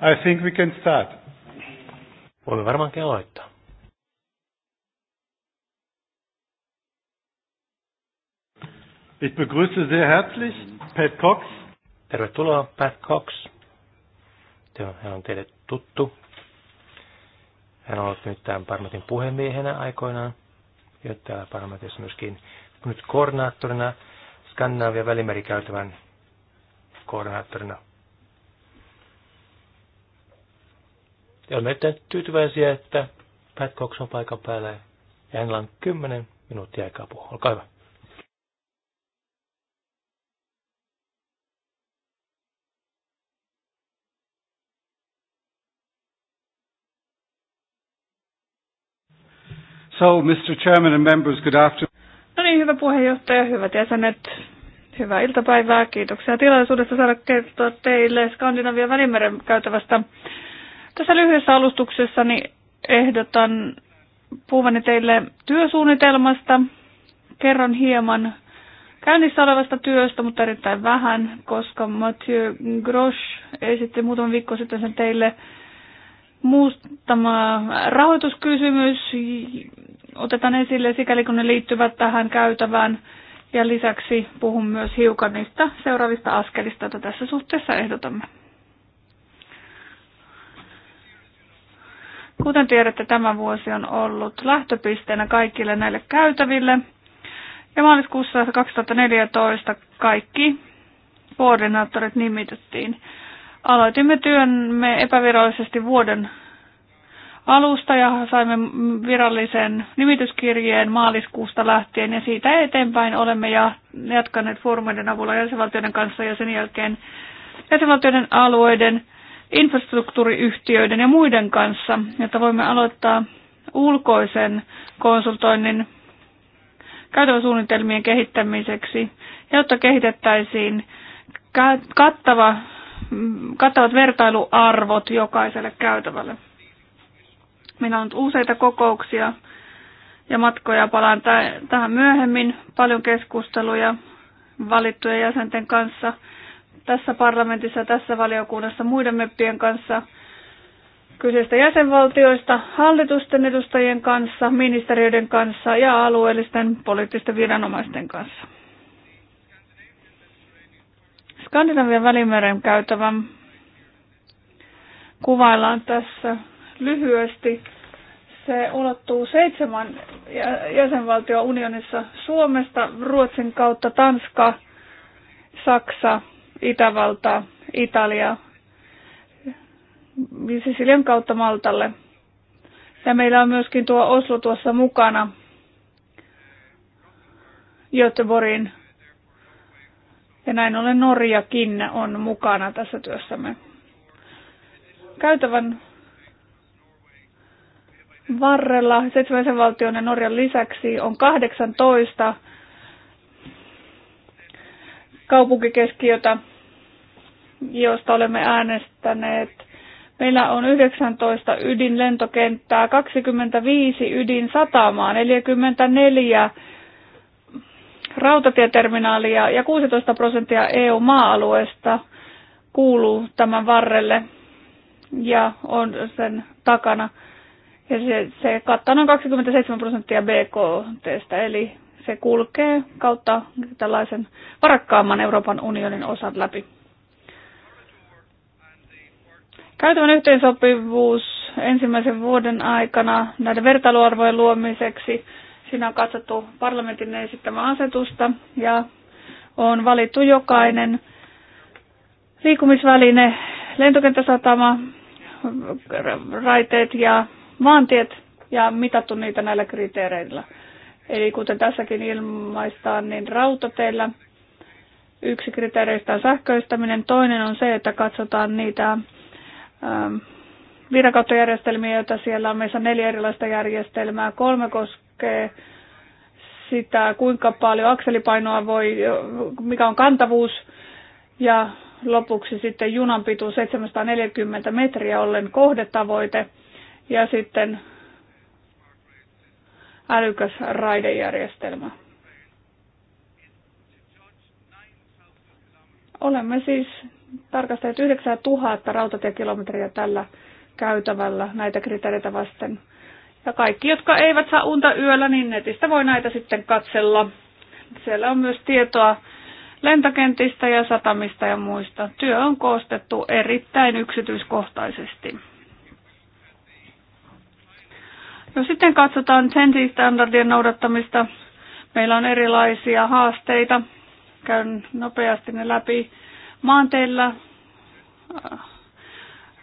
I think we can start. Voimme varmaankin aloittaa. Ich begrüße sehr herzlich Pat Cox. Tervetuloa Pat Cox. Hän on teille tuttu. Hän on ollut nyt tämän parlamentin puhemiehenä aikoinaan ja täällä parlamentissa myöskin nyt koordinaattorina, Skandinaavia välimerikäytävän koordinaattorina Ja olemme erittäin tyytyväisiä, että Pat Cox on paikan päällä ja hänellä on 10 minuuttia aikaa puhua. Olkaa hyvä. So, Mr. Chairman and members, good afternoon. No niin, hyvä puheenjohtaja, hyvät jäsenet, hyvää iltapäivää. Kiitoksia tilaisuudesta saada kertoa teille Skandinavian välimeren käytävästä tässä lyhyessä alustuksessani niin ehdotan puhuvani teille työsuunnitelmasta. Kerron hieman käynnissä olevasta työstä, mutta erittäin vähän, koska Mathieu Grosch esitti muutaman viikko sitten sen teille muutama rahoituskysymys. Otetaan esille sikäli, kun ne liittyvät tähän käytävään. Ja lisäksi puhun myös hiukan niistä seuraavista askelista, joita tässä suhteessa ehdotamme. Kuten tiedätte, tämä vuosi on ollut lähtöpisteenä kaikille näille käytäville. Ja maaliskuussa 2014 kaikki koordinaattorit nimitettiin. Aloitimme työnme epävirallisesti vuoden alusta ja saimme virallisen nimityskirjeen maaliskuusta lähtien ja siitä eteenpäin olemme jatkaneet foorumeiden avulla jäsenvaltioiden kanssa ja sen jälkeen jäsenvaltioiden alueiden infrastruktuuriyhtiöiden ja muiden kanssa, jotta voimme aloittaa ulkoisen konsultoinnin käytäväsuunnitelmien kehittämiseksi, jotta kehitettäisiin kattava, kattavat vertailuarvot jokaiselle käytävälle. Meillä on useita kokouksia ja matkoja. Palaan tähän myöhemmin. Paljon keskusteluja valittujen jäsenten kanssa – tässä parlamentissa, tässä valiokunnassa muiden meppien kanssa, kyseistä jäsenvaltioista, hallitusten edustajien kanssa, ministeriöiden kanssa ja alueellisten poliittisten viranomaisten kanssa. Skandinavian välimeren käytävän kuvaillaan tässä lyhyesti. Se ulottuu seitsemän jäsenvaltion unionissa Suomesta, Ruotsin kautta Tanska, Saksa, Itävalta, Italia, Sisilian kautta Maltalle. Ja meillä on myöskin tuo Oslo tuossa mukana Göteborgin. Ja näin ollen Norjakin on mukana tässä työssämme. Käytävän varrella seitsemän valtion ja Norjan lisäksi on 18 kaupunkikeskiötä, josta olemme äänestäneet. Meillä on 19 ydinlentokenttää, 25 ydinsatamaa, 44 rautatieterminaalia ja 16 prosenttia EU-maa-alueesta kuuluu tämän varrelle ja on sen takana. Ja se, se kattaa noin 27 prosenttia BKT, eli se kulkee kautta tällaisen varakkaamman Euroopan unionin osan läpi. Käytävän yhteensopivuus ensimmäisen vuoden aikana näiden vertailuarvojen luomiseksi. Siinä on katsottu parlamentin esittämää asetusta ja on valittu jokainen liikumisväline, lentokenttäsatama, raiteet ja maantiet ja mitattu niitä näillä kriteereillä. Eli kuten tässäkin ilmaistaan, niin rautateillä yksi kriteereistä on sähköistäminen, toinen on se, että katsotaan niitä ähm, viidakauppajärjestelmiä, joita siellä on meissä neljä erilaista järjestelmää. Kolme koskee sitä, kuinka paljon akselipainoa voi, mikä on kantavuus, ja lopuksi sitten junan pituus 740 metriä ollen kohdetavoite, ja sitten älykäs raidejärjestelmä. Olemme siis tarkastaneet 9000 rautatiekilometriä tällä käytävällä näitä kriteereitä vasten. Ja kaikki, jotka eivät saa unta yöllä, niin netistä voi näitä sitten katsella. Siellä on myös tietoa lentokentistä ja satamista ja muista. Työ on koostettu erittäin yksityiskohtaisesti. No sitten katsotaan Sensi-standardien noudattamista. Meillä on erilaisia haasteita. Käyn nopeasti ne läpi. Maanteilla äh,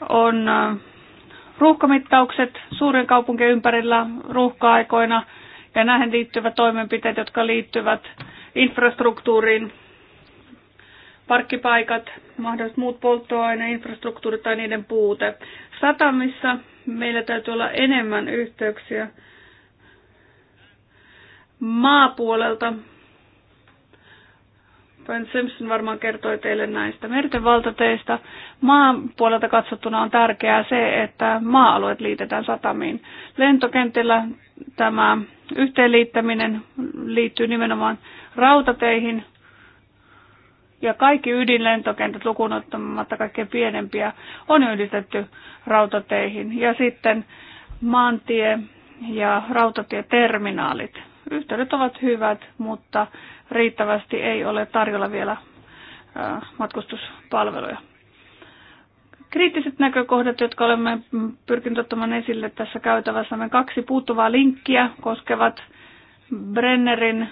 on äh, ruuhkamittaukset suuren kaupunkien ympärillä ruuhka-aikoina ja näihin liittyvät toimenpiteet, jotka liittyvät infrastruktuuriin, parkkipaikat, mahdolliset muut polttoaineinfrastruktuurit tai niiden puute. Satamissa meillä täytyy olla enemmän yhteyksiä maapuolelta. Ben Simpson varmaan kertoi teille näistä merten valtateista. Maan puolelta katsottuna on tärkeää se, että maa-alueet liitetään satamiin. Lentokentillä tämä yhteenliittäminen liittyy nimenomaan rautateihin, ja kaikki ydinlentokentät lukuun ottamatta kaikkein pienempiä on yhdistetty rautateihin ja sitten maantie ja rautatieterminaalit. Yhteydet ovat hyvät, mutta riittävästi ei ole tarjolla vielä matkustuspalveluja. Kriittiset näkökohdat, jotka olemme pyrkineet ottamaan esille tässä käytävässä, me kaksi puuttuvaa linkkiä koskevat Brennerin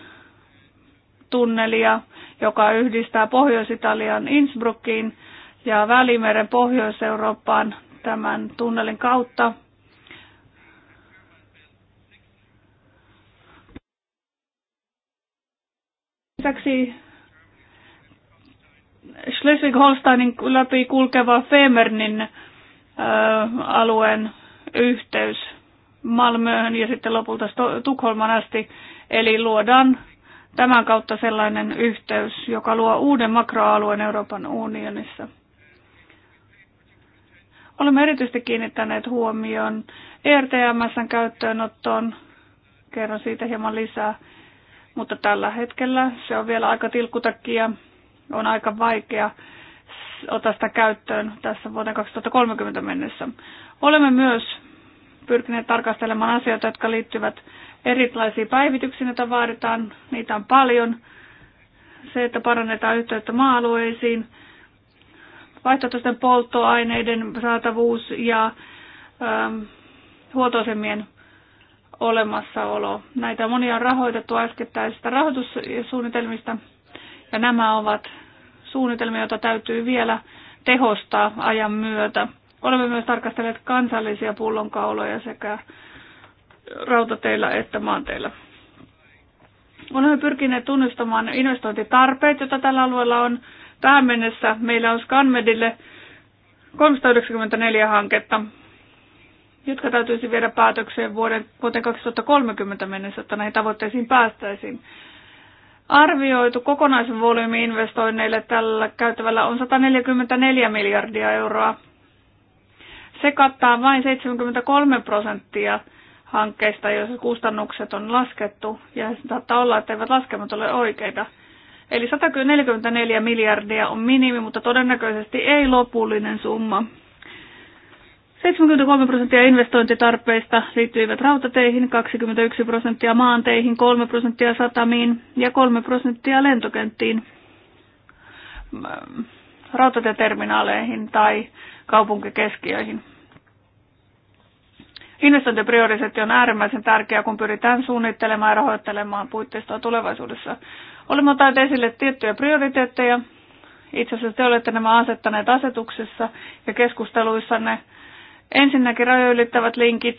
tunnelia, joka yhdistää Pohjois-Italian Innsbruckiin ja Välimeren Pohjois-Eurooppaan tämän tunnelin kautta. Lisäksi Schleswig-Holsteinin läpi kulkeva Femernin äh, alueen yhteys Malmöön ja sitten lopulta Tukholman asti. Eli luodaan tämän kautta sellainen yhteys, joka luo uuden makroalueen Euroopan unionissa. Olemme erityisesti kiinnittäneet huomioon ERTMSn käyttöönottoon. Kerron siitä hieman lisää. Mutta tällä hetkellä se on vielä aika tilkkutakkia. On aika vaikea ottaa sitä käyttöön tässä vuoden 2030 mennessä. Olemme myös pyrkineet tarkastelemaan asioita, jotka liittyvät erilaisia päivityksiä, joita vaaditaan, niitä on paljon. Se, että parannetaan yhteyttä maa-alueisiin, vaihtoehtoisten polttoaineiden saatavuus ja ähm, huoltoasemien olemassaolo. Näitä monia on rahoitettu äskettäisistä rahoitussuunnitelmista, ja nämä ovat suunnitelmia, joita täytyy vielä tehostaa ajan myötä. Olemme myös tarkastelleet kansallisia pullonkauloja sekä rautateillä että maanteillä. Olemme pyrkineet tunnistamaan investointitarpeet, joita tällä alueella on. Tähän mennessä meillä on Scanmedille 394 hanketta, jotka täytyisi viedä päätökseen vuoden, vuoteen 2030 mennessä, että näihin tavoitteisiin päästäisiin. Arvioitu kokonaisvolyymi investoinneille tällä käytävällä on 144 miljardia euroa. Se kattaa vain 73 prosenttia hankkeista, joissa kustannukset on laskettu, ja saattaa olla, että eivät laskemat ole oikeita. Eli 144 miljardia on minimi, mutta todennäköisesti ei lopullinen summa. 73 prosenttia investointitarpeista liittyivät rautateihin, 21 prosenttia maanteihin, 3 prosenttia satamiin ja 3 prosenttia lentokenttiin, rautatieterminaaleihin tai kaupunkikeskiöihin investointipriorisetti on äärimmäisen tärkeä, kun pyritään suunnittelemaan ja rahoittelemaan puitteistoa tulevaisuudessa. Olemme ottaneet esille tiettyjä prioriteetteja. Itse asiassa te olette nämä asettaneet asetuksissa ja keskusteluissanne. Ensinnäkin rajoylittävät linkit,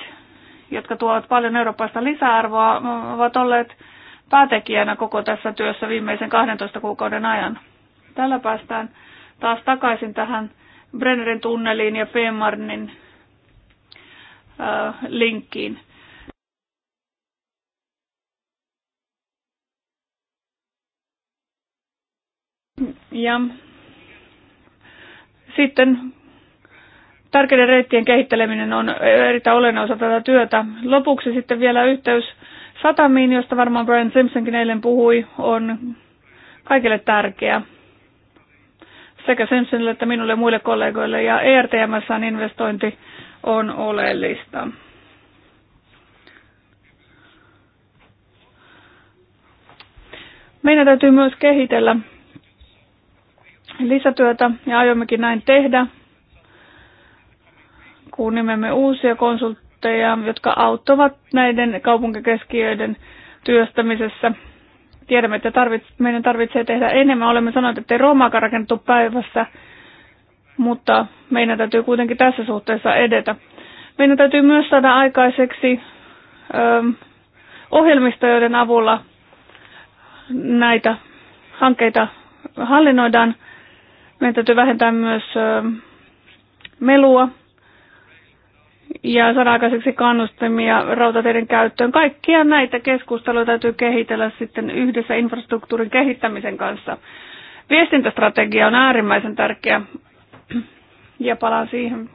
jotka tuovat paljon eurooppaista lisäarvoa, ovat olleet päätekijänä koko tässä työssä viimeisen 12 kuukauden ajan. Tällä päästään taas takaisin tähän Brennerin tunneliin ja Femarnin linkkiin. Ja sitten tärkeiden reittien kehitteleminen on erittäin olennainen osa tätä työtä. Lopuksi sitten vielä yhteys satamiin, josta varmaan Brian Simpsonkin eilen puhui, on kaikille tärkeä. Sekä Simpsonille että minulle ja muille kollegoille. Ja ERTMS on investointi on oleellista. Meidän täytyy myös kehitellä lisätyötä ja aiommekin näin tehdä, kun nimemme uusia konsultteja, jotka auttavat näiden kaupunkikeskiöiden työstämisessä. Tiedämme, että tarvitse, meidän tarvitsee tehdä enemmän. Olemme sanoneet, että ei Roomaakaan rakennettu päivässä mutta meidän täytyy kuitenkin tässä suhteessa edetä. Meidän täytyy myös saada aikaiseksi ö, ohjelmista, joiden avulla näitä hankkeita hallinnoidaan. Meidän täytyy vähentää myös ö, melua ja saada aikaiseksi kannustimia rautateiden käyttöön. Kaikkia näitä keskusteluja täytyy kehitellä sitten yhdessä infrastruktuurin kehittämisen kanssa. Viestintästrategia on äärimmäisen tärkeä ja palaan siihen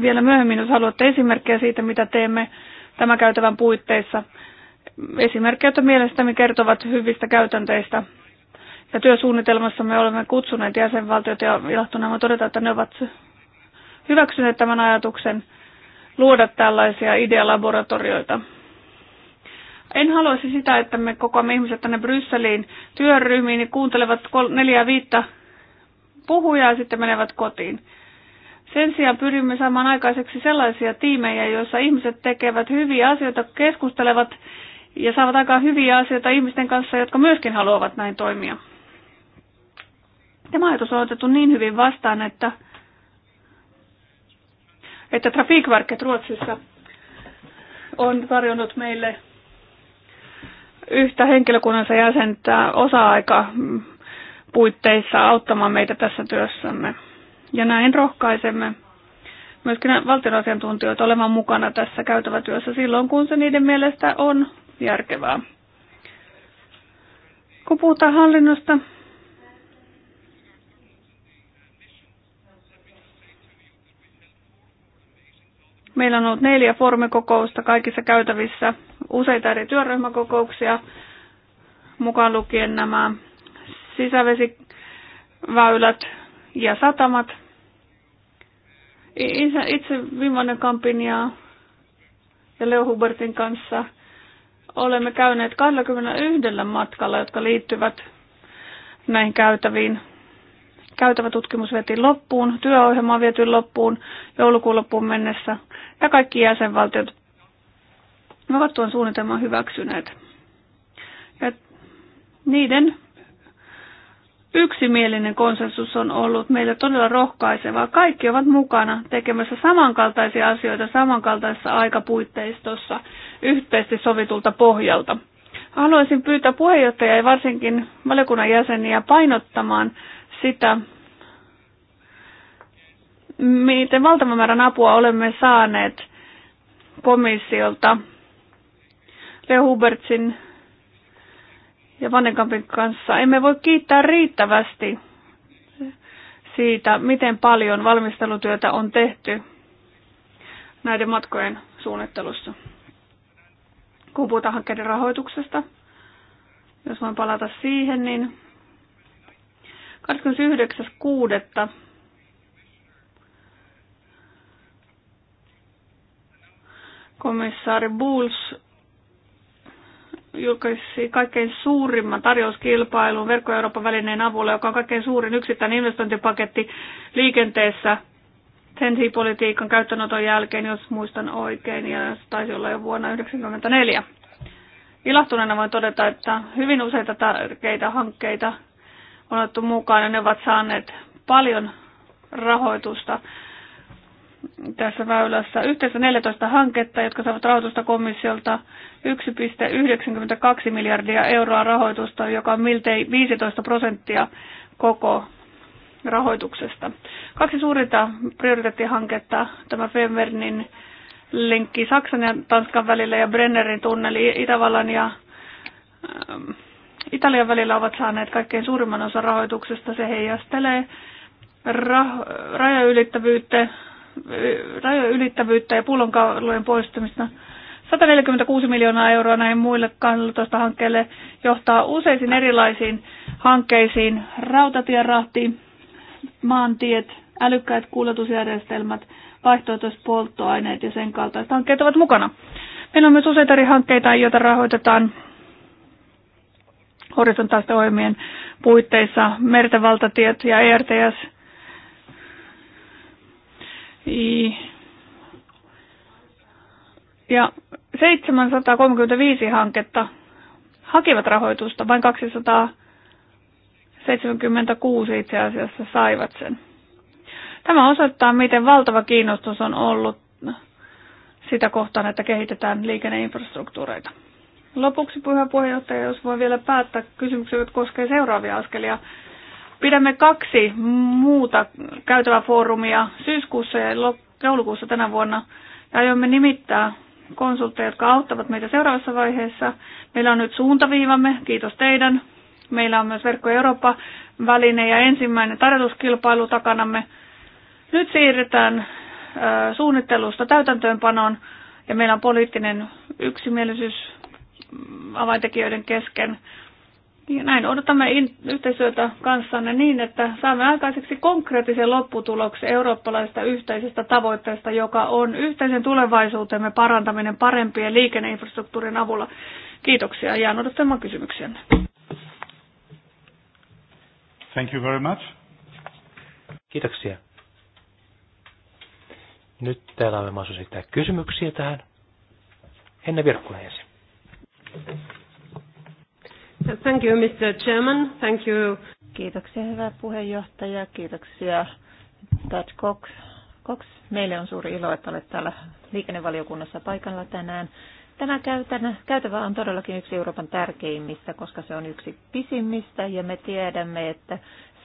vielä myöhemmin, jos haluatte esimerkkejä siitä, mitä teemme tämän käytävän puitteissa. Esimerkkejä, joita mielestäni kertovat hyvistä käytänteistä. Ja työsuunnitelmassa me olemme kutsuneet jäsenvaltiot ja ilahtuneemme todeta, että ne ovat hyväksyneet tämän ajatuksen luoda tällaisia idealaboratorioita. En haluaisi sitä, että me kokoamme ihmiset tänne Brysseliin työryhmiin ja niin kuuntelevat neljä viittä puhujaa ja sitten menevät kotiin. Sen sijaan pyrimme saamaan aikaiseksi sellaisia tiimejä, joissa ihmiset tekevät hyviä asioita, keskustelevat ja saavat aikaan hyviä asioita ihmisten kanssa, jotka myöskin haluavat näin toimia. Tämä ajatus on otettu niin hyvin vastaan, että, että Trafikverket Ruotsissa on tarjonnut meille yhtä henkilökunnansa jäsentä osa-aika puitteissa auttamaan meitä tässä työssämme. Ja näin rohkaisemme myöskin valtion asiantuntijoita olemaan mukana tässä käytävätyössä silloin, kun se niiden mielestä on järkevää. Kun puhutaan hallinnosta, Meillä on ollut neljä formikokousta kaikissa käytävissä, useita eri työryhmäkokouksia, mukaan lukien nämä sisävesiväylät ja satamat. Itse viimeinen kampinja ja, Leo Hubertin kanssa olemme käyneet 21 matkalla, jotka liittyvät näihin käytäviin. Käytävä tutkimus vietiin loppuun, työohjelma on viety loppuun joulukuun loppuun mennessä ja kaikki jäsenvaltiot ovat tuon suunnitelman hyväksyneet. Ja niiden yksimielinen konsensus on ollut meille todella rohkaisevaa. Kaikki ovat mukana tekemässä samankaltaisia asioita samankaltaisessa aikapuitteistossa yhteisesti sovitulta pohjalta. Haluaisin pyytää puheenjohtajaa ja varsinkin valiokunnan jäseniä painottamaan sitä, miten valtavan määrän apua olemme saaneet komissiolta. Leo Hubertsin ja vanhempien kanssa emme voi kiittää riittävästi siitä, miten paljon valmistelutyötä on tehty näiden matkojen suunnittelussa. Kun puhutaan hankkeiden rahoituksesta, jos voin palata siihen, niin 29.6. komissaari Bulls julkaisi kaikkein suurimman tarjouskilpailun Verkko Euroopan välineen avulla, joka on kaikkein suurin yksittäinen investointipaketti liikenteessä politiikan käyttöönoton jälkeen, jos muistan oikein, ja se taisi olla jo vuonna 1994. Ilahtuneena voin todeta, että hyvin useita tärkeitä hankkeita on otettu mukaan ja ne ovat saaneet paljon rahoitusta tässä väylässä yhteensä 14 hanketta, jotka saavat rahoitusta komissiolta 1,92 miljardia euroa rahoitusta, joka on miltei 15 prosenttia koko rahoituksesta. Kaksi suurinta prioriteettihanketta, tämä Femvernin linkki Saksan ja Tanskan välillä ja Brennerin tunneli Itävallan ja ähm, Italian välillä ovat saaneet kaikkein suurimman osan rahoituksesta. Se heijastelee ra- rajaylittävyyttä, rajojen ylittävyyttä ja pullonkaulojen poistamista. 146 miljoonaa euroa näihin muille 12 hankkeelle johtaa useisiin erilaisiin hankkeisiin, rautatierahti, maantiet, älykkäät kuljetusjärjestelmät, vaihtoehtoiset polttoaineet ja sen kaltaiset hankkeet ovat mukana. Meillä on myös useita eri hankkeita, joita rahoitetaan horisontaalisten ohjelmien puitteissa, merten ja ERTS, ja 735 hanketta hakivat rahoitusta, vain 276 itse asiassa saivat sen. Tämä osoittaa, miten valtava kiinnostus on ollut sitä kohtaan, että kehitetään liikenneinfrastruktuureita. Lopuksi puheenjohtaja, jos voi vielä päättää kysymyksiä, jotka koskevat seuraavia askelia Pidämme kaksi muuta käytäväfoorumia syyskuussa ja joulukuussa tänä vuonna ja aiomme nimittää konsultteja, jotka auttavat meitä seuraavassa vaiheessa. Meillä on nyt suuntaviivamme, kiitos teidän. Meillä on myös Verkko Eurooppa-väline ja ensimmäinen tarjouskilpailu takanamme. Nyt siirrytään suunnittelusta täytäntöönpanoon ja meillä on poliittinen yksimielisyys mm, avaintekijöiden kesken. Ja näin odotamme in- yhteistyötä kanssanne niin, että saamme aikaiseksi konkreettisen lopputuloksen eurooppalaisesta yhteisestä tavoitteesta, joka on yhteisen tulevaisuutemme parantaminen parempien liikenneinfrastruktuurin avulla. Kiitoksia. Jään odottamaan kysymyksiänne. Thank you very much. Kiitoksia. Nyt täällä on mahdollisuus esittää kysymyksiä tähän. Henne Virkkunen ensin. Thank you, Mr. Chairman. Thank you. Kiitoksia, hyvä puheenjohtaja. Kiitoksia, Dad Cox. Cox. Meille on suuri ilo, että olet täällä liikennevaliokunnassa paikalla tänään. Tämä käytävä on todellakin yksi Euroopan tärkeimmistä, koska se on yksi pisimmistä ja me tiedämme, että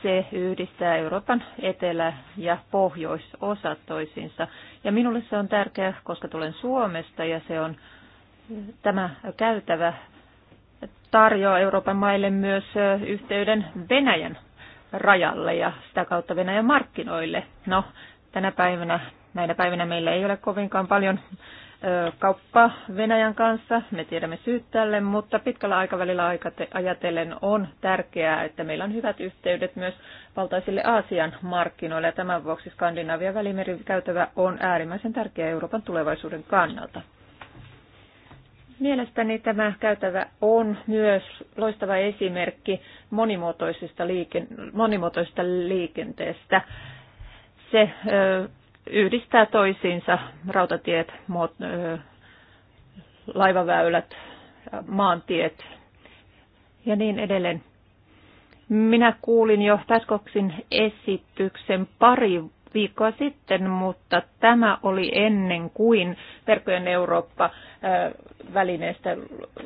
se yhdistää Euroopan etelä- ja pohjoisosat toisiinsa. Ja minulle se on tärkeää, koska tulen Suomesta ja se on tämä käytävä tarjoaa Euroopan maille myös yhteyden Venäjän rajalle ja sitä kautta Venäjän markkinoille. No, tänä päivänä, näinä päivinä meillä ei ole kovinkaan paljon kauppa Venäjän kanssa, me tiedämme syyt tälle, mutta pitkällä aikavälillä ajatellen on tärkeää, että meillä on hyvät yhteydet myös valtaisille Aasian markkinoille ja tämän vuoksi Skandinavia välimerikäytävä on äärimmäisen tärkeä Euroopan tulevaisuuden kannalta. Mielestäni tämä käytävä on myös loistava esimerkki monimuotoisesta, liiken, monimuotoisesta liikenteestä. Se ö, yhdistää toisiinsa rautatiet, ö, laivaväylät, maantiet ja niin edelleen. Minä kuulin jo Taskoksin esityksen pari viikkoa sitten, mutta tämä oli ennen kuin Verkkojen Eurooppa-välineestä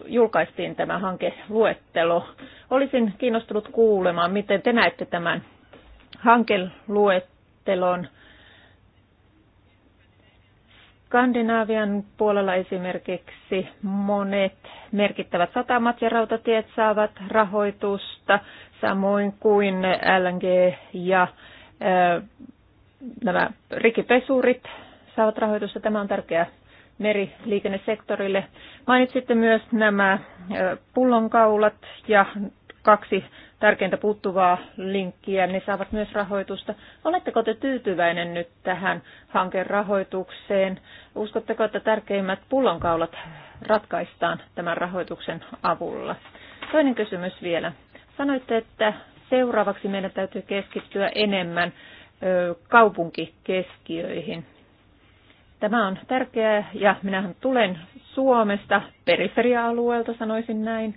julkaistiin tämä hankeluettelo. Olisin kiinnostunut kuulemaan, miten te näette tämän hankeluettelon. Skandinaavian puolella esimerkiksi monet merkittävät satamat ja rautatiet saavat rahoitusta, samoin kuin LNG ja nämä rikipesurit saavat rahoitusta. Tämä on tärkeä meriliikennesektorille. Mainitsitte myös nämä pullonkaulat ja kaksi tärkeintä puuttuvaa linkkiä, ne saavat myös rahoitusta. Oletteko te tyytyväinen nyt tähän hankerahoitukseen? Uskotteko, että tärkeimmät pullonkaulat ratkaistaan tämän rahoituksen avulla? Toinen kysymys vielä. Sanoitte, että seuraavaksi meidän täytyy keskittyä enemmän kaupunkikeskiöihin. Tämä on tärkeää ja minähän tulen Suomesta, periferia-alueelta sanoisin näin.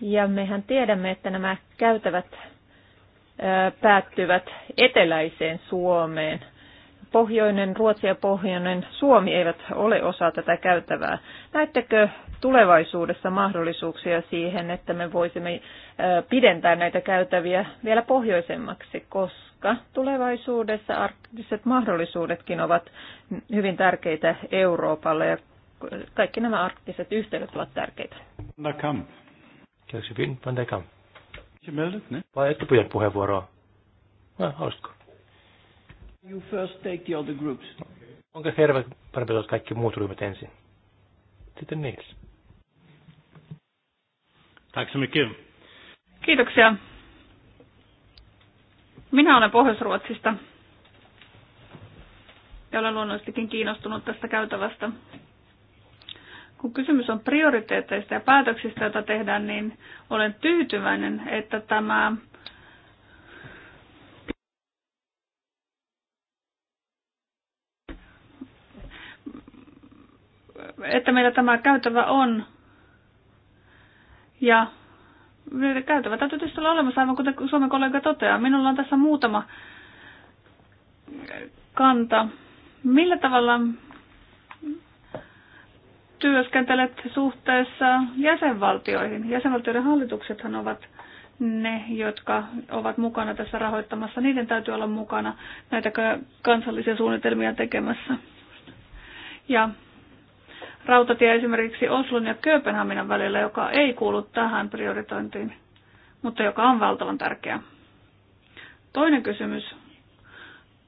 Ja mehän tiedämme, että nämä käytävät päättyvät eteläiseen Suomeen. Pohjoinen Ruotsi ja pohjoinen Suomi eivät ole osa tätä käytävää. Näettekö tulevaisuudessa mahdollisuuksia siihen, että me voisimme pidentää näitä käytäviä vielä pohjoisemmaksi, koska koska tulevaisuudessa arktiset mahdollisuudetkin ovat hyvin tärkeitä Euroopalle ja kaikki nämä arktiset yhteydet ovat tärkeitä. Van Kamp. Kelsivin Van de Kamp. Vai etkö pyydä puheenvuoroa? Vai no, haluaisitko? You first take the other groups. Onko herve parempi ottaa kaikki muut ryhmät ensin? Sitten niissä. Tack så mycket. Kiitoksia. Minä olen Pohjois-Ruotsista ja olen luonnollisestikin kiinnostunut tästä käytävästä. Kun kysymys on prioriteetteista ja päätöksistä, joita tehdään, niin olen tyytyväinen, että tämä että meillä tämä käytävä on. Ja käytävä täytyy tietysti olla olemassa, aivan kuten Suomen kollega toteaa. Minulla on tässä muutama kanta. Millä tavalla työskentelet suhteessa jäsenvaltioihin? Jäsenvaltioiden hallituksethan ovat ne, jotka ovat mukana tässä rahoittamassa, niiden täytyy olla mukana näitä kansallisia suunnitelmia tekemässä. Ja rautatie esimerkiksi Oslon ja Kööpenhaminan välillä, joka ei kuulu tähän prioritointiin, mutta joka on valtavan tärkeä. Toinen kysymys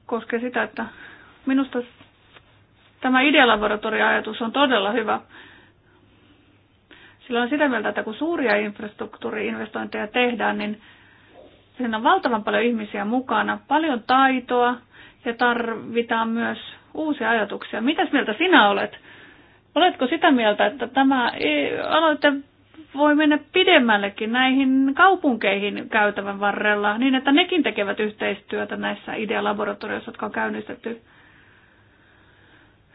koskee sitä, että minusta tämä idealaboratorioajatus on todella hyvä. Sillä on sitä mieltä, että kun suuria infrastruktuuriinvestointeja tehdään, niin siinä on valtavan paljon ihmisiä mukana, paljon taitoa ja tarvitaan myös uusia ajatuksia. Mitäs mieltä sinä olet? Oletko sitä mieltä, että tämä e, aloite voi mennä pidemmällekin näihin kaupunkeihin käytävän varrella, niin että nekin tekevät yhteistyötä näissä idealaboratorioissa, jotka on käynnistetty?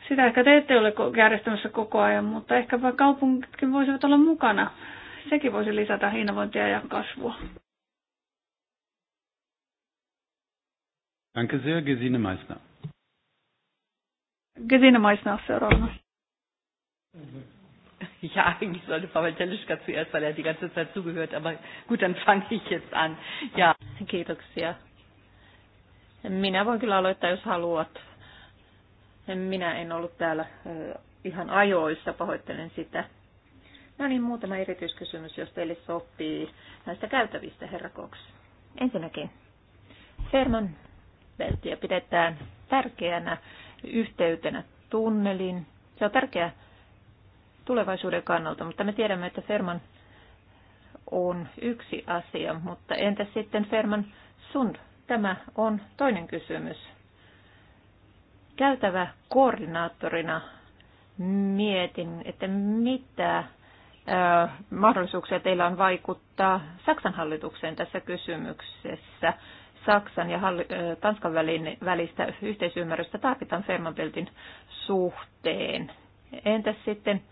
Sitä ehkä te ette ole järjestämässä koko ajan, mutta ehkä kaupunkikin voisivat olla mukana. Sekin voisi lisätä innovointia ja kasvua. Danke sehr, Gesine Meissner. Gesine Meissner seuraavaksi. Mhm. Ja, eigentlich sollte Frau Valtelischka zuerst, weil er die ganze Zeit zugehört, aber gut, dann fange ich jetzt an. Ja. Kiitoksia. Minä voin kyllä aloittaa, jos haluat. Minä en ollut täällä ihan ajoissa, pahoittelen sitä. No niin, muutama erityiskysymys, jos teille sopii näistä käytävistä, herra Cox. Ensinnäkin, Ferman Veltiä pidetään tärkeänä yhteytenä tunnelin. Se on tärkeä tulevaisuuden kannalta, mutta me tiedämme, että Ferman on yksi asia, mutta entä sitten Ferman sun? Tämä on toinen kysymys. Käytävä koordinaattorina mietin, että mitä mahdollisuuksia teillä on vaikuttaa Saksan hallitukseen tässä kysymyksessä. Saksan ja Tanskan välin, välistä yhteisymmärrystä tarvitaan Fermanbeltin suhteen. Entäs sitten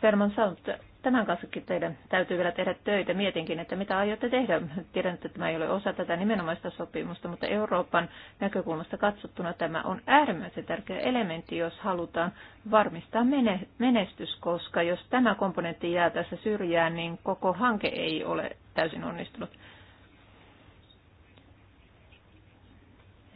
Sermon Salt, tämän kanssa teidän täytyy vielä tehdä töitä. Mietinkin, että mitä aiotte tehdä. Tiedän, että tämä ei ole osa tätä nimenomaista sopimusta, mutta Euroopan näkökulmasta katsottuna tämä on äärimmäisen tärkeä elementti, jos halutaan varmistaa menestys, koska jos tämä komponentti jää tässä syrjään, niin koko hanke ei ole täysin onnistunut.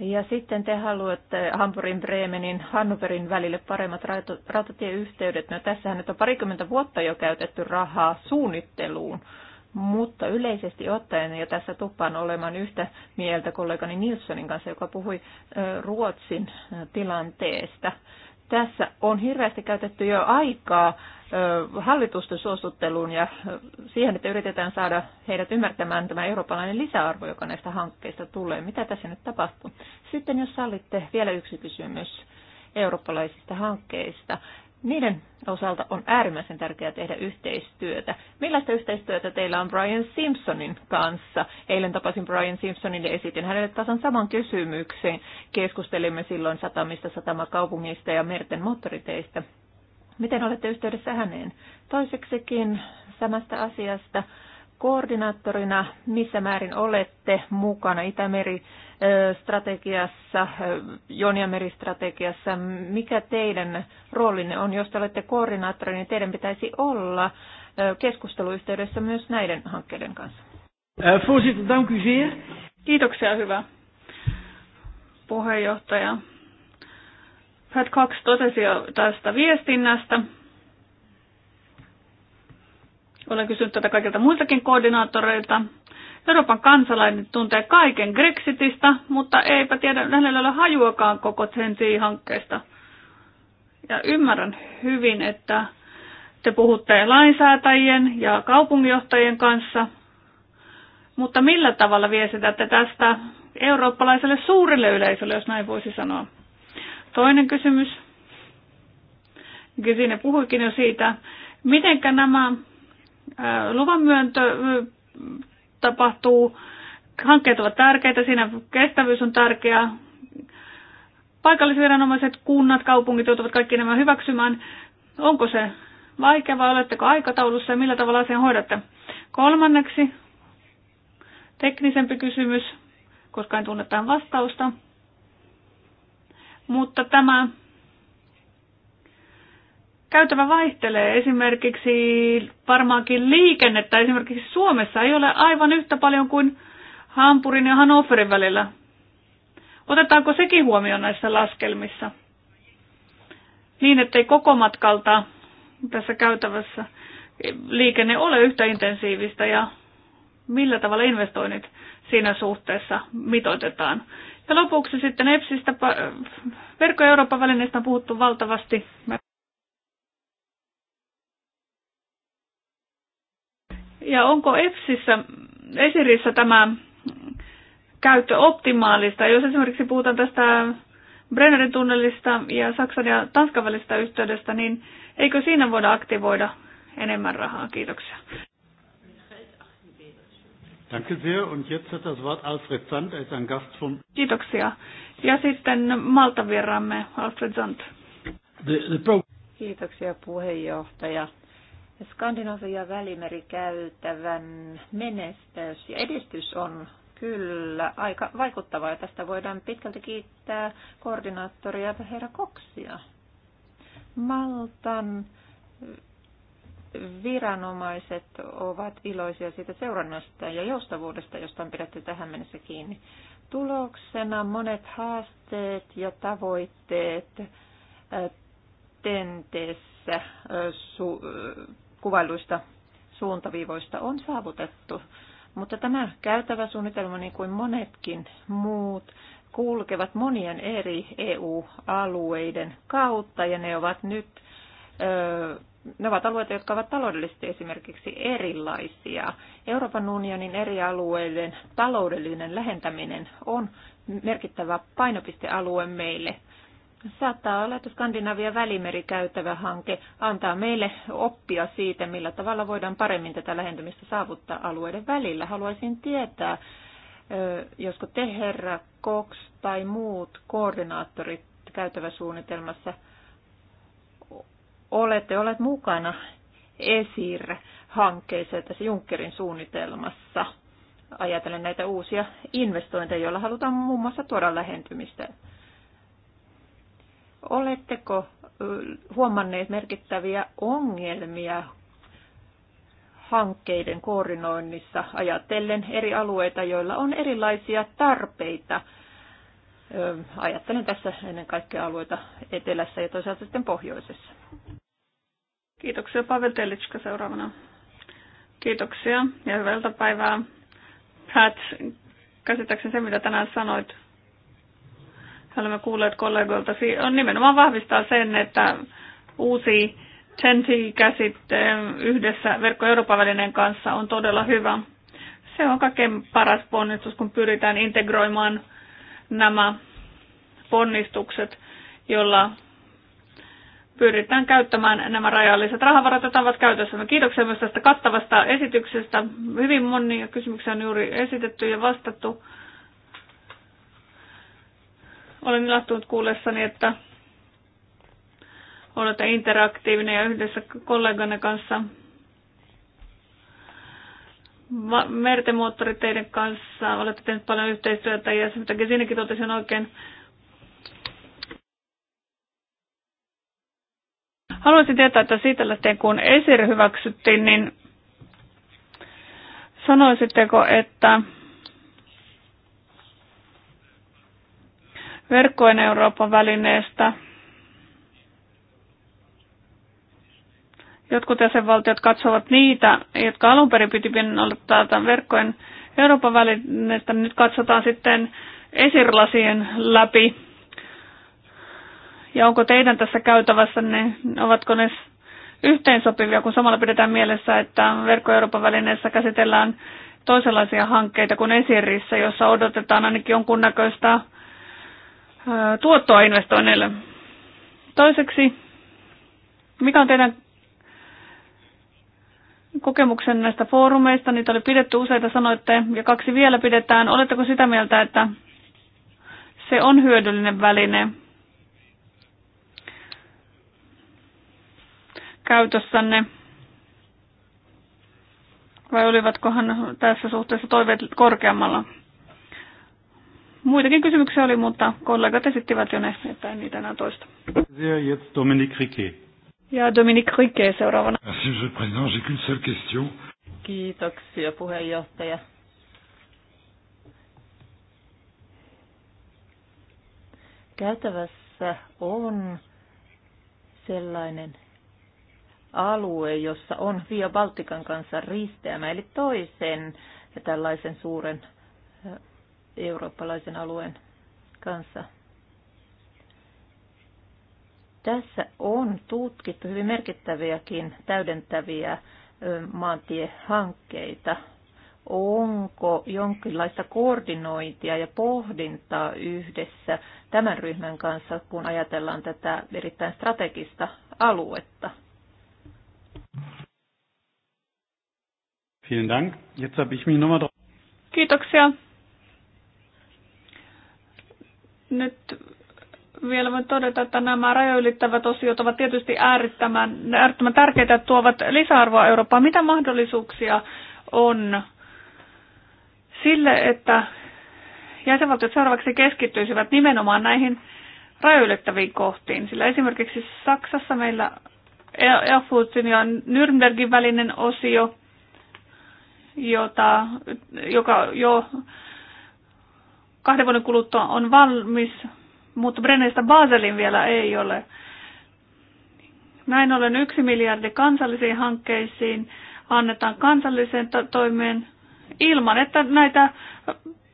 Ja sitten te haluatte Hampurin, Bremenin, Hannoverin välille paremmat rautatieyhteydet. No tässähän nyt on parikymmentä vuotta jo käytetty rahaa suunnitteluun, mutta yleisesti ottaen, ja tässä tuppaan olemaan yhtä mieltä kollegani Nilssonin kanssa, joka puhui Ruotsin tilanteesta, tässä on hirveästi käytetty jo aikaa hallitusten suostutteluun ja siihen, että yritetään saada heidät ymmärtämään tämä eurooppalainen lisäarvo, joka näistä hankkeista tulee. Mitä tässä nyt tapahtuu? Sitten jos sallitte vielä yksi kysymys eurooppalaisista hankkeista niiden osalta on äärimmäisen tärkeää tehdä yhteistyötä. Millaista yhteistyötä teillä on Brian Simpsonin kanssa? Eilen tapasin Brian Simpsonin ja esitin hänelle tasan saman kysymyksen. Keskustelimme silloin satamista, satamakaupungeista ja merten moottoriteistä. Miten olette yhteydessä häneen? Toiseksikin samasta asiasta koordinaattorina, missä määrin olette mukana Itämeri-strategiassa, Joniameri-strategiassa, mikä teidän roolinne on, jos te olette koordinaattori, niin teidän pitäisi olla keskusteluyhteydessä myös näiden hankkeiden kanssa. Äh, Kiitoksia, hyvä puheenjohtaja. Pat Cox totesi jo tästä viestinnästä. Olen kysynyt tätä kaikilta muiltakin koordinaattoreilta. Euroopan kansalainen tuntee kaiken Grexitistä, mutta eipä tiedä, hänellä ei ole hajuakaan koko Tsensi-hankkeesta. Ja ymmärrän hyvin, että te puhutte lainsäätäjien ja kaupunginjohtajien kanssa, mutta millä tavalla viestitätte tästä eurooppalaiselle suurille yleisölle, jos näin voisi sanoa? Toinen kysymys. Gesine puhuikin jo siitä, mitenkä nämä Luvan myöntö tapahtuu, hankkeet ovat tärkeitä, siinä kestävyys on tärkeää. Paikallisviranomaiset, kunnat, kaupungit joutuvat kaikki nämä hyväksymään. Onko se vaikea vai oletteko aikataulussa ja millä tavalla asian hoidatte? Kolmanneksi teknisempi kysymys, koska en tunne tämän vastausta. Mutta tämä käytävä vaihtelee. Esimerkiksi varmaankin liikennettä esimerkiksi Suomessa ei ole aivan yhtä paljon kuin Hampurin ja Hannoverin välillä. Otetaanko sekin huomioon näissä laskelmissa? Niin, ettei koko matkalta tässä käytävässä liikenne ole yhtä intensiivistä ja millä tavalla investoinnit siinä suhteessa mitoitetaan. Ja lopuksi sitten EPSistä, verkko- ja Euroopan välineistä on puhuttu valtavasti. Ja onko EFSissä, Esirissä tämä käyttö optimaalista? Jos esimerkiksi puhutaan tästä Brennerin tunnelista ja Saksan ja Tanskan välistä yhteydestä, niin eikö siinä voida aktivoida enemmän rahaa? Kiitoksia. Danke sehr. Und jetzt hat das Wort Alfred Sand, er ist ein Gast vom... Kiitoksia. Ja sitten Malta vieraamme Alfred Sand. The, the pro... Kiitoksia puheenjohtaja. Skandinavia käytävän menestys ja edistys on kyllä aika vaikuttavaa ja tästä voidaan pitkälti kiittää koordinaattoria herra Koksia. Maltan viranomaiset ovat iloisia siitä seurannasta ja joustavuudesta, josta on pidetty tähän mennessä kiinni. Tuloksena monet haasteet ja tavoitteet tenteessä kuvailuista suuntaviivoista on saavutettu. Mutta tämä käytävä suunnitelma, niin kuin monetkin muut, kulkevat monien eri EU-alueiden kautta ja ne ovat nyt ne ovat alueita, jotka ovat taloudellisesti esimerkiksi erilaisia. Euroopan unionin eri alueiden taloudellinen lähentäminen on merkittävä painopistealue meille. Saattaa olla, että Skandinavia välimerikäytävä hanke antaa meille oppia siitä, millä tavalla voidaan paremmin tätä lähentymistä saavuttaa alueiden välillä. Haluaisin tietää, josko te herra Cox tai muut koordinaattorit käytäväsuunnitelmassa olette olleet mukana ESIR-hankkeessa tässä Junckerin suunnitelmassa. Ajatellen näitä uusia investointeja, joilla halutaan muun muassa tuoda lähentymistä Oletteko huomanneet merkittäviä ongelmia hankkeiden koordinoinnissa ajatellen eri alueita, joilla on erilaisia tarpeita? Ajattelen tässä ennen kaikkea alueita etelässä ja toisaalta sitten pohjoisessa. Kiitoksia Pavel Telitska seuraavana. Kiitoksia ja hyvältä päivää. Pat, käsittääkseni se, mitä tänään sanoit, olemme kuulleet kollegoilta, on nimenomaan vahvistaa sen, että uusi TEN-T-käsite yhdessä verkko Euroopan välineen kanssa on todella hyvä. Se on kaikkein paras ponnistus, kun pyritään integroimaan nämä ponnistukset, jolla pyritään käyttämään nämä rajalliset rahavarat, joita ovat käytössämme. Kiitoksia myös tästä kattavasta esityksestä. Hyvin monia kysymyksiä on juuri esitetty ja vastattu. Olen ilahtunut kuullessani, että olette interaktiivinen ja yhdessä kolleganne kanssa mertemoottoriteiden kanssa olette tehneet paljon yhteistyötä ja sen takia siinäkin totesin oikein, Haluaisin tietää, että siitä lähtien kun ESIR hyväksyttiin, niin sanoisitteko, että verkkojen Euroopan välineestä. Jotkut jäsenvaltiot katsovat niitä, jotka alun perin piti olla täältä verkkojen Euroopan välineestä. Niin nyt katsotaan sitten esirlasien läpi. Ja onko teidän tässä käytävässä, ne, ovatko ne yhteensopivia, kun samalla pidetään mielessä, että verkko Euroopan välineessä käsitellään toisenlaisia hankkeita kuin esirissä, jossa odotetaan ainakin jonkunnäköistä näköistä tuottoa investoinneille. Toiseksi, mikä on teidän kokemuksen näistä foorumeista? Niitä oli pidetty useita, sanoitte, ja kaksi vielä pidetään. Oletteko sitä mieltä, että se on hyödyllinen väline käytössänne? Vai olivatkohan tässä suhteessa toiveet korkeammalla? Muitakin kysymyksiä oli, mutta kollegat esittivät jo ne, että en niitä enää toista. Ja Dominique Riquet seuraavana. Kiitoksia puheenjohtaja. Käytävässä on sellainen alue, jossa on Via Baltikan kanssa risteämä, eli toisen tällaisen suuren eurooppalaisen alueen kanssa. Tässä on tutkittu hyvin merkittäviäkin täydentäviä maantiehankkeita. Onko jonkinlaista koordinointia ja pohdintaa yhdessä tämän ryhmän kanssa, kun ajatellaan tätä erittäin strategista aluetta? Vielen Dank. Jetzt habe ich mich Kiitoksia. Nyt vielä voin todeta, että nämä rajoylittävät osiot ovat tietysti äärettömän, äärettömän tärkeitä, että tuovat lisäarvoa Eurooppaan. Mitä mahdollisuuksia on sille, että jäsenvaltiot seuraavaksi keskittyisivät nimenomaan näihin rajoylittäviin kohtiin? Sillä esimerkiksi Saksassa meillä e- Erfurtin ja Nürnbergin välinen osio, jota, joka jo kahden vuoden kuluttua on valmis, mutta Brenneistä Baselin vielä ei ole. Näin ollen yksi miljardi kansallisiin hankkeisiin annetaan kansalliseen toimeen ilman, että näitä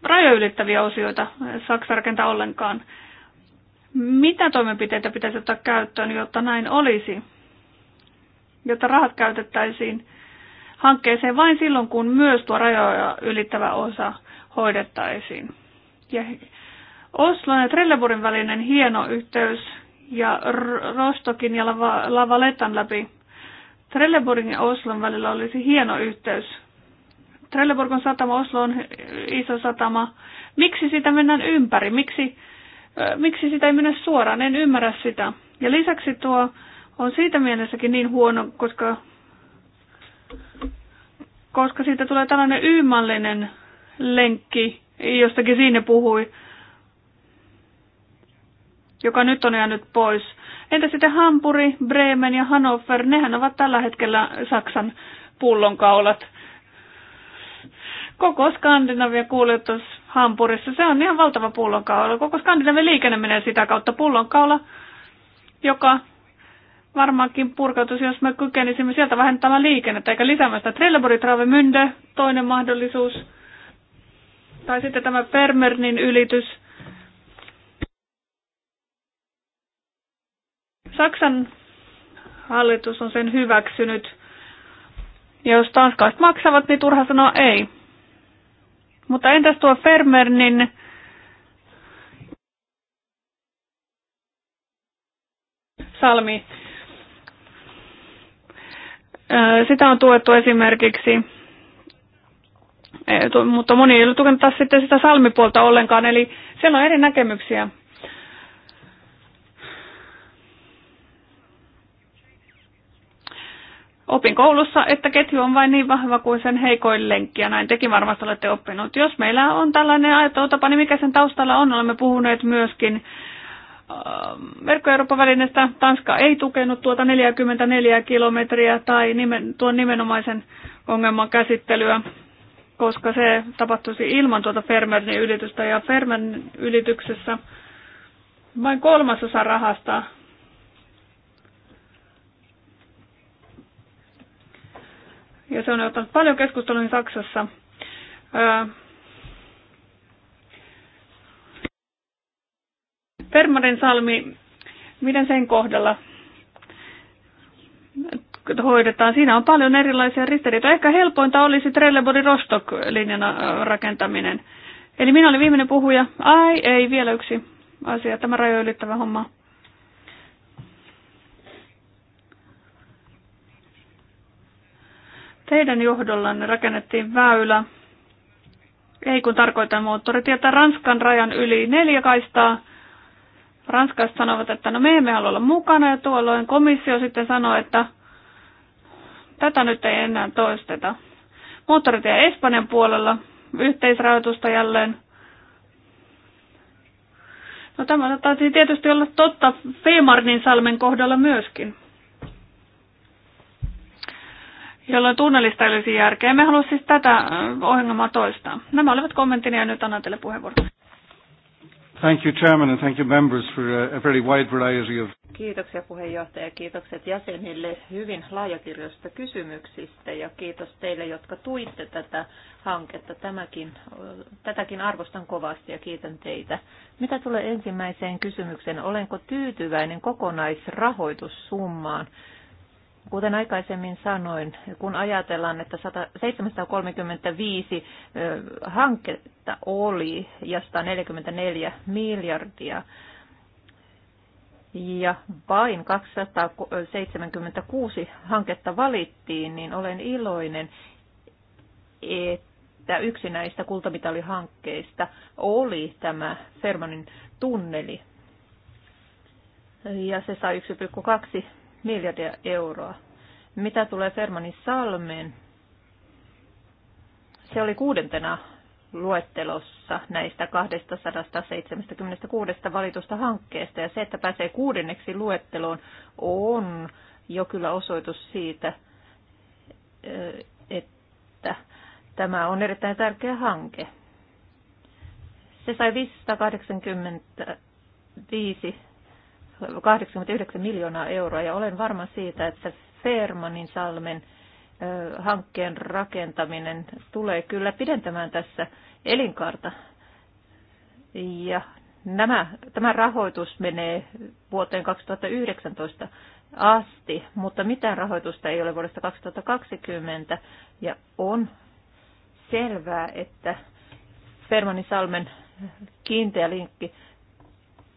rajoylittäviä osioita Saksa rakentaa ollenkaan. Mitä toimenpiteitä pitäisi ottaa käyttöön, jotta näin olisi? Jotta rahat käytettäisiin hankkeeseen vain silloin, kun myös tuo rajoja ylittävä osa hoidettaisiin. Ja Oslon ja Trelleborgin välinen hieno yhteys ja Rostokin ja Lavaletan läpi. Trelleborgin ja Oslon välillä olisi hieno yhteys. Trelleborg on satama, Oslo on iso satama. Miksi sitä mennään ympäri? Miksi, äh, miksi sitä ei mennä suoraan? En ymmärrä sitä. Ja lisäksi tuo on siitä mielessäkin niin huono, koska, koska siitä tulee tällainen yymallinen lenkki, jostakin siinä puhui, joka nyt on jäänyt pois. Entä sitten Hampuri, Bremen ja Hannover, nehän ovat tällä hetkellä Saksan pullonkaulat. Koko Skandinavia kuuletus Hampurissa, se on ihan valtava pullonkaula. Koko Skandinavian liikenne menee sitä kautta pullonkaula, joka varmaankin purkautuisi, jos me kykenisimme sieltä vähentämään liikennettä, eikä sitä Trelleborg Travemünde, toinen mahdollisuus. Tai sitten tämä Permernin ylitys. Saksan hallitus on sen hyväksynyt. Ja jos tanskalaiset maksavat, niin turha sanoa ei. Mutta entäs tuo Fermernin salmi? Sitä on tuettu esimerkiksi Eh, mutta moni ei ole tukenut taas sitten sitä salmipuolta ollenkaan, eli siellä on eri näkemyksiä. Opin koulussa, että ketju on vain niin vahva kuin sen heikoin lenkki, ja näin tekin varmasti olette oppinut. Jos meillä on tällainen ajattelutapa, niin mikä sen taustalla on? Olemme puhuneet myöskin äh, verkko Euroopan välineestä. Tanska ei tukenut tuota 44 kilometriä tai nimen, tuon nimenomaisen ongelman käsittelyä koska se tapahtuisi ilman tuota Fermernin ylitystä. Ja Fermernin ylityksessä vain kolmasosa rahasta ja se on ottanut paljon keskustelua Saksassa. Öö, Fermarin salmi, miten sen kohdalla? hoidetaan. Siinä on paljon erilaisia ristiriitoja. Ehkä helpointa olisi Trelleborg Rostock linjan äh, rakentaminen. Eli minä olin viimeinen puhuja. Ai, ei, vielä yksi asia. Tämä rajo ylittävä homma. Teidän johdollanne rakennettiin väylä, ei kun tarkoitan moottoritietä, Ranskan rajan yli neljä kaistaa. Ranskasta sanovat, että no me emme halua olla mukana ja tuolloin komissio sitten sanoi, että Tätä nyt ei enää toisteta. Moottoritie Espanjan puolella yhteisrahoitusta jälleen. No tämä taisi tietysti olla totta Feimarnin salmen kohdalla myöskin jolloin tunnelista olisi järkeä. Me haluaisimme siis tätä ohjelmaa toistaa. Nämä olivat kommenttini ja nyt annan teille puheenvuoron. Thank you, Chairman, and thank you, members, for a very wide variety of... Kiitoksia puheenjohtaja, kiitokset jäsenille hyvin laajakirjoista kysymyksistä ja kiitos teille, jotka tuitte tätä hanketta. Tämäkin, tätäkin arvostan kovasti ja kiitän teitä. Mitä tulee ensimmäiseen kysymykseen, olenko tyytyväinen kokonaisrahoitussummaan? Kuten aikaisemmin sanoin, kun ajatellaan, että 735 hanketta oli ja 144 miljardia ja vain 276 hanketta valittiin, niin olen iloinen, että yksi näistä kultamitalihankkeista oli tämä Fermanin tunneli. Ja se sai 1,2 miljardia euroa. Mitä tulee Fermanin salmeen, se oli kuudentena luettelossa näistä 276 valitusta hankkeesta. Ja se, että pääsee kuudenneksi luetteloon, on jo kyllä osoitus siitä, että tämä on erittäin tärkeä hanke. Se sai 585 89 miljoonaa euroa ja olen varma siitä, että Fermanin salmen hankkeen rakentaminen tulee kyllä pidentämään tässä elinkaarta. Ja nämä, tämä rahoitus menee vuoteen 2019 asti, mutta mitään rahoitusta ei ole vuodesta 2020 ja on selvää, että Fermanin salmen kiinteä linkki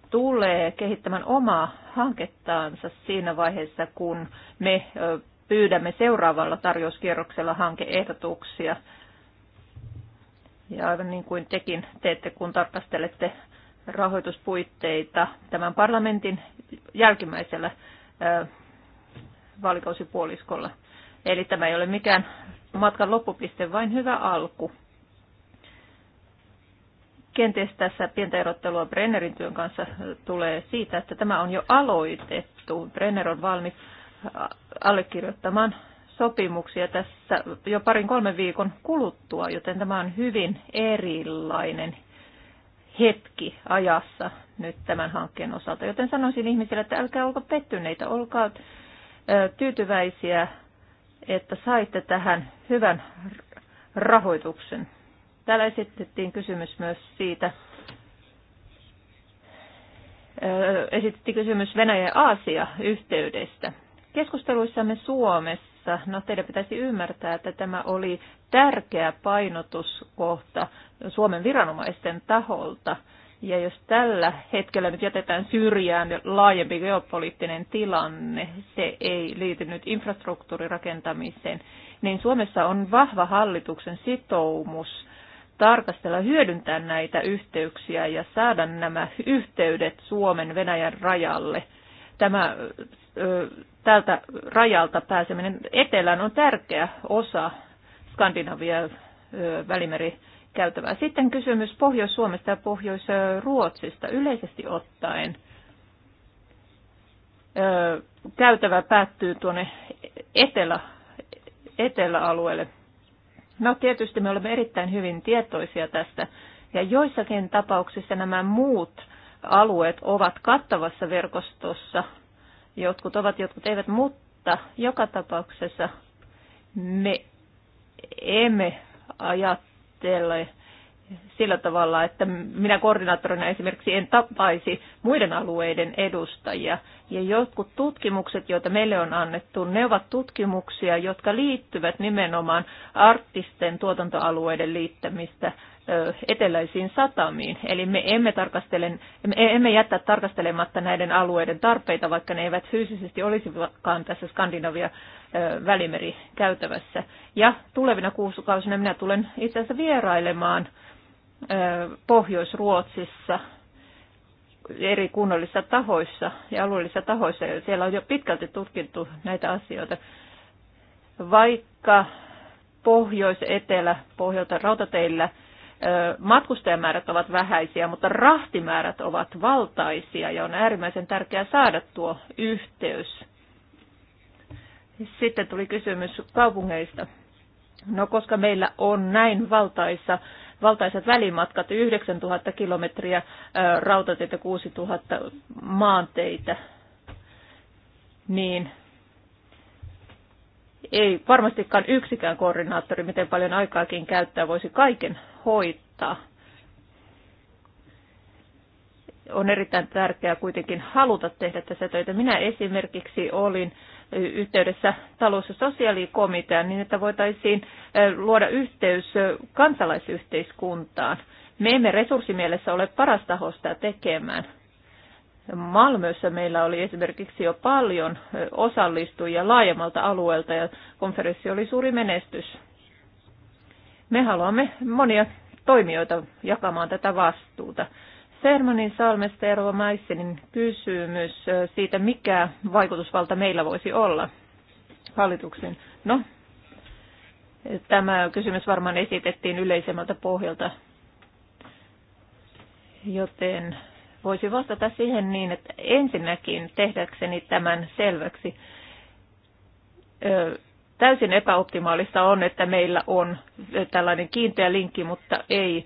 tulee kehittämään omaa hankettaansa siinä vaiheessa, kun me pyydämme seuraavalla tarjouskierroksella hankeehdotuksia. Ja aivan niin kuin tekin teette, kun tarkastelette rahoituspuitteita tämän parlamentin jälkimmäisellä vaalikausipuoliskolla. Eli tämä ei ole mikään matkan loppupiste, vain hyvä alku. Kenties tässä pientä erottelua Brennerin työn kanssa tulee siitä, että tämä on jo aloitettu. Brenner on valmis äh, allekirjoittamaan sopimuksia tässä jo parin kolmen viikon kuluttua, joten tämä on hyvin erilainen hetki ajassa nyt tämän hankkeen osalta. Joten sanoisin ihmisille, että älkää olko pettyneitä, olkaa äh, tyytyväisiä, että saitte tähän hyvän rahoituksen. Täällä esitettiin kysymys myös siitä, esitettiin kysymys venäjä Aasia-yhteydestä. Keskusteluissamme Suomessa, no teidän pitäisi ymmärtää, että tämä oli tärkeä painotuskohta Suomen viranomaisten taholta. Ja jos tällä hetkellä nyt jätetään syrjään laajempi geopoliittinen tilanne, se ei liity nyt infrastruktuurirakentamiseen, niin Suomessa on vahva hallituksen sitoumus tarkastella hyödyntää näitä yhteyksiä ja saada nämä yhteydet Suomen Venäjän rajalle. Tämä tältä rajalta pääseminen etelään on tärkeä osa Skandinavia välimeri käytävää. Sitten kysymys Pohjois-Suomesta ja Pohjois-Ruotsista yleisesti ottaen. käytävä päättyy tuonne etelä, eteläalueelle No tietysti me olemme erittäin hyvin tietoisia tästä. Ja joissakin tapauksissa nämä muut alueet ovat kattavassa verkostossa. Jotkut ovat, jotkut eivät, mutta joka tapauksessa me emme ajattele sillä tavalla, että minä koordinaattorina esimerkiksi en tapaisi muiden alueiden edustajia. Ja jotkut tutkimukset, joita meille on annettu, ne ovat tutkimuksia, jotka liittyvät nimenomaan arktisten tuotantoalueiden liittämistä eteläisiin satamiin. Eli me emme, tarkastele, me emme jättää tarkastelematta näiden alueiden tarpeita, vaikka ne eivät fyysisesti olisikaan tässä Skandinavia välimeri käytävässä. Ja tulevina kuukausina minä tulen itse asiassa vierailemaan – Pohjois-Ruotsissa eri kunnollisissa tahoissa ja alueellisissa tahoissa. Ja siellä on jo pitkälti tutkittu näitä asioita. Vaikka pohjois-etelä pohjoilta rautateillä matkustajamäärät ovat vähäisiä, mutta rahtimäärät ovat valtaisia ja on äärimmäisen tärkeää saada tuo yhteys. Sitten tuli kysymys kaupungeista. No koska meillä on näin valtaisa valtaisat välimatkat, 9000 kilometriä rautateitä, 6000 maanteitä, niin ei varmastikaan yksikään koordinaattori, miten paljon aikaakin käyttää, voisi kaiken hoitaa. On erittäin tärkeää kuitenkin haluta tehdä tässä töitä. Minä esimerkiksi olin yhteydessä talous- ja sosiaalikomitean niin, että voitaisiin luoda yhteys kansalaisyhteiskuntaan. Me emme resurssimielessä ole paras taho sitä tekemään. Malmössä meillä oli esimerkiksi jo paljon osallistujia laajemmalta alueelta ja konferenssi oli suuri menestys. Me haluamme monia toimijoita jakamaan tätä vastuuta. Sermonin salmesta ja Rova kysymys siitä, mikä vaikutusvalta meillä voisi olla hallituksen. No, tämä kysymys varmaan esitettiin yleisemmältä pohjalta, joten voisi vastata siihen niin, että ensinnäkin tehdäkseni tämän selväksi, täysin epäoptimaalista on, että meillä on tällainen kiinteä linkki, mutta ei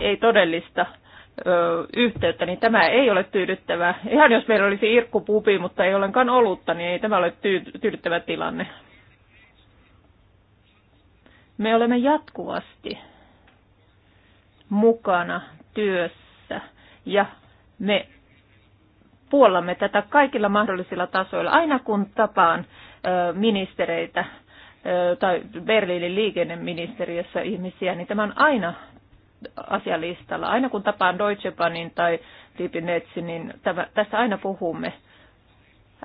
ei todellista ö, yhteyttä, niin tämä ei ole tyydyttävää. Ihan jos meillä olisi irkkupupi, mutta ei ollenkaan olutta, niin ei tämä ole tyy- tyydyttävä tilanne. Me olemme jatkuvasti mukana työssä ja me puollamme tätä kaikilla mahdollisilla tasoilla. Aina kun tapaan ö, ministereitä tai Berliinin liikenneministeriössä ihmisiä, niin tämä on aina asialistalla. Aina kun tapaan Deutsche Bahnin tai Liipinetsin, niin tämä, tästä aina puhumme.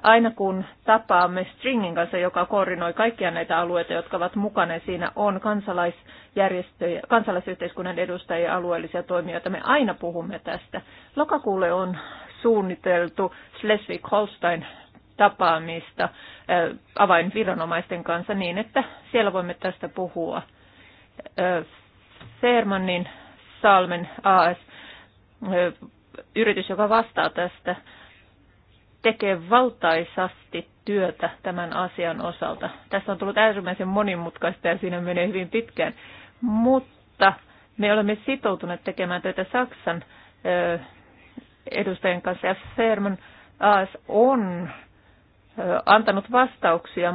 Aina kun tapaamme Stringin kanssa, joka koordinoi kaikkia näitä alueita, jotka ovat mukana, siinä on kansalaisjärjestöjä, kansalaisyhteiskunnan edustajia ja alueellisia toimijoita. Me aina puhumme tästä. Lokakuulle on suunniteltu Schleswig-Holstein tapaamista äh, avainviranomaisten kanssa niin, että siellä voimme tästä puhua. Äh, Fermanin Salmen AS, yritys, joka vastaa tästä, tekee valtaisasti työtä tämän asian osalta. Tässä on tullut äärimmäisen monimutkaista ja siinä menee hyvin pitkään, mutta me olemme sitoutuneet tekemään töitä Saksan edustajien kanssa ja Ferman AS on antanut vastauksia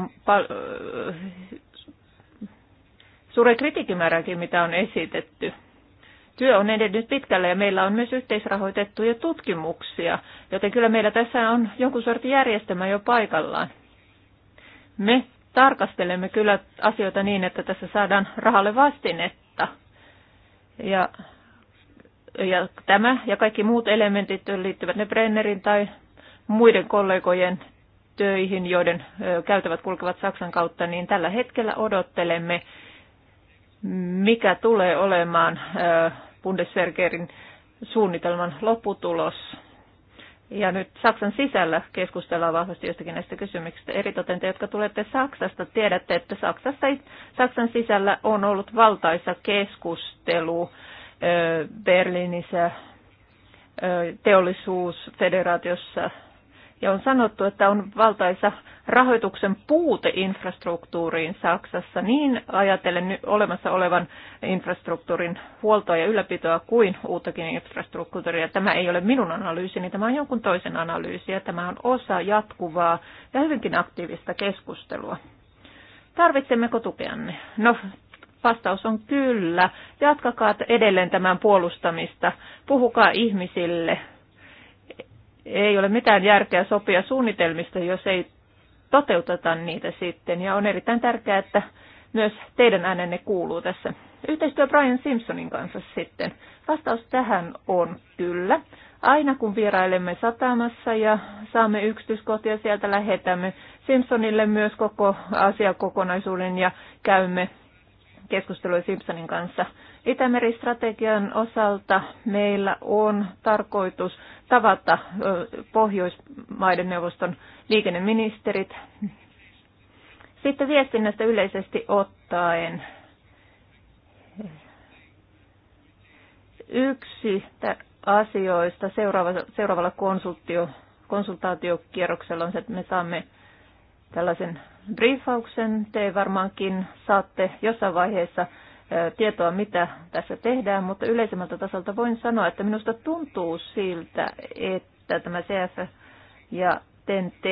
suureen kritiikimääräänkin, mitä on esitetty työ on edennyt pitkälle ja meillä on myös yhteisrahoitettuja tutkimuksia, joten kyllä meillä tässä on jonkun sortin järjestelmä jo paikallaan. Me tarkastelemme kyllä asioita niin, että tässä saadaan rahalle vastinetta. Ja, ja tämä ja kaikki muut elementit liittyvät ne Brennerin tai muiden kollegojen töihin, joiden käytävät kulkevat Saksan kautta, niin tällä hetkellä odottelemme, mikä tulee olemaan Bundesvergerin suunnitelman lopputulos. Ja nyt Saksan sisällä keskustellaan vahvasti jostakin näistä kysymyksistä. Eritoten te, jotka tulette Saksasta, tiedätte, että Saksassa, Saksan sisällä on ollut valtaisa keskustelu Berliinissä teollisuusfederaatiossa ja on sanottu, että on valtaisa rahoituksen puute infrastruktuuriin Saksassa niin ajatellen nyt olemassa olevan infrastruktuurin huoltoa ja ylläpitoa kuin uuttakin infrastruktuuria. Tämä ei ole minun analyysini, tämä on jonkun toisen analyysi ja tämä on osa jatkuvaa ja hyvinkin aktiivista keskustelua. Tarvitsemmeko tukeanne? No, vastaus on kyllä. Jatkakaa edelleen tämän puolustamista. Puhukaa ihmisille ei ole mitään järkeä sopia suunnitelmista, jos ei toteuteta niitä sitten. Ja on erittäin tärkeää, että myös teidän äänenne kuuluu tässä. Yhteistyö Brian Simpsonin kanssa sitten. Vastaus tähän on kyllä. Aina kun vierailemme satamassa ja saamme yksityiskohtia, sieltä lähetämme Simpsonille myös koko asiakokonaisuuden ja käymme keskustelua Simpsonin kanssa Itämeri-strategian osalta meillä on tarkoitus tavata Pohjoismaiden neuvoston liikenneministerit. Sitten viestinnästä yleisesti ottaen. Yksi asioista seuraava, seuraavalla konsultio, konsultaatiokierroksella on se, että me saamme tällaisen briefauksen. Te varmaankin saatte jossain vaiheessa tietoa, mitä tässä tehdään, mutta yleisemmältä tasolta voin sanoa, että minusta tuntuu siltä, että tämä CF ja TNT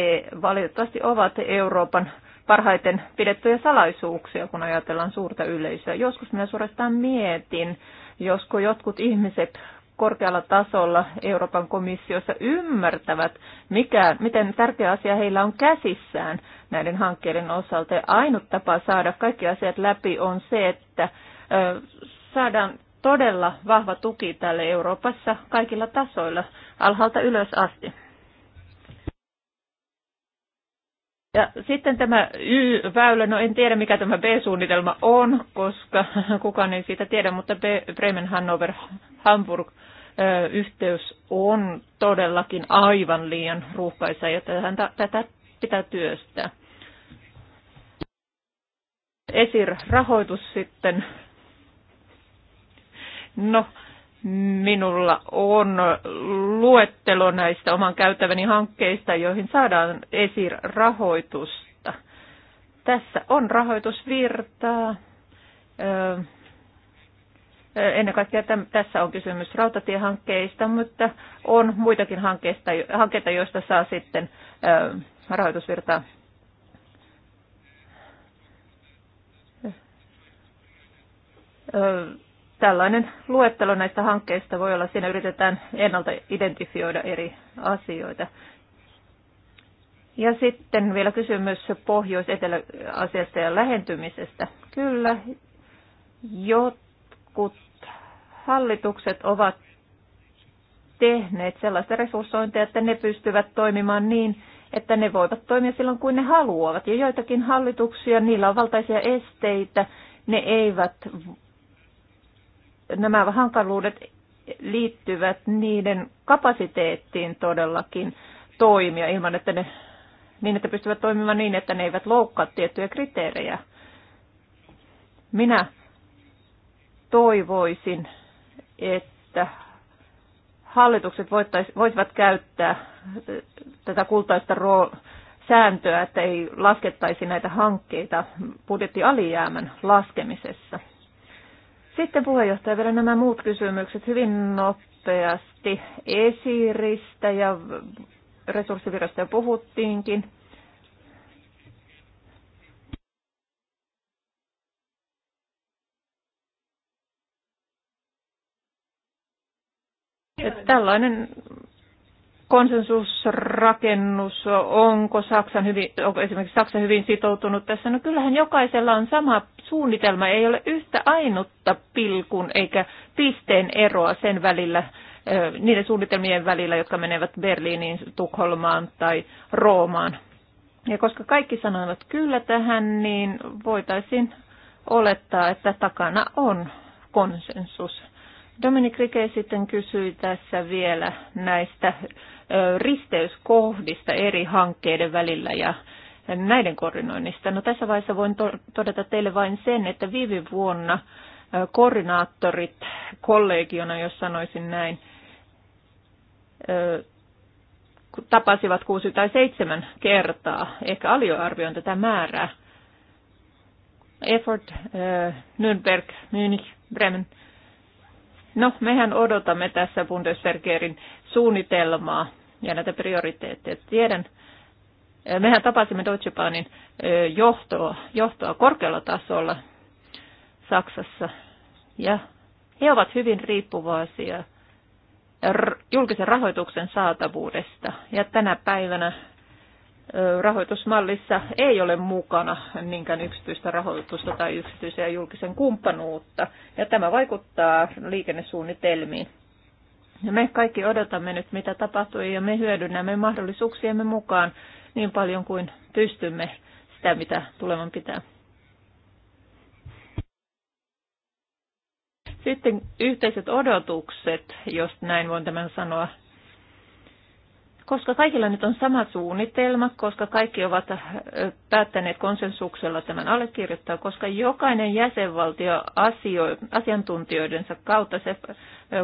valitettavasti ovat Euroopan parhaiten pidettyjä salaisuuksia, kun ajatellaan suurta yleisöä. Joskus minä suorastaan mietin, josko jotkut ihmiset korkealla tasolla Euroopan komissiossa ymmärtävät, mikä, miten tärkeä asia heillä on käsissään näiden hankkeiden osalta. Ja ainut tapa saada kaikki asiat läpi on se, että saadaan todella vahva tuki tälle Euroopassa kaikilla tasoilla, alhaalta ylös asti. Ja sitten tämä Y-väylä, no en tiedä mikä tämä B-suunnitelma on, koska kukaan ei siitä tiedä, mutta Bremen, Hannover, Hamburg yhteys on todellakin aivan liian ruuhkaisa ja tätä pitää työstää. Esir-rahoitus sitten No, minulla on luettelo näistä oman käyttäväni hankkeista, joihin saadaan esirahoitusta. Tässä on rahoitusvirtaa. Ennen kaikkea tässä on kysymys rautatiehankkeista, mutta on muitakin hankkeista, hankkeita, joista saa sitten rahoitusvirtaa. Öö, tällainen luettelo näistä hankkeista voi olla, siinä yritetään ennalta identifioida eri asioita. Ja sitten vielä kysymys pohjois-etelä-asiasta ja lähentymisestä. Kyllä, jotkut hallitukset ovat tehneet sellaista resurssointia, että ne pystyvät toimimaan niin, että ne voivat toimia silloin, kun ne haluavat. Ja joitakin hallituksia, niillä on valtaisia esteitä, ne eivät nämä hankaluudet liittyvät niiden kapasiteettiin todellakin toimia ilman, että ne niin, että pystyvät toimimaan niin, että ne eivät loukkaa tiettyjä kriteerejä. Minä toivoisin, että hallitukset voisivat käyttää äh, tätä kultaista sääntöä, että ei laskettaisi näitä hankkeita budjettialijäämän laskemisessa. Sitten puheenjohtaja vielä nämä muut kysymykset hyvin nopeasti. Esiristä ja resurssivirastoja puhuttiinkin. Tällainen konsensusrakennus, onko Saksan hyvin, onko esimerkiksi Saksa hyvin sitoutunut tässä, no kyllähän jokaisella on sama suunnitelma, ei ole yhtä ainutta pilkun eikä pisteen eroa sen välillä, niiden suunnitelmien välillä, jotka menevät Berliiniin, Tukholmaan tai Roomaan. Ja koska kaikki sanoivat kyllä tähän, niin voitaisiin olettaa, että takana on konsensus. Dominik Rike sitten kysyi tässä vielä näistä risteyskohdista eri hankkeiden välillä ja näiden koordinoinnista. No tässä vaiheessa voin todeta teille vain sen, että viime vuonna koordinaattorit kollegiona, jos sanoisin näin, tapasivat kuusi tai seitsemän kertaa. Ehkä alioarvioin tätä määrää. Effort, Nürnberg, Munich, Bremen – No, mehän odotamme tässä Bundesvergerin suunnitelmaa ja näitä prioriteetteja. Tiedän, eh, mehän tapasimme Deutsche Bahnin eh, johtoa, johtoa korkealla tasolla Saksassa ja he ovat hyvin riippuvaisia julkisen rahoituksen saatavuudesta. Ja tänä päivänä rahoitusmallissa ei ole mukana niinkään yksityistä rahoitusta tai yksityisen ja julkisen kumppanuutta, ja tämä vaikuttaa liikennesuunnitelmiin. Ja me kaikki odotamme nyt, mitä tapahtuu, ja me hyödynnämme mahdollisuuksiemme mukaan niin paljon kuin pystymme sitä, mitä tulevan pitää. Sitten yhteiset odotukset, jos näin voin tämän sanoa, koska kaikilla nyt on sama suunnitelma, koska kaikki ovat päättäneet konsensuksella tämän allekirjoittaa, koska jokainen jäsenvaltio asio, asiantuntijoidensa kautta se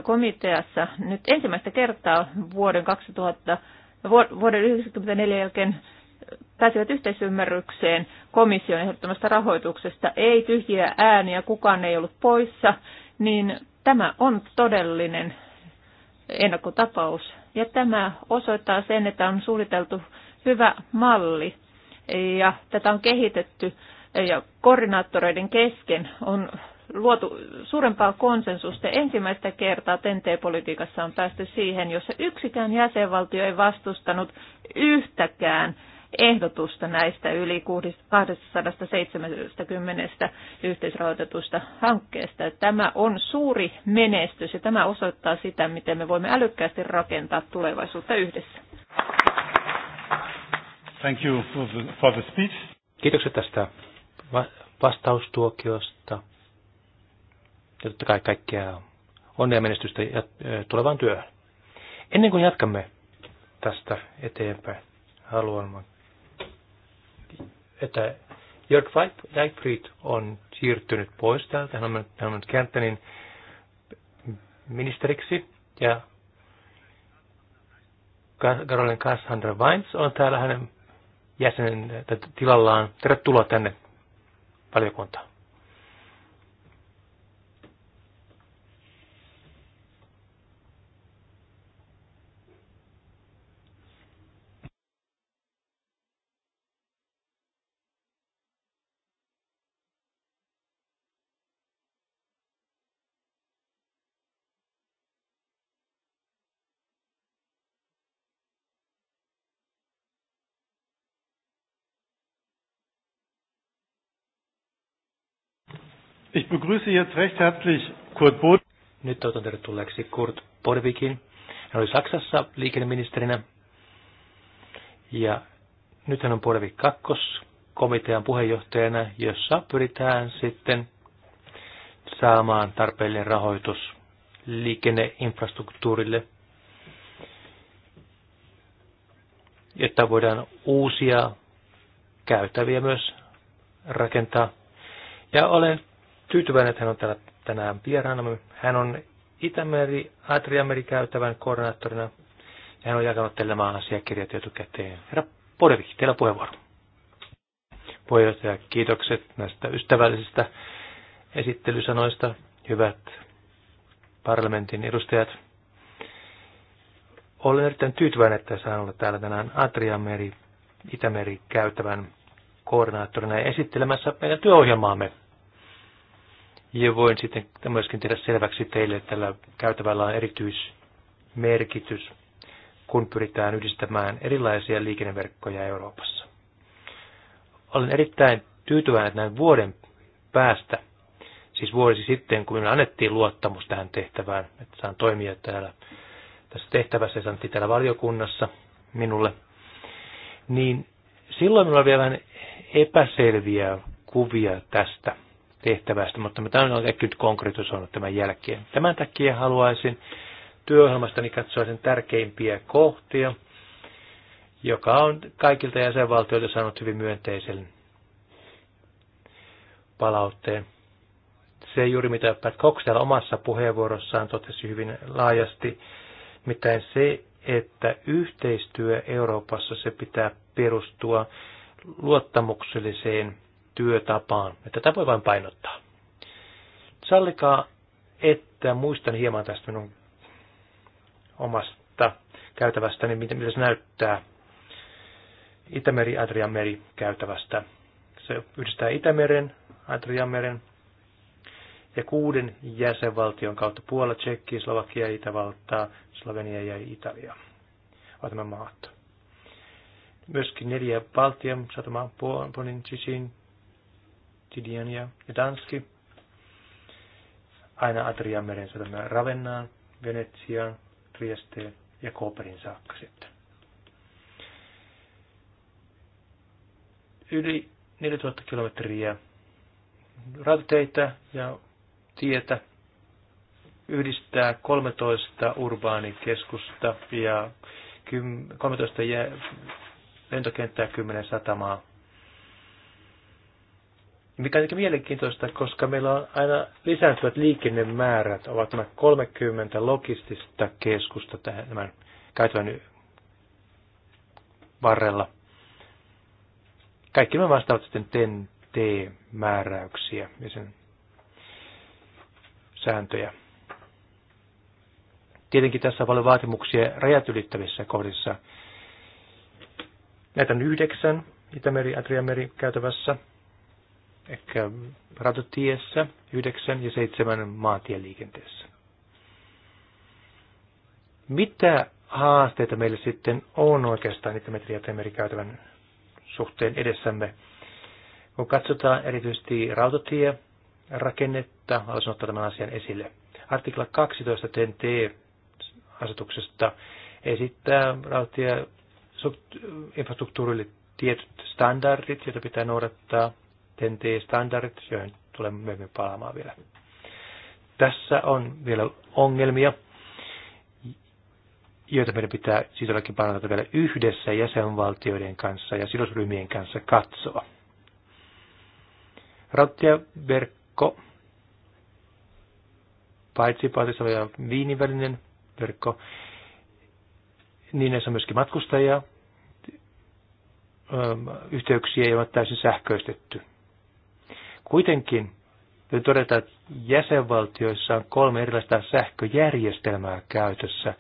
komiteassa nyt ensimmäistä kertaa vuoden 2000, vuoden 1994 jälkeen pääsivät yhteisymmärrykseen komission ehdottomasta rahoituksesta. Ei tyhjiä ääniä, kukaan ei ollut poissa, niin tämä on todellinen ennakkotapaus ja tämä osoittaa sen, että on suunniteltu hyvä malli ja tätä on kehitetty ja koordinaattoreiden kesken on luotu suurempaa konsensusta. Ensimmäistä kertaa TNT-politiikassa on päästy siihen, jossa yksikään jäsenvaltio ei vastustanut yhtäkään ehdotusta näistä yli 270 yhteisrahoitetusta hankkeesta. Tämä on suuri menestys ja tämä osoittaa sitä, miten me voimme älykkäästi rakentaa tulevaisuutta yhdessä. Thank you for the, for the speech. Kiitoksia tästä vastaustuokiosta. Ja totta kai kaikkea onnea menestystä ja tulevaan työhön. Ennen kuin jatkamme tästä eteenpäin, haluan että Jörg Weigfried on siirtynyt pois täältä. Hän on mennyt, hän on mennyt ministeriksi ja Karolin Kassandra Vines on täällä hänen jäsenen tilallaan. Tervetuloa tänne valiokuntaan. Ich begrüße jetzt recht herzlich Kurt Bod. Nyt toivotan tervetulleeksi Kurt Podvikin. Hän oli Saksassa liikenneministerinä. Ja nyt hän on Podvik 2 komitean puheenjohtajana, jossa pyritään sitten saamaan tarpeellinen rahoitus liikenneinfrastruktuurille, jotta voidaan uusia käytäviä myös rakentaa. Ja olen tyytyväinen, että hän on täällä tänään vieraana. Hän on Itämeri Atriameri käytävän koordinaattorina ja hän on jakanut teille maan asiakirjat etukäteen. Herra Podevik, teillä puheenvuoro. Puheenjohtaja, kiitokset näistä ystävällisistä esittelysanoista. Hyvät parlamentin edustajat, olen erittäin tyytyväinen, että saan olla täällä tänään Atriameri, Itämeri käytävän koordinaattorina ja esittelemässä meidän työohjelmaamme ja voin sitten myöskin tehdä selväksi teille, että tällä käytävällä on erityismerkitys, kun pyritään yhdistämään erilaisia liikenneverkkoja Euroopassa. Olen erittäin tyytyväinen, että näin vuoden päästä, siis vuosi sitten, kun minulle annettiin luottamus tähän tehtävään, että saan toimia täällä tässä tehtävässä, ja täällä valiokunnassa minulle, niin silloin minulla oli vielä vähän epäselviä kuvia tästä – tehtävästä, mutta tämä on kaikki nyt konkretisoinut tämän jälkeen. Tämän takia haluaisin työohjelmastani katsoa sen tärkeimpiä kohtia, joka on kaikilta jäsenvaltioilta saanut hyvin myönteisen palautteen. Se juuri mitä Pat Cox omassa puheenvuorossaan totesi hyvin laajasti, mitään se, että yhteistyö Euroopassa se pitää perustua luottamukselliseen työtapaan. että tätä voi vain painottaa. Sallikaa, että muistan hieman tästä minun omasta käytävästäni, mitä, mitä se näyttää Itämeri, Adrian meri käytävästä. Se yhdistää Itämeren, Adrian meren ja kuuden jäsenvaltion kautta Puola, Tsekki, Slovakia, Itävaltaa, Slovenia ja Italia ovat nämä maat. Myöskin neljä valtion satamaa, Ponin, Sisin, Tidiania ja Danski, aina Adrian meren sydämään Ravennaan, Venetsiaan, Triesteen ja Kooperin saakka sitten. Yli 4000 kilometriä rautateitä ja tietä yhdistää 13 urbaanikeskusta ja 13 lentokenttää 10 satamaa mikä on mielenkiintoista, koska meillä on aina lisääntyvät liikennemäärät, ovat nämä 30 logistista keskusta tähän tämän käytävän varrella. Kaikki nämä vastaavat sitten TEN-T-määräyksiä ja sen sääntöjä. Tietenkin tässä on paljon vaatimuksia rajat ylittävissä kohdissa. Näitä on yhdeksän Itämeri-Adriameri käytävässä – ehkä ratotiessä, yhdeksän ja seitsemän maantieliikenteessä. Mitä haasteita meillä sitten on oikeastaan niiden metriä merikäytävän suhteen edessämme? Kun katsotaan erityisesti rautatie rakennetta, haluaisin ottaa tämän asian esille. Artikla 12 TNT-asetuksesta esittää rautatieinfrastruktuurille infrastruktuurille tietyt standardit, joita pitää noudattaa – TNT-standardit, joihin tulemme myöhemmin palaamaan vielä. Tässä on vielä ongelmia, joita meidän pitää siis parantaa vielä yhdessä jäsenvaltioiden kanssa ja sidosryhmien kanssa katsoa. Rautatieverkko, paitsi Paatissa ja viinivälinen verkko, niin näissä on myöskin matkustajia, yhteyksiä ei ole täysin sähköistetty Kuitenkin voi todeta, että jäsenvaltioissa on kolme erilaista sähköjärjestelmää käytössä,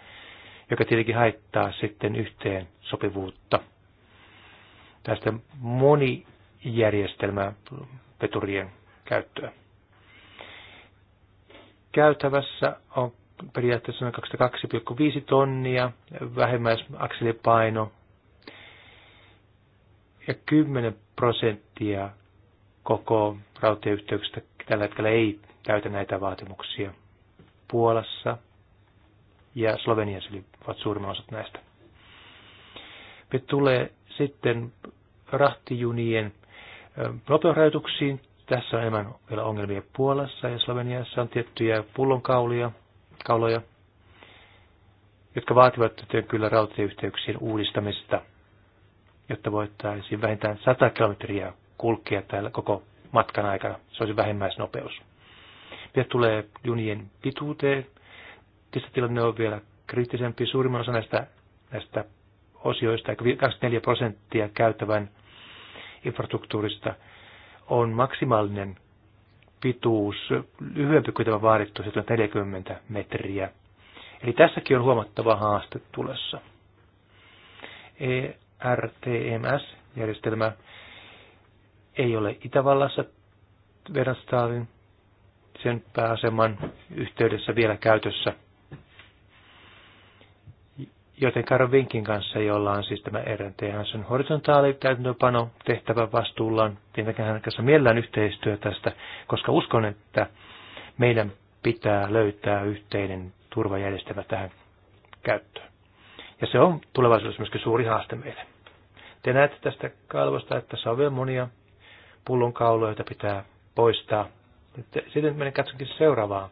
joka tietenkin haittaa sitten yhteen sopivuutta. Tästä moni järjestelmää peturien käyttöä. Käytävässä on periaatteessa noin 22,5 tonnia vähemmäisakselipaino ja 10 prosenttia koko rautatieyhteyksistä tällä hetkellä ei täytä näitä vaatimuksia. Puolassa ja Sloveniassa olivat suurimman osat näistä. Me tulee sitten rahtijunien nopeusrajoituksiin. Tässä on enemmän vielä ongelmia Puolassa ja Sloveniassa on tiettyjä pullonkaulia, kauloja, jotka vaativat kyllä rautatieyhteyksien uudistamista, jotta voitaisiin vähintään 100 kilometriä kulkea täällä koko matkan aikana. Se olisi vähimmäisnopeus. Vielä tulee junien pituuteen, tässä tilanne on vielä kriittisempi. Suurimman osa näistä, näistä osioista, 24 prosenttia käytävän infrastruktuurista, on maksimaalinen pituus lyhyempi kuin tämä vaadittu, se on 40 metriä. Eli tässäkin on huomattava haaste tulessa. ERTMS-järjestelmä ei ole Itävallassa Verastaalin sen pääaseman yhteydessä vielä käytössä. Joten Karo Vinkin kanssa, jolla on siis tämä RNT, Hansen horisontaali täytäntöpano tehtävän vastuullaan, tietenkin hänen kanssa mielellään yhteistyö tästä, koska uskon, että meidän pitää löytää yhteinen turvajärjestelmä tähän käyttöön. Ja se on tulevaisuudessa myöskin suuri haaste meille. Te näette tästä kalvosta, että tässä on vielä monia pullonkauloja, joita pitää poistaa. Sitten menen katsonkin seuraavaa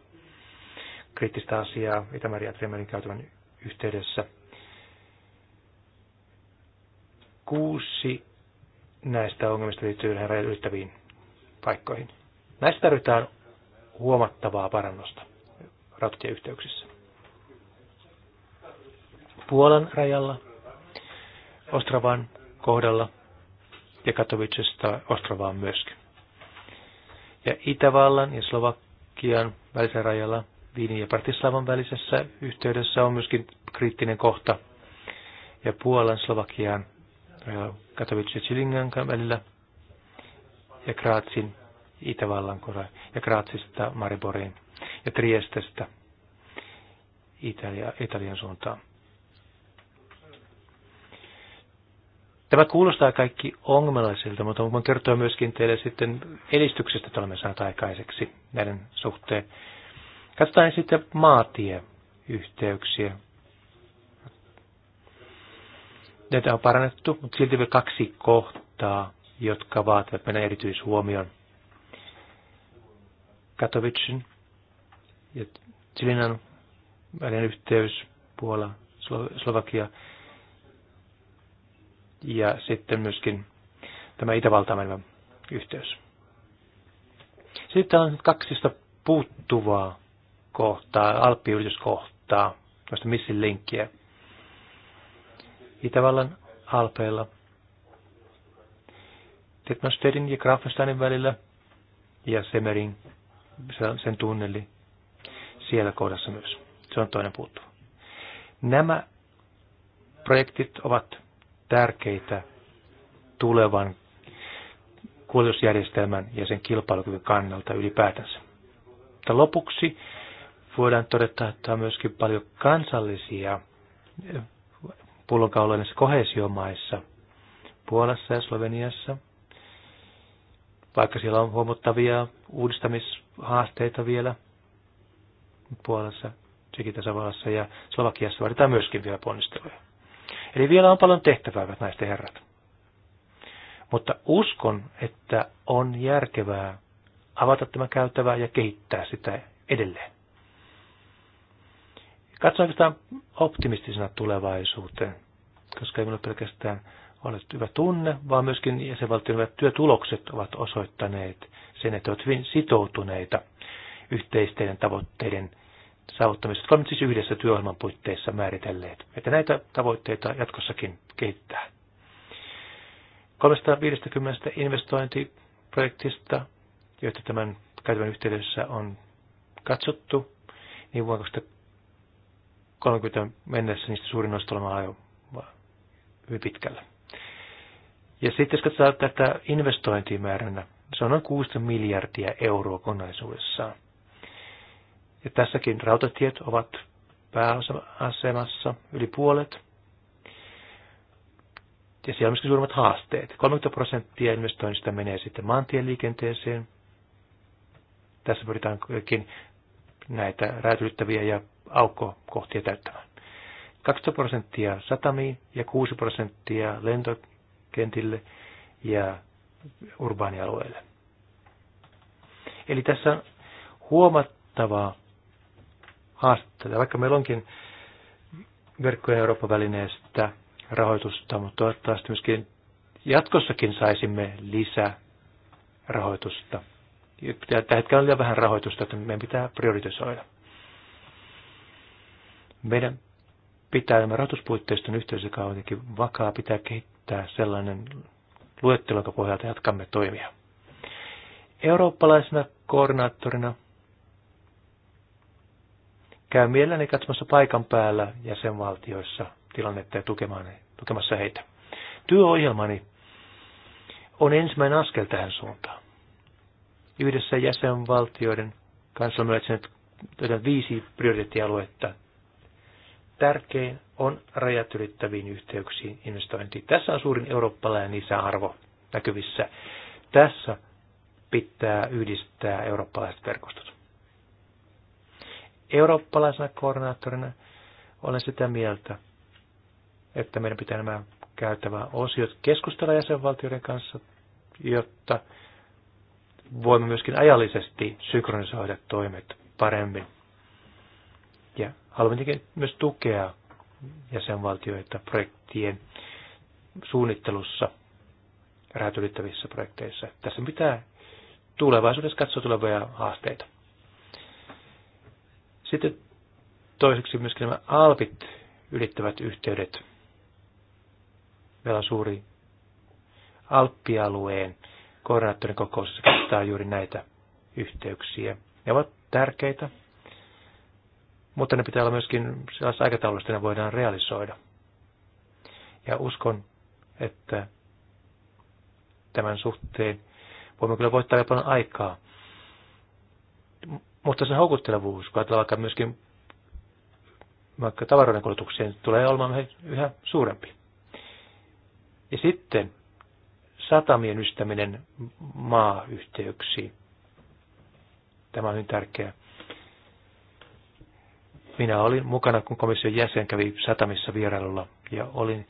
kriittistä asiaa Itämeri ja Tremerin käytävän yhteydessä. Kuusi näistä ongelmista liittyy näihin ylittäviin paikkoihin. Näistä tarvitaan huomattavaa parannusta rautatieyhteyksissä. Puolan rajalla, Ostravan kohdalla – ja Katowicesta Ostrovaan myöskin. Ja Itävallan ja Slovakian välisellä rajalla Viinin ja Partislavan välisessä yhteydessä on myöskin kriittinen kohta. Ja Puolan, Slovakian, äh, Katowice ja Chilingan välillä ja Kraatsin Itävallan kohdalla ja Kraatsista Mariborin ja Triestestä Italia, Italian suuntaan. Tämä kuulostaa kaikki ongelmallisilta, mutta voin kertoa myöskin teille sitten edistyksestä, että olemme saaneet aikaiseksi näiden suhteen. Katsotaan sitten maatieyhteyksiä. Näitä on parannettu, mutta silti vielä kaksi kohtaa, jotka vaativat meidän erityishuomion. Katowicin ja Silinan välinen yhteys Puola, Slovakia ja sitten myöskin tämä Itävaltaan yhteys. Sitten on kaksista puuttuvaa kohtaa, alppiyrityskohtaa, tästä missin linkkiä. Itävallan alpeilla, Tetmastedin ja Grafensteinin välillä ja Semerin, sen tunneli, siellä kohdassa myös. Se on toinen puuttuva. Nämä projektit ovat tärkeitä tulevan kuljetusjärjestelmän ja sen kilpailukyvyn kannalta ylipäätänsä. Mutta lopuksi voidaan todeta, että on myöskin paljon kansallisia eh, pullonkauloja kohesiomaissa, Puolassa ja Sloveniassa, vaikka siellä on huomattavia uudistamishaasteita vielä Puolassa, Tsekin tasavallassa ja Slovakiassa vaaditaan myöskin vielä ponnisteluja. Eli vielä on paljon tehtävää, hyvät naiset ja herrat. Mutta uskon, että on järkevää avata tämä käytävä ja kehittää sitä edelleen. Katson oikeastaan optimistisena tulevaisuuteen, koska ei minulla pelkästään ole hyvä tunne, vaan myöskin jäsenvaltion hyvät työtulokset ovat osoittaneet sen, että ovat hyvin sitoutuneita yhteisten tavoitteiden – saavuttamisesta olemme siis yhdessä työohjelman puitteissa määritelleet, että näitä tavoitteita jatkossakin kehittää. 350 investointiprojektista, joita tämän käytävän yhteydessä on katsottu, niin vuonna 2030 mennessä niistä suurin osa on jo hyvin pitkällä. Ja sitten jos katsotaan tätä investointimääränä, se on noin 6 miljardia euroa kokonaisuudessaan. Ja tässäkin rautatiet ovat pääasemassa yli puolet. Ja siellä on myöskin suurimmat haasteet. 30 prosenttia investoinnista menee sitten liikenteeseen. Tässä pyritään kuitenkin näitä räätylyttäviä ja aukkokohtia täyttämään. 12 prosenttia satamiin ja 6 prosenttia lentokentille ja urbaanialueille. Eli tässä on huomattavaa haasteita. Vaikka meillä onkin verkkojen Euroopan välineestä rahoitusta, mutta toivottavasti myöskin jatkossakin saisimme lisää rahoitusta. Tällä hetkellä on liian vähän rahoitusta, että meidän pitää priorisoida. Meidän pitää nämä rahoituspuitteiston yhteys, joka on vakaa, pitää kehittää sellainen luettelo, jonka pohjalta jatkamme toimia. Eurooppalaisena koordinaattorina käy mielelläni katsomassa paikan päällä jäsenvaltioissa tilannetta ja tukemaan tukemassa heitä. Työohjelmani on ensimmäinen askel tähän suuntaan. Yhdessä jäsenvaltioiden kanssa olemme etsineet viisi prioriteettialuetta. Tärkein on rajat ylittäviin yhteyksiin investointi. Tässä on suurin eurooppalainen lisäarvo näkyvissä. Tässä pitää yhdistää eurooppalaiset verkostot eurooppalaisena koordinaattorina olen sitä mieltä, että meidän pitää nämä käytävä osiot keskustella jäsenvaltioiden kanssa, jotta voimme myöskin ajallisesti synkronisoida toimet paremmin. Ja haluamme myös tukea jäsenvaltioita projektien suunnittelussa rajat ylittävissä projekteissa. Tässä pitää tulevaisuudessa katsoa tulevia haasteita. Sitten toiseksi myöskin nämä alpit ylittävät yhteydet. Meillä on suuri alppialueen koordinaattorin kokous, joka juuri näitä yhteyksiä. Ne ovat tärkeitä, mutta ne pitää olla myöskin sellaisessa aikataulussa, että ne voidaan realisoida. Ja uskon, että tämän suhteen voimme kyllä voittaa paljon aikaa. Mutta se houkuttelevuus, kun ajatellaan vaikka myöskin vaikka tavaroiden kulutukseen, tulee olemaan yhä suurempi. Ja sitten satamien ystäminen maayhteyksiin. Tämä on hyvin tärkeää. Minä olin mukana, kun komission jäsen kävi satamissa vierailulla ja olin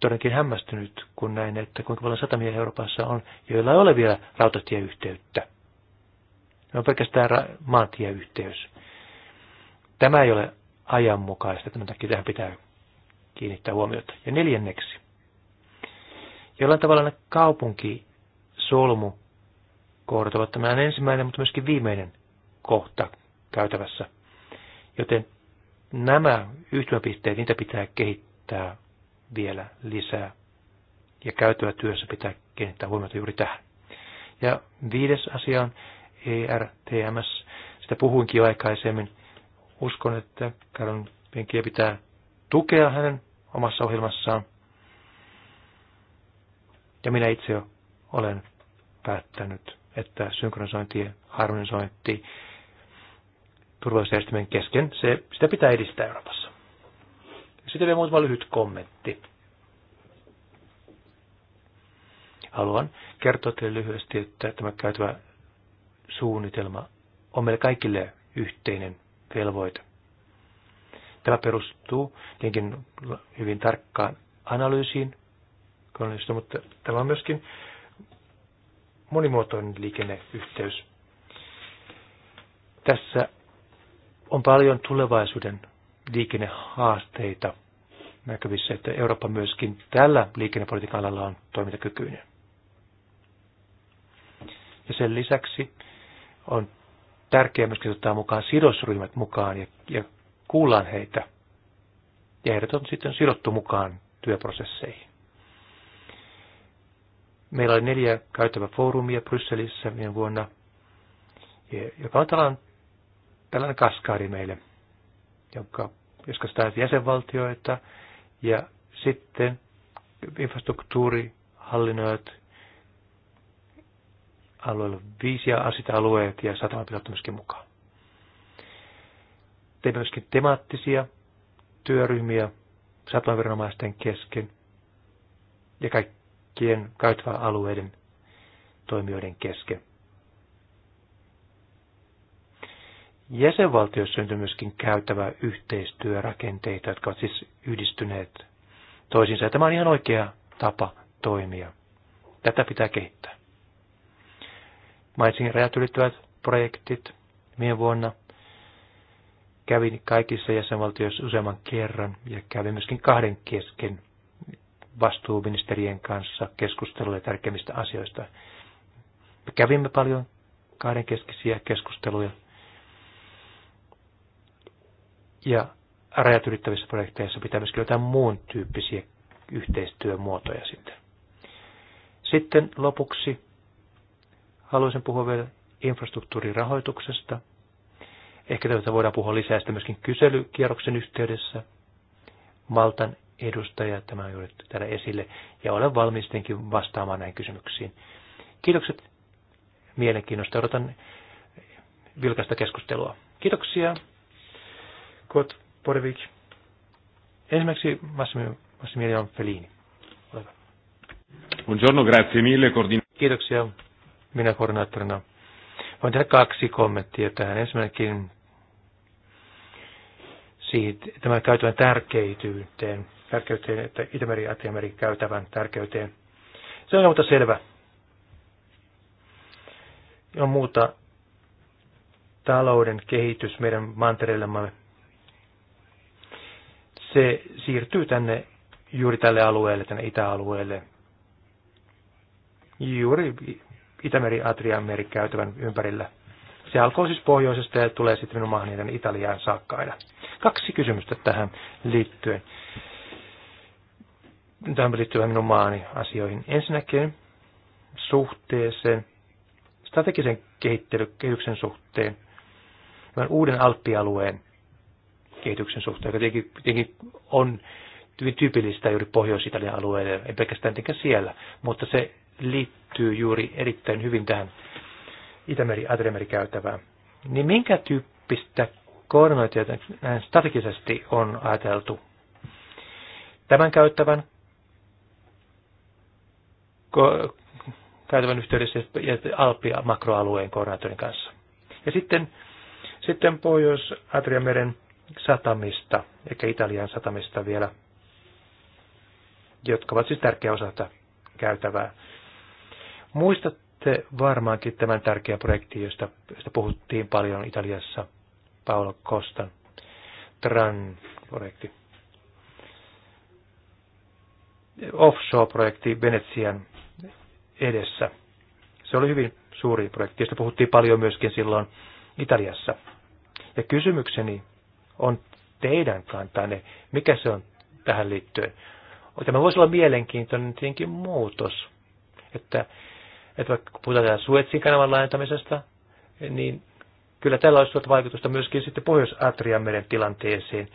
todenkin hämmästynyt, kun näin, että kuinka paljon satamia Euroopassa on, joilla ei ole vielä rautatieyhteyttä. Ne on pelkästään maantieyhteys. Tämä ei ole ajanmukaista, tämän takia tähän pitää kiinnittää huomiota. Ja neljänneksi, jollain tavalla kaupunki solmu ovat tämän ensimmäinen, mutta myöskin viimeinen kohta käytävässä. Joten nämä yhtymäpisteet, niitä pitää kehittää vielä lisää. Ja käytävä työssä pitää kiinnittää huomiota juuri tähän. Ja viides asia on ERTMS, sitä puhuinkin jo aikaisemmin. Uskon, että Karon penkiä pitää tukea hänen omassa ohjelmassaan. Ja minä itse olen päättänyt, että synkronisointi ja harmonisointi turvallisuusjärjestelmien kesken, se, sitä pitää edistää Euroopassa. Sitten vielä muutama lyhyt kommentti. Haluan kertoa teille lyhyesti, että tämä käytävä suunnitelma on meille kaikille yhteinen velvoite. Tämä perustuu tietenkin hyvin tarkkaan analyysiin, mutta tämä on myöskin monimuotoinen liikenneyhteys. Tässä on paljon tulevaisuuden liikennehaasteita näkyvissä, että Eurooppa myöskin tällä liikennepolitiikan alalla on toimintakykyinen. Ja sen lisäksi on tärkeää myöskin ottaa mukaan sidosryhmät mukaan ja, ja kuullaan heitä. Ja heidät on sitten sidottu mukaan työprosesseihin. Meillä oli neljä käytävä foorumia Brysselissä viime vuonna, joka on tällainen, tällainen kaskaari meille, jonka, jos jäsenvaltioita ja sitten infrastruktuurihallinnoit, alueella viisi ja alueet ja satama myöskin mukaan. Teemme myöskin temaattisia työryhmiä satamaviranomaisten kesken ja kaikkien käyttävän alueiden toimijoiden kesken. Jäsenvaltioissa syntyy myöskin käytävä yhteistyörakenteita, jotka ovat siis yhdistyneet toisiinsa. tämä on ihan oikea tapa toimia. Tätä pitää kehittää mainitsin rajat ylittävät projektit viime vuonna. Kävin kaikissa jäsenvaltioissa useamman kerran ja kävin myöskin kahden kesken vastuuministerien kanssa keskusteluja tärkeimmistä asioista. Me kävimme paljon keskisiä keskusteluja ja rajat ylittävissä projekteissa pitää myöskin jotain muun tyyppisiä yhteistyömuotoja sitten. Sitten lopuksi Haluaisin puhua vielä infrastruktuurirahoituksesta. Ehkä tätä voidaan puhua lisää sitä myöskin kyselykierroksen yhteydessä. Maltan edustaja, tämä on juuri täällä esille, ja olen valmis vastaamaan näihin kysymyksiin. Kiitokset mielenkiinnosta. Odotan vilkasta keskustelua. Kiitoksia, Kot Porvik. Ensimmäksi Massimiliano Fellini. Buongiorno, grazie mille. Kiitoksia minä koordinaattorina voin tehdä kaksi kommenttia tähän. Ensinnäkin siitä, tämän käytävän tärkeytyyteen, tärkeyteen, että Itämeri ja Itämeri käytävän tärkeyteen. Se on mutta selvä. On muuta talouden kehitys meidän mantereillemme. Se siirtyy tänne juuri tälle alueelle, tänne itäalueelle. Juuri itämeri meri käytävän ympärillä. Se alkoi siis pohjoisesta ja tulee sitten minun maahan Italiaan saakka aina. Kaksi kysymystä tähän liittyen. Tähän liittyy minun maani asioihin. Ensinnäkin suhteeseen, strategisen kehityksen suhteen, tämän uuden alppialueen kehityksen suhteen, joka tietenkin, tietenkin on hyvin tyypillistä juuri Pohjois-Italian alueelle, ei pelkästään tietenkään siellä, mutta se liittyy liittyy juuri erittäin hyvin tähän Itämeri, Adriameri käytävään. Niin minkä tyyppistä koordinointia näin strategisesti on ajateltu tämän käyttävän ko- käytävän yhteydessä ja Alpia makroalueen koordinaattorin kanssa. Ja sitten, sitten Pohjois-Adriameren satamista, eikä Italian satamista vielä, jotka ovat siis tärkeä osa tätä käytävää. Muistatte varmaankin tämän tärkeä projekti, josta, josta puhuttiin paljon Italiassa, Paolo Kostan, TRAN-projekti. Offshore-projekti Venetsian edessä. Se oli hyvin suuri projekti, josta puhuttiin paljon myöskin silloin Italiassa. Ja kysymykseni on teidän kantanne, mikä se on tähän liittyen. Tämä voisi olla mielenkiintoinen tietenkin muutos, että että vaikka kun puhutaan täällä Suetsin kanavan laajentamisesta, niin kyllä tällä olisi tuota vaikutusta myöskin sitten Pohjois-Atrian meren tilanteeseen.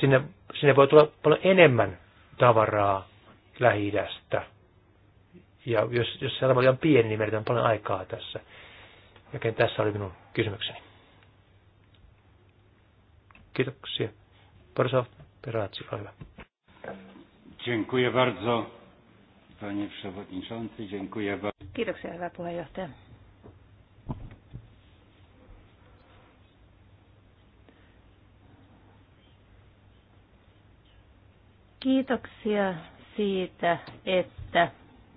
Sinne, sinne voi tulla paljon enemmän tavaraa lähi Ja jos, jos se on pieni, niin meritään paljon aikaa tässä. Joten tässä oli minun kysymykseni. Kiitoksia. Porsa, peräätsi, hyvä. Dziękuję bardzo. Panie Przewodniczący, dziękuję bardzo. Kiitoksia, hyvä puheenjohtaja. Kiitoksia siitä, että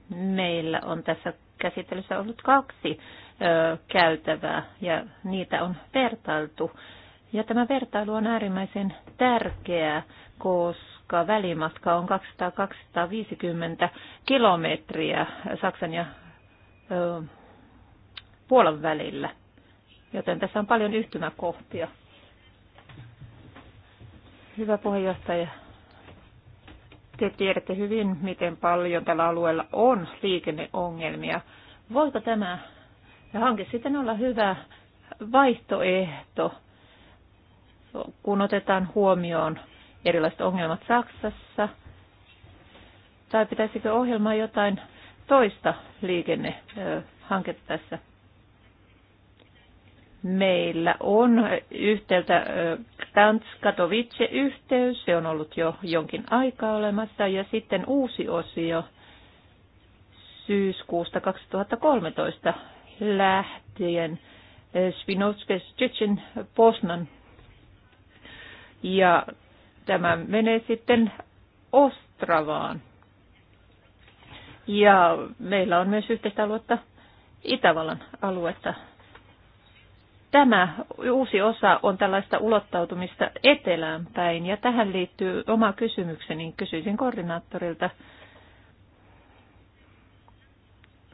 meillä on tässä käsittelyssä ollut kaksi ö, käytävää ja niitä on vertailtu. Ja tämä vertailu on äärimmäisen tärkeää, koska matkaa, välimatka on 200-250 kilometriä Saksan ja ö, Puolan välillä. Joten tässä on paljon yhtymäkohtia. Hyvä puheenjohtaja. Te tiedätte hyvin, miten paljon tällä alueella on liikenneongelmia. Voiko tämä hanke sitten olla hyvä vaihtoehto, kun otetaan huomioon erilaiset ongelmat Saksassa? Tai pitäisikö ohjelmaa jotain toista liikennehanketta tässä? Meillä on yhteyttä Tanskatowice-yhteys, se on ollut jo jonkin aikaa olemassa, ja sitten uusi osio syyskuusta 2013 lähtien Svinovskes Tsitsin Posnan ja tämä menee sitten Ostravaan. Ja meillä on myös yhteistä aluetta, Itävallan aluetta. Tämä uusi osa on tällaista ulottautumista etelään päin, ja tähän liittyy oma kysymykseni. Kysyisin koordinaattorilta,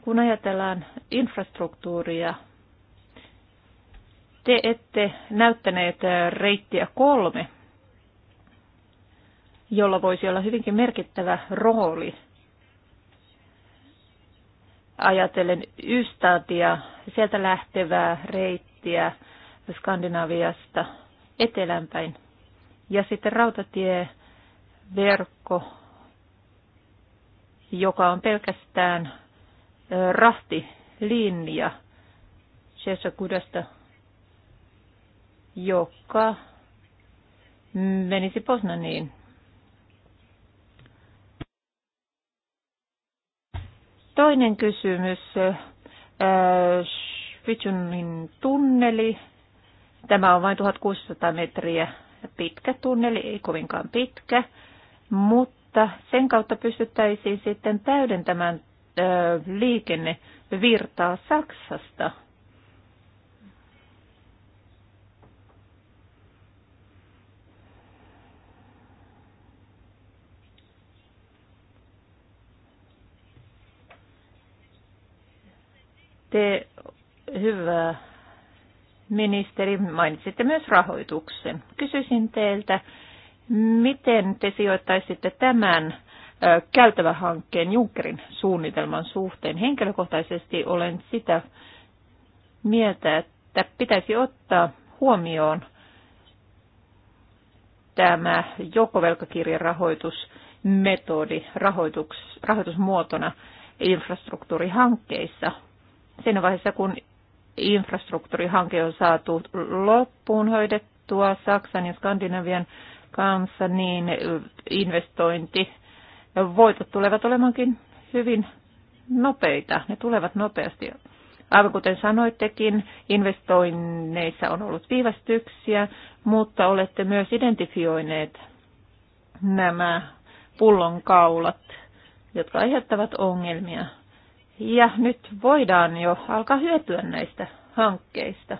kun ajatellaan infrastruktuuria, te ette näyttäneet reittiä kolme jolla voisi olla hyvinkin merkittävä rooli ajatellen Ystatia, sieltä lähtevää reittiä Skandinaviasta etelänpäin. Ja sitten rautatieverkko, joka on pelkästään rahtilinja Chesakudasta, joka menisi Posnaniin Toinen kysymys, äh, Svitsunin tunneli. Tämä on vain 1600 metriä pitkä tunneli, ei kovinkaan pitkä, mutta sen kautta pystyttäisiin sitten täydentämään äh, liikennevirtaa Saksasta – Te, hyvä ministeri, mainitsitte myös rahoituksen. Kysyisin teiltä, miten te sijoittaisitte tämän hankkeen Junckerin suunnitelman suhteen. Henkilökohtaisesti olen sitä mieltä, että pitäisi ottaa huomioon tämä joukkovelkakirjarahoitusmetodi rahoitus, rahoitusmuotona infrastruktuurihankkeissa – siinä vaiheessa, kun infrastruktuurihanke on saatu loppuun hoidettua Saksan ja Skandinavian kanssa, niin investointi ja voitot tulevat olemankin hyvin nopeita. Ne tulevat nopeasti. Aivan kuten sanoittekin, investoinneissa on ollut viivästyksiä, mutta olette myös identifioineet nämä pullonkaulat, jotka aiheuttavat ongelmia ja nyt voidaan jo alkaa hyötyä näistä hankkeista.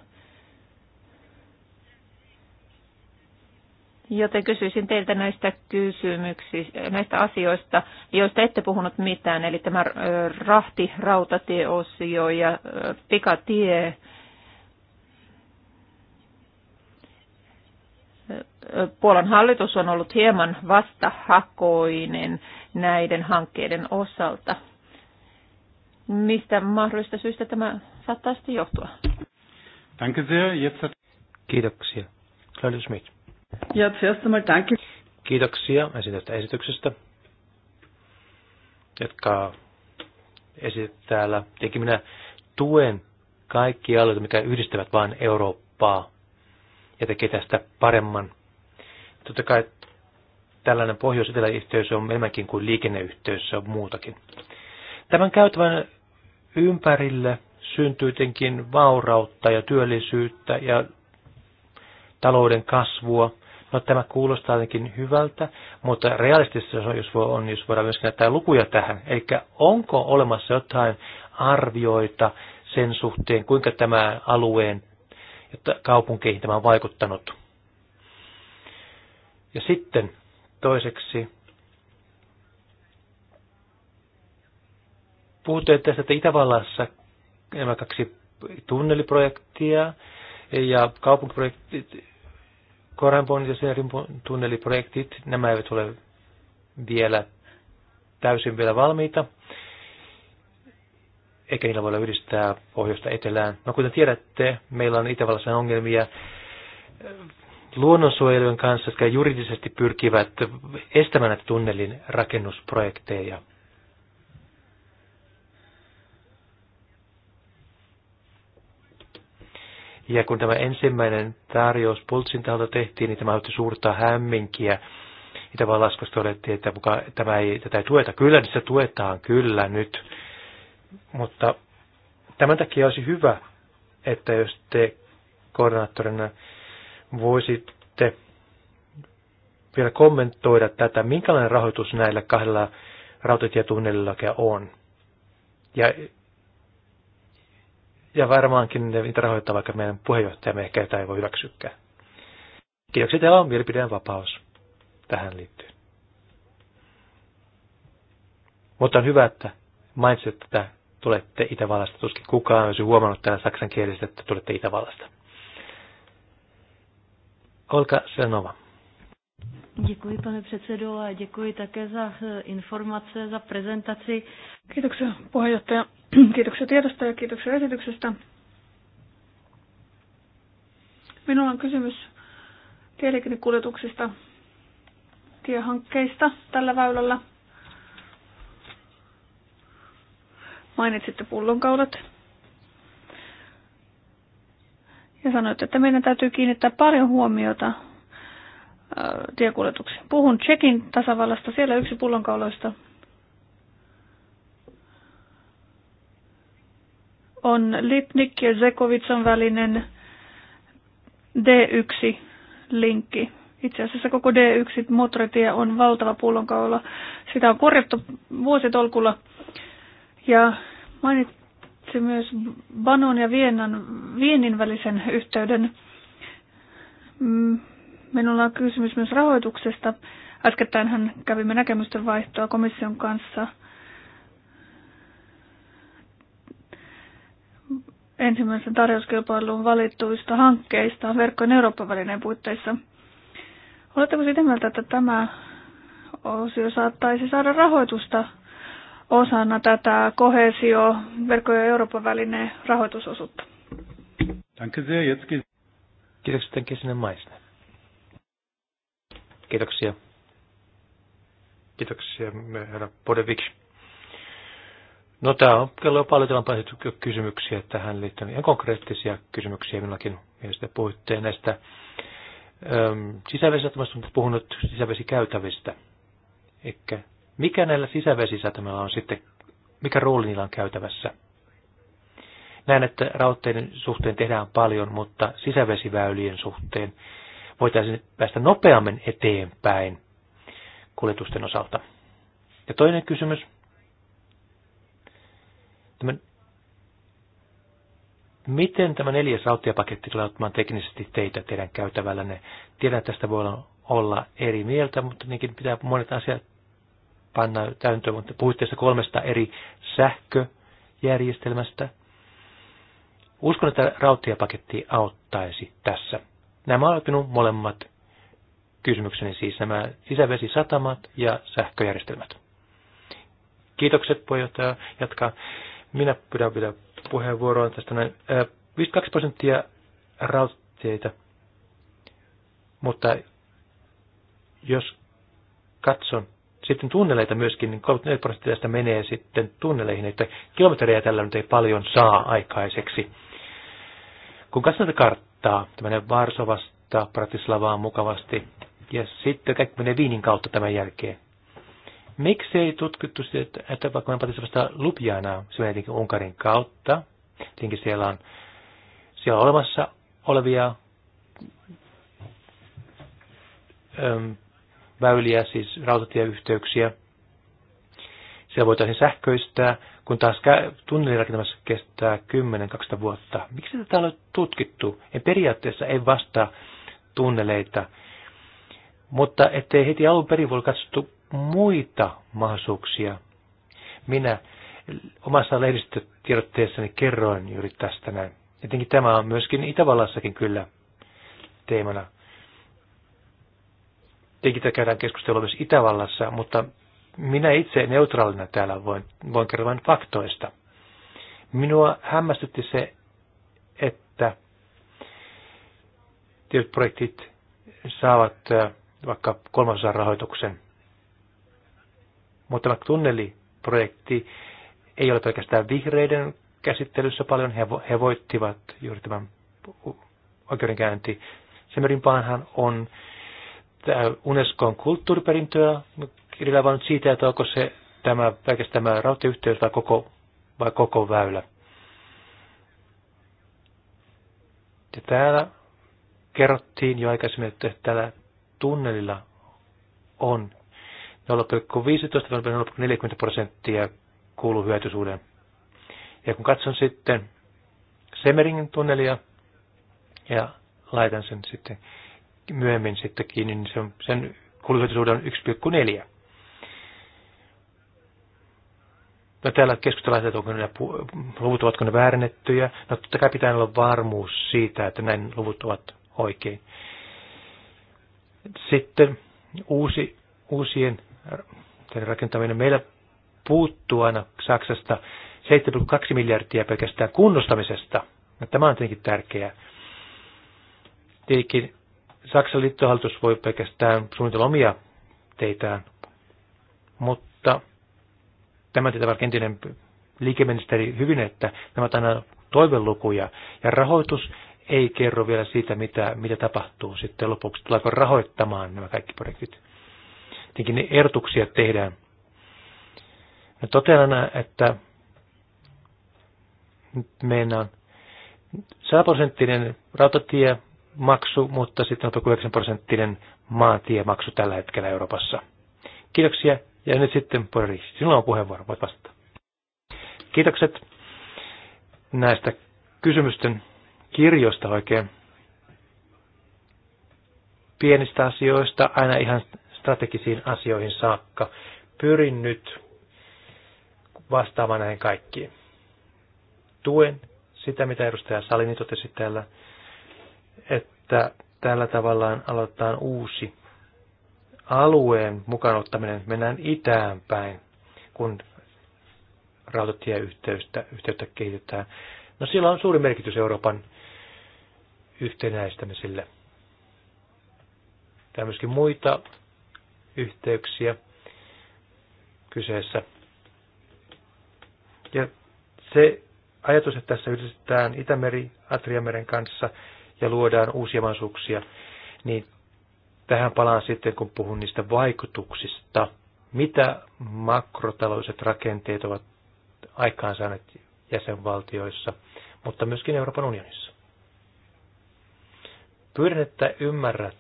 Joten kysyisin teiltä näistä kysymyksistä, näistä asioista, joista ette puhunut mitään, eli tämä rahti, rautatieosio ja pikatie, Puolan hallitus on ollut hieman vastahakoinen näiden hankkeiden osalta mistä mahdollista syystä tämä saattaa sitten johtua. Danke sehr. Jetzt Kiitoksia. Claudia Schmidt. Ja zuerst einmal danke. Kiitoksia esitystä esityksestä, jotka esitet täällä. Tietenkin minä tuen kaikki alueita, mikä yhdistävät vain Eurooppaa ja tekee tästä paremman. Totta kai tällainen pohjois etelä on enemmänkin kuin liikenneyhteys, se on muutakin. Tämän käytävän ympärille syntyy syntyytenkin vaurautta ja työllisyyttä ja talouden kasvua. No tämä kuulostaa jotenkin hyvältä, mutta realistisesti se on, jos, voi, on, jos voidaan myöskin näyttää lukuja tähän. Eli onko olemassa jotain arvioita sen suhteen, kuinka tämä alueen ja kaupunkeihin tämä on vaikuttanut. Ja sitten toiseksi puhutte tästä, että Itävallassa nämä kaksi tunneliprojektia ja kaupunkiprojektit, Koranbon ja Senerin tunneliprojektit, nämä eivät ole vielä täysin vielä valmiita, eikä niillä voida yhdistää pohjoista etelään. No kuten tiedätte, meillä on Itävallassa ongelmia luonnonsuojelujen kanssa, jotka juridisesti pyrkivät estämään näitä tunnelin rakennusprojekteja. Ja kun tämä ensimmäinen tarjous Pultsin taholta tehtiin, niin tämä otti suurta hämminkiä. Itävallassa, koska todettiin, että muka, tämä ei, tätä ei tueta. Kyllä, niin se tuetaan kyllä nyt. Mutta tämän takia olisi hyvä, että jos te koordinaattorina voisitte vielä kommentoida tätä, minkälainen rahoitus näillä kahdella rautatietunnelilla on. Ja ja varmaankin ne niitä rahoittaa, vaikka meidän puheenjohtajamme ehkä ei voi hyväksyä. Kiitoksia, teillä on mielipideen vapaus tähän liittyen. Mutta on hyvä, että mainitsit, että tulette Itävallasta. Tuskin kukaan olisi huomannut täällä kielestä, että tulette Itävallasta. Olka Senova. Děkuji, pane předsedo, a děkuji také za eh, informace, za prezentaci. Kiitoksia, puheenjohtaja. Kiitoksia tiedosta ja kiitoksia esityksestä. Minulla on kysymys tieliikennekuljetuksista, tiehankkeista tällä väylällä. Mainitsitte pullonkaulat. Ja sanoitte, että meidän täytyy kiinnittää paljon huomiota äh, tiekuljetuksiin. Puhun Tsekin tasavallasta, siellä yksi pullonkauloista on Lipnik ja Zekovitsan välinen D1-linkki. Itse asiassa koko D1-moottoritie on valtava pullonkaula. Sitä on korjattu vuositolkulla. Ja mainitsi myös Banon ja Viennan, Viennin välisen yhteyden. Mm, Minulla on kysymys myös rahoituksesta. Äskettäin hän kävimme näkemysten vaihtoa komission kanssa – ensimmäisen tarjouskilpailuun valittuista hankkeista verkkojen Eurooppa-välineen puitteissa. Oletteko sitä mieltä, että tämä osio saattaisi saada rahoitusta osana tätä kohesio verkkojen Euroopan välineen rahoitusosuutta? Kiitoksia tämän jetzt maista. Kiitoksia. Kiitoksia herra Podevich No tämä on kello on paljon kysymyksiä tähän liittyen, ihan konkreettisia kysymyksiä minullakin mielestä puhutte näistä sisävesisatamista, mutta puhun nyt sisävesikäytävistä. Eikä, mikä näillä sisävesisatamilla on sitten, mikä rooli niillä on käytävässä? Näen, että rautteiden suhteen tehdään paljon, mutta sisävesiväylien suhteen voitaisiin päästä nopeammin eteenpäin kuljetusten osalta. Ja toinen kysymys – Tämän, miten tämä neljäs rautatiepaketti tulee ottamaan teknisesti teitä teidän käytävällänne? Tiedän, että tästä voi olla eri mieltä, mutta niinkin pitää monet asiat panna täyntöön, mutta puhutteessa kolmesta eri sähköjärjestelmästä. Uskon, että rautiapaketti auttaisi tässä. Nämä ovat minun molemmat kysymykseni, siis nämä sisävesisatamat ja sähköjärjestelmät. Kiitokset puheenjohtaja, jatkaa. Minä pidän vielä puheenvuoroon tästä näin. 52 prosenttia rautateitä, mutta jos katson sitten tunneleita myöskin, niin 34 prosenttia tästä menee sitten tunneleihin, että kilometrejä tällä nyt ei paljon saa aikaiseksi. Kun tätä karttaa, tämmöinen Varsovasta Bratislavaan mukavasti, ja sitten kaikki menee Viinin kautta tämän jälkeen. Miksi ei tutkittu sitä, että vaikka me patisi vasta Lubjanaa, se Unkarin kautta, tietenkin siellä on, siellä on olemassa olevia äm, väyliä, siis rautatieyhteyksiä. Siellä voitaisiin sähköistää, kun taas tunnelin rakentamassa kestää 10-20 vuotta. Miksi tätä on tutkittu? En periaatteessa ei vastaa tunneleita, mutta ettei heti alun perin voi katsottu muita mahdollisuuksia. Minä omassa lehdistötiedotteessani kerroin juuri tästä näin. Etenkin tämä on myöskin Itävallassakin kyllä teemana. Tietenkin tätä käydään keskustelua myös Itävallassa, mutta minä itse neutraalina täällä voin, voin kertoa vain faktoista. Minua hämmästytti se, että tietyt projektit saavat äh, vaikka kolmasosan rahoituksen mutta tämä tunneliprojekti ei ole pelkästään vihreiden käsittelyssä paljon. He, vo, he voittivat juuri tämän oikeudenkäynti. Semerinpaanhan on Unescon kulttuuriperintöä riippuen siitä, että onko se tämä, pelkästään tämä rautayhteys vai koko, vai koko väylä. Ja täällä kerrottiin jo aikaisemmin, että tällä tunnelilla on 0,15-0,40 prosenttia kuuluu hyötysuuden. Ja kun katson sitten Semeringin tunnelia ja laitan sen sitten myöhemmin sitten kiinni, niin se on, sen kuluhyötysuhde on 1,4. No täällä keskustellaan, että onko ne luvut ovatko ne väärennettyjä. No totta kai pitää olla varmuus siitä, että näin luvut ovat oikein. Sitten uusi, uusien teidän rakentaminen. Meillä puuttuu aina Saksasta 7,2 miljardia pelkästään kunnostamisesta. Ja tämä on tietenkin tärkeää. Tietenkin Saksan liittohallitus voi pelkästään suunnitella omia teitään, mutta tämä tietää vaikka entinen liikeministeri hyvin, että nämä ovat aina toivelukuja ja rahoitus ei kerro vielä siitä, mitä, mitä tapahtuu sitten lopuksi. Tuleeko rahoittamaan nämä kaikki projektit? tietenkin ertuksia tehdään. Ja totean että meillä on 100 prosenttinen rautatiemaksu, mutta sitten 9 prosenttinen maantiemaksu tällä hetkellä Euroopassa. Kiitoksia. Ja nyt sitten Pori, sinulla on puheenvuoro, voit vastata. Kiitokset näistä kysymysten kirjoista oikein pienistä asioista aina ihan strategisiin asioihin saakka. Pyrin nyt vastaamaan näihin kaikkiin. Tuen sitä, mitä edustaja Salini totesi täällä, että tällä tavallaan aloitetaan uusi alueen mukaan ottaminen. Mennään itään päin, kun rautatieyhteyttä yhteyttä kehitetään. No sillä on suuri merkitys Euroopan yhtenäistämiselle. Tämä on myöskin muita yhteyksiä kyseessä. Ja se ajatus, että tässä yhdistetään Itämeri Atriameren kanssa ja luodaan uusia mahdollisuuksia, niin tähän palaan sitten, kun puhun niistä vaikutuksista, mitä makrotaloudelliset rakenteet ovat aikaansaaneet jäsenvaltioissa, mutta myöskin Euroopan unionissa. Pyydän, että ymmärrät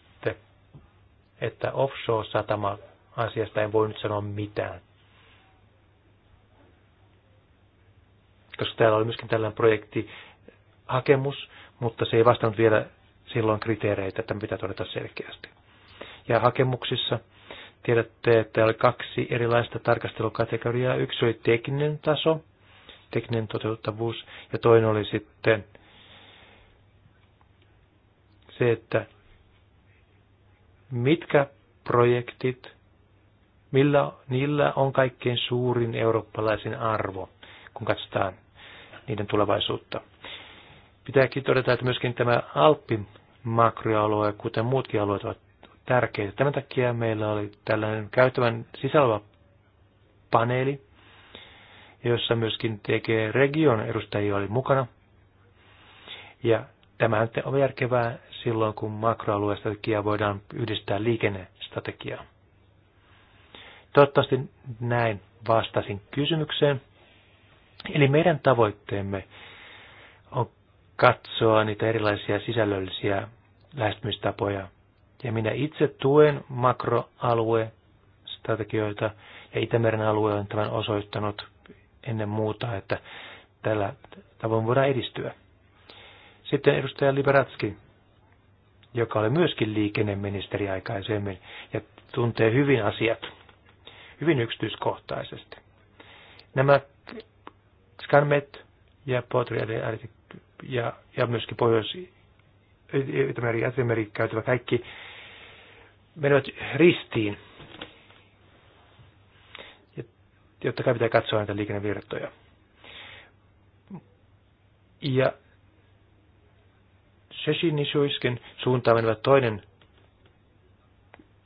että offshore-satama asiasta en voi nyt sanoa mitään. Koska täällä oli myöskin tällainen projekti hakemus, mutta se ei vastannut vielä silloin kriteereitä, että pitää todeta selkeästi. Ja hakemuksissa tiedätte, että oli kaksi erilaista tarkastelukategoriaa. Yksi oli tekninen taso, tekninen toteuttavuus, ja toinen oli sitten se, että mitkä projektit, millä, niillä on kaikkein suurin eurooppalaisin arvo, kun katsotaan niiden tulevaisuutta. Pitääkin todeta, että myöskin tämä Alppin makroalue, kuten muutkin alueet, ovat tärkeitä. Tämän takia meillä oli tällainen käytävän sisällä paneeli, jossa myöskin tekee Region edustajia oli mukana. Ja tämähän on järkevää silloin, kun makroaluestrategiaa voidaan yhdistää liikennestrategiaan. Toivottavasti näin vastasin kysymykseen. Eli meidän tavoitteemme on katsoa niitä erilaisia sisällöllisiä lähestymistapoja. Ja minä itse tuen makroaluestrategioita, ja Itämeren alue on tämän osoittanut ennen muuta, että tällä tavoin voidaan edistyä. Sitten edustaja Liberatski joka oli myöskin liikenneministeri aikaisemmin ja tuntee hyvin asiat, hyvin yksityiskohtaisesti. Nämä Scanmet ja Potri ja, ja myöskin Pohjois- ja Itämeri käytävä kaikki menevät ristiin, jotta kai pitää katsoa näitä liikennevirtoja. Ja Seshinisuiskin suuntaan menevä toinen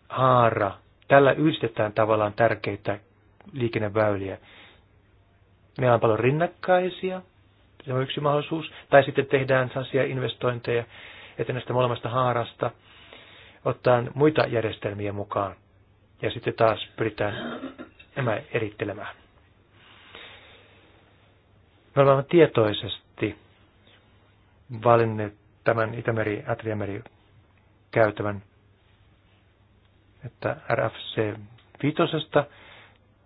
haara. Tällä yhdistetään tavallaan tärkeitä liikenneväyliä. Meillä on paljon rinnakkaisia, se on yksi mahdollisuus. Tai sitten tehdään sellaisia investointeja, että näistä molemmasta haarasta ottaen muita järjestelmiä mukaan. Ja sitten taas pyritään nämä erittelemään. Me olemme tietoisesti valinneet tämän Itämeri, Atriameri käytävän, että RFC 5,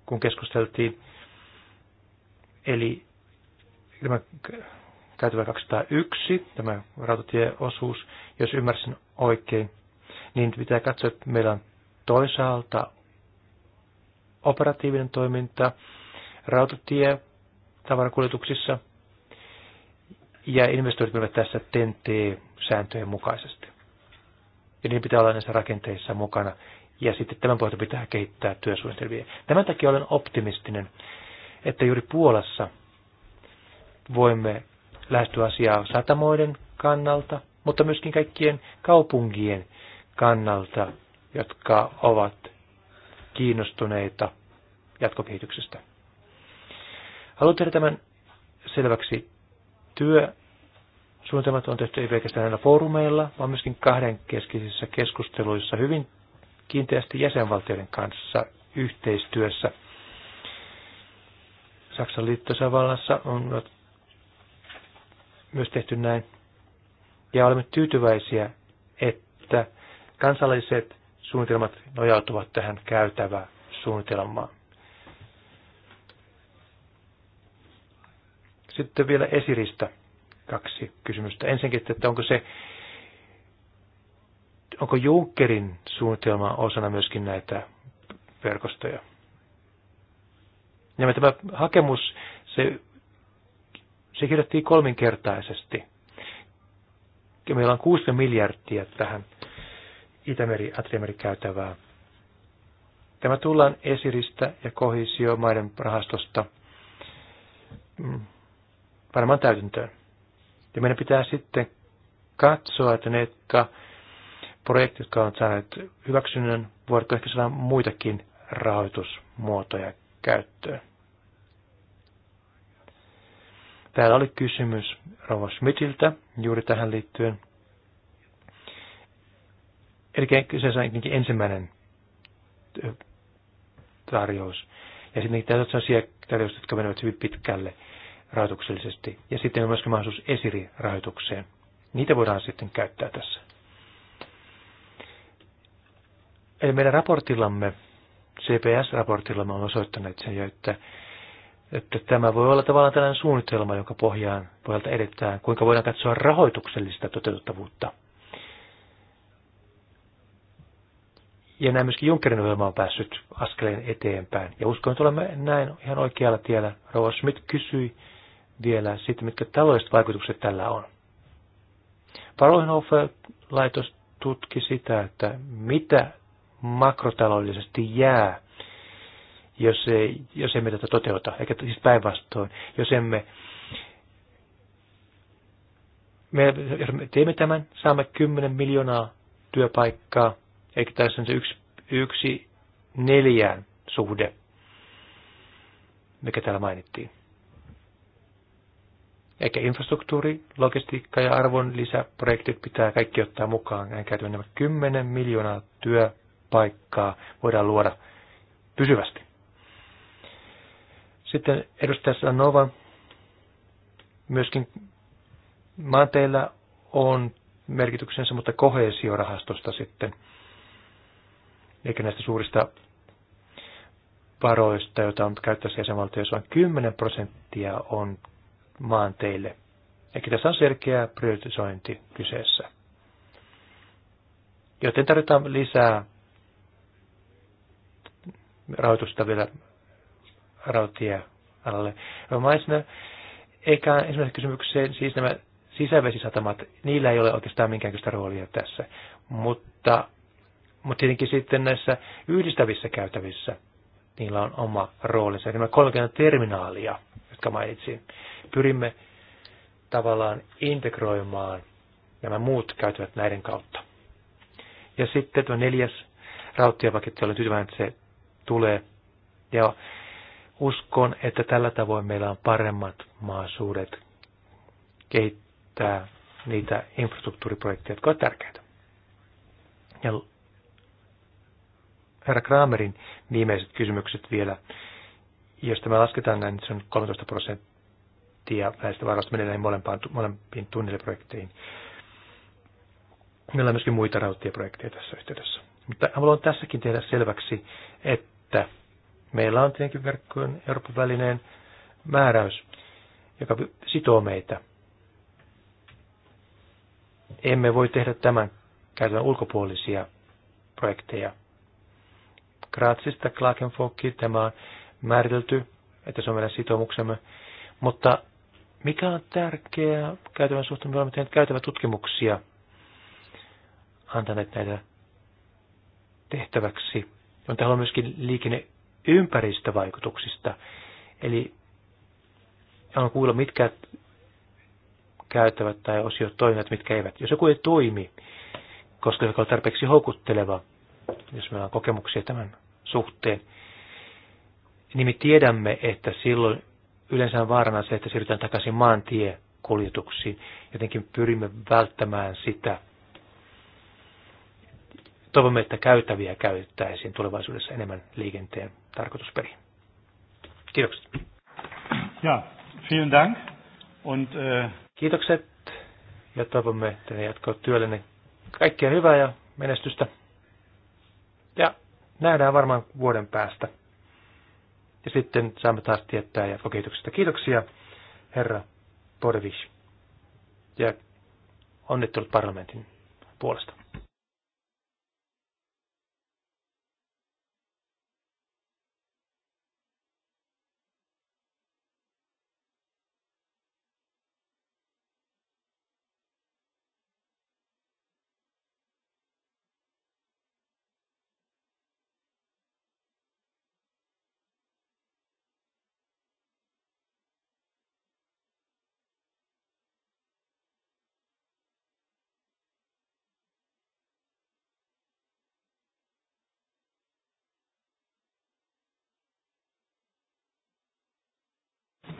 kun keskusteltiin, eli tämä käytävä 201, tämä rautatieosuus, jos ymmärsin oikein, niin pitää katsoa, että meillä on toisaalta operatiivinen toiminta rautatie tavarakuljetuksissa – ja investoit menevät tässä TEN-T-sääntöjen mukaisesti. Ja niin pitää olla näissä rakenteissa mukana. Ja sitten tämän pohjalta pitää kehittää työsuunnitelmia. Tämän takia olen optimistinen, että juuri Puolassa voimme lähestyä asiaa satamoiden kannalta, mutta myöskin kaikkien kaupunkien kannalta, jotka ovat kiinnostuneita jatkokehityksestä. Haluan tehdä tämän selväksi Työsuunnitelmat on tehty ei pelkästään näillä foorumeilla, vaan myöskin kahdenkeskisissä keskusteluissa hyvin kiinteästi jäsenvaltioiden kanssa yhteistyössä. Saksan liittosavallassa on myös tehty näin. Ja olemme tyytyväisiä, että kansalliset suunnitelmat nojautuvat tähän käytävä suunnitelmaan. Sitten vielä esiristä kaksi kysymystä. Ensinnäkin, että onko se, onko Junckerin suunnitelma osana myöskin näitä verkostoja? Ja tämä hakemus, se, se kirjattiin kolminkertaisesti. Ja meillä on 6 miljardia tähän Itämeri, Atriameri käytävää. Tämä tullaan esiristä ja maiden rahastosta mm varmaan täytäntöön. Ja meidän pitää sitten katsoa, että ne, jotka projektit, jotka ovat saaneet hyväksynnän, voivat ehkä saada muitakin rahoitusmuotoja käyttöön. Täällä oli kysymys Rova Schmidtiltä juuri tähän liittyen. Eli kyseessä on ensimmäinen tarjous. Ja sitten niitä on sellaisia tarjouksia, jotka menevät hyvin pitkälle rahoituksellisesti. Ja sitten on myöskin mahdollisuus esirirahoitukseen. Niitä voidaan sitten käyttää tässä. Eli meidän raportillamme, CPS-raportillamme on osoittaneet sen jo, että, että tämä voi olla tavallaan tällainen suunnitelma, jonka pohjaan pohjalta edetään, kuinka voidaan katsoa rahoituksellista toteutettavuutta. Ja näin myöskin Junckerin ohjelma on päässyt askeleen eteenpäin. Ja uskon, että olemme näin ihan oikealla tiellä. Rova Schmidt kysyi vielä sitten, mitkä taloudelliset vaikutukset tällä on. Paroinhofer-laitos tutki sitä, että mitä makrotaloudellisesti jää, jos, ei, jos emme tätä toteuta, eikä siis päinvastoin, jos emme me, jos me teemme tämän, saamme 10 miljoonaa työpaikkaa, eikä tässä on se yksi, yksi neljään suhde, mikä täällä mainittiin eikä infrastruktuuri, logistiikka ja arvon lisäprojektit pitää kaikki ottaa mukaan. Näin käytyy nämä 10 miljoonaa työpaikkaa voidaan luoda pysyvästi. Sitten edustaja Sanova, myöskin maanteillä on merkityksensä, mutta kohesiorahastosta sitten, eikä näistä suurista varoista, joita on käyttäisi jäsenvaltioissa, vaan 10 prosenttia on maanteille. Eli tässä on selkeä priorisointi kyseessä. Joten tarvitaan lisää rahoitusta vielä rautiealalle. Maisena, eikä ensimmäisen kysymykseen, siis nämä sisävesisatamat, niillä ei ole oikeastaan minkäänlaista roolia tässä. Mutta, mutta tietenkin sitten näissä yhdistävissä käytävissä niillä on oma roolinsa. Eli nämä 30 terminaalia Pekka mainitsi. Pyrimme tavallaan integroimaan nämä muut käytävät näiden kautta. Ja sitten tuo neljäs rautatiapaketti, olen tyytyväinen, että se tulee. Ja uskon, että tällä tavoin meillä on paremmat maasuudet kehittää niitä infrastruktuuriprojekteja, jotka ovat tärkeitä. Ja herra Kramerin viimeiset kysymykset vielä jos tämä lasketaan näin, niin se on 13 prosenttia näistä varoista menee näihin molempiin tunneliprojekteihin. Meillä on myöskin muita rautatieprojekteja tässä yhteydessä. Mutta haluan tässäkin tehdä selväksi, että meillä on tietenkin verkkojen Euroopan välineen määräys, joka sitoo meitä. Emme voi tehdä tämän käytännön ulkopuolisia projekteja. Kratsista Klagenfokki, tämä on määritelty, että se on meidän sitoumuksemme. Mutta mikä on tärkeää käytävän suhteen, me olemme tehneet käytävän tutkimuksia, antaneet näitä tehtäväksi. On tähän myöskin myöskin liikenneympäristövaikutuksista. Eli on kuulla, mitkä käytävät tai osiot toimivat, mitkä eivät. Jos joku ei toimi, koska se on tarpeeksi houkutteleva, jos meillä on kokemuksia tämän suhteen, niin me tiedämme, että silloin yleensä on vaarana se, että siirrytään takaisin maantiekuljetuksiin. Jotenkin pyrimme välttämään sitä. Toivomme, että käytäviä käyttäisiin tulevaisuudessa enemmän liikenteen tarkoitusperiin. Kiitokset. Ja, vielen dank. Und, äh... Kiitokset ja toivomme, että ne jatkoa työllenne. Kaikkea hyvää ja menestystä. Ja nähdään varmaan vuoden päästä ja sitten saamme taas tietää kokeituksesta Kiitoksia, herra Porvish, ja onnittelut parlamentin puolesta.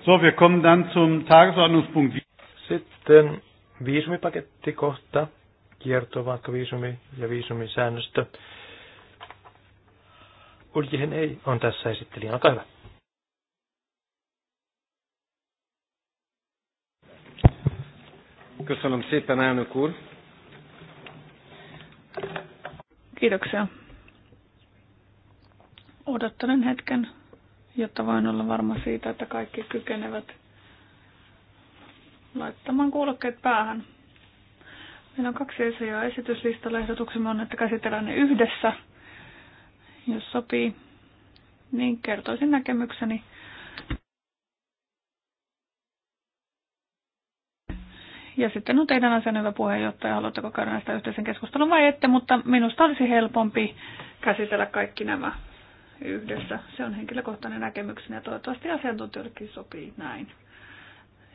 So, wir kommen dann zum Tagesordnungspunkt. Sitten viisumipaketti kohta, kiertovaatkoviisumi ja viisumisäännöstö. Uljihen ei on tässä esittelijä, olkaa hyvä. Köszönöm szépen, elnök úr. Kiitoksia. Odottelen hetken jotta voin olla varma siitä, että kaikki kykenevät laittamaan kuulokkeet päähän. Meillä on kaksi esiä esityslistalla. Ehdotuksemme on, että käsitellään ne yhdessä. Jos sopii, niin kertoisin näkemykseni. Ja sitten on teidän asian hyvä puheenjohtaja, haluatteko käydä näistä yhteisen keskustelun vai ette, mutta minusta olisi helpompi käsitellä kaikki nämä yhdessä. Se on henkilökohtainen näkemykseni ja toivottavasti asiantuntijoillekin sopii näin.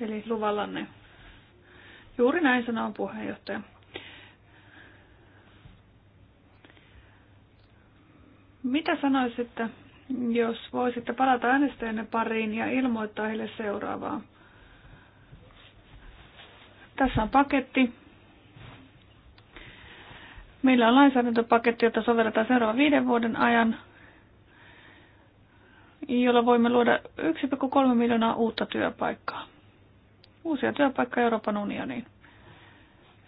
Eli luvallanne. Juuri näin sanoo puheenjohtaja. Mitä sanoisitte, jos voisitte palata äänestäjänne pariin ja ilmoittaa heille seuraavaa? Tässä on paketti. Meillä on lainsäädäntöpaketti, jota sovelletaan seuraavan viiden vuoden ajan – jolla voimme luoda 1,3 miljoonaa uutta työpaikkaa. Uusia työpaikkoja Euroopan unioniin.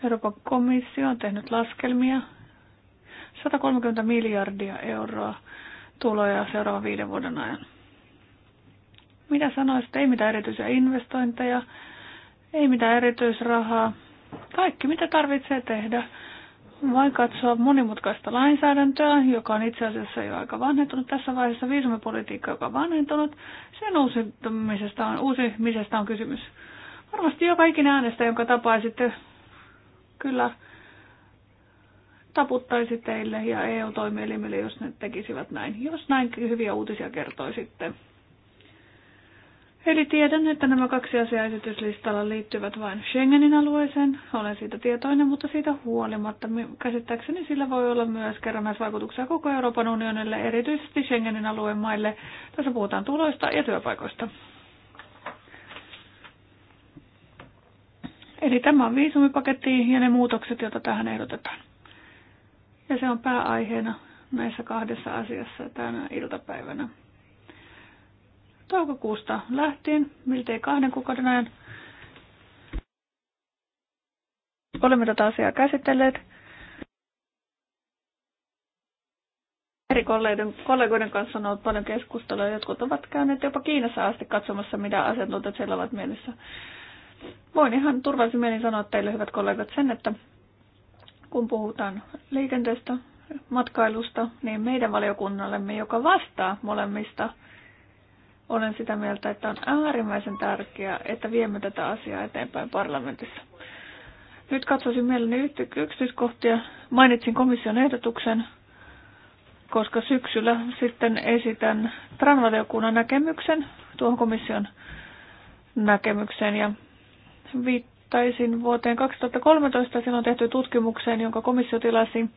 Euroopan komissio on tehnyt laskelmia. 130 miljardia euroa tuloja seuraavan viiden vuoden ajan. Mitä sanoisit? Ei mitään erityisiä investointeja, ei mitään erityisrahaa. Kaikki mitä tarvitsee tehdä vain katsoa monimutkaista lainsäädäntöä, joka on itse asiassa jo aika vanhentunut tässä vaiheessa, viisumipolitiikka, joka on vanhentunut, sen uusimisesta on, uusimisesta on kysymys. Varmasti jo kaikin äänestä, jonka tapaisitte, kyllä taputtaisi teille ja EU-toimielimille, jos ne tekisivät näin. Jos näin hyviä uutisia kertoisitte. Eli tiedän, että nämä kaksi asiaa esityslistalla liittyvät vain Schengenin alueeseen. Olen siitä tietoinen, mutta siitä huolimatta käsittääkseni sillä voi olla myös kerrannaisvaikutuksia koko Euroopan unionille, erityisesti Schengenin alueen maille. Tässä puhutaan tuloista ja työpaikoista. Eli tämä on viisumipaketti ja ne muutokset, joita tähän ehdotetaan. Ja se on pääaiheena näissä kahdessa asiassa tänä iltapäivänä toukokuusta lähtien, miltei kahden kuukauden ajan. Olemme tätä asiaa käsitelleet eri kollegoiden kanssa on ollut paljon keskustelua. Jotkut ovat käyneet jopa Kiinassa asti katsomassa, mitä asiantuntijat siellä ovat mielessä. Voin ihan turvallisin mielin sanoa teille, hyvät kollegat, sen, että kun puhutaan liikenteestä, matkailusta, niin meidän valiokunnallemme, joka vastaa molemmista olen sitä mieltä, että on äärimmäisen tärkeää, että viemme tätä asiaa eteenpäin parlamentissa. Nyt katsoisin mielelläni yksityiskohtia. Mainitsin komission ehdotuksen, koska syksyllä sitten esitän transvaliokunnan näkemyksen tuohon komission näkemykseen ja viittaisin vuoteen 2013 silloin tehty tutkimukseen, jonka komissio tilasi.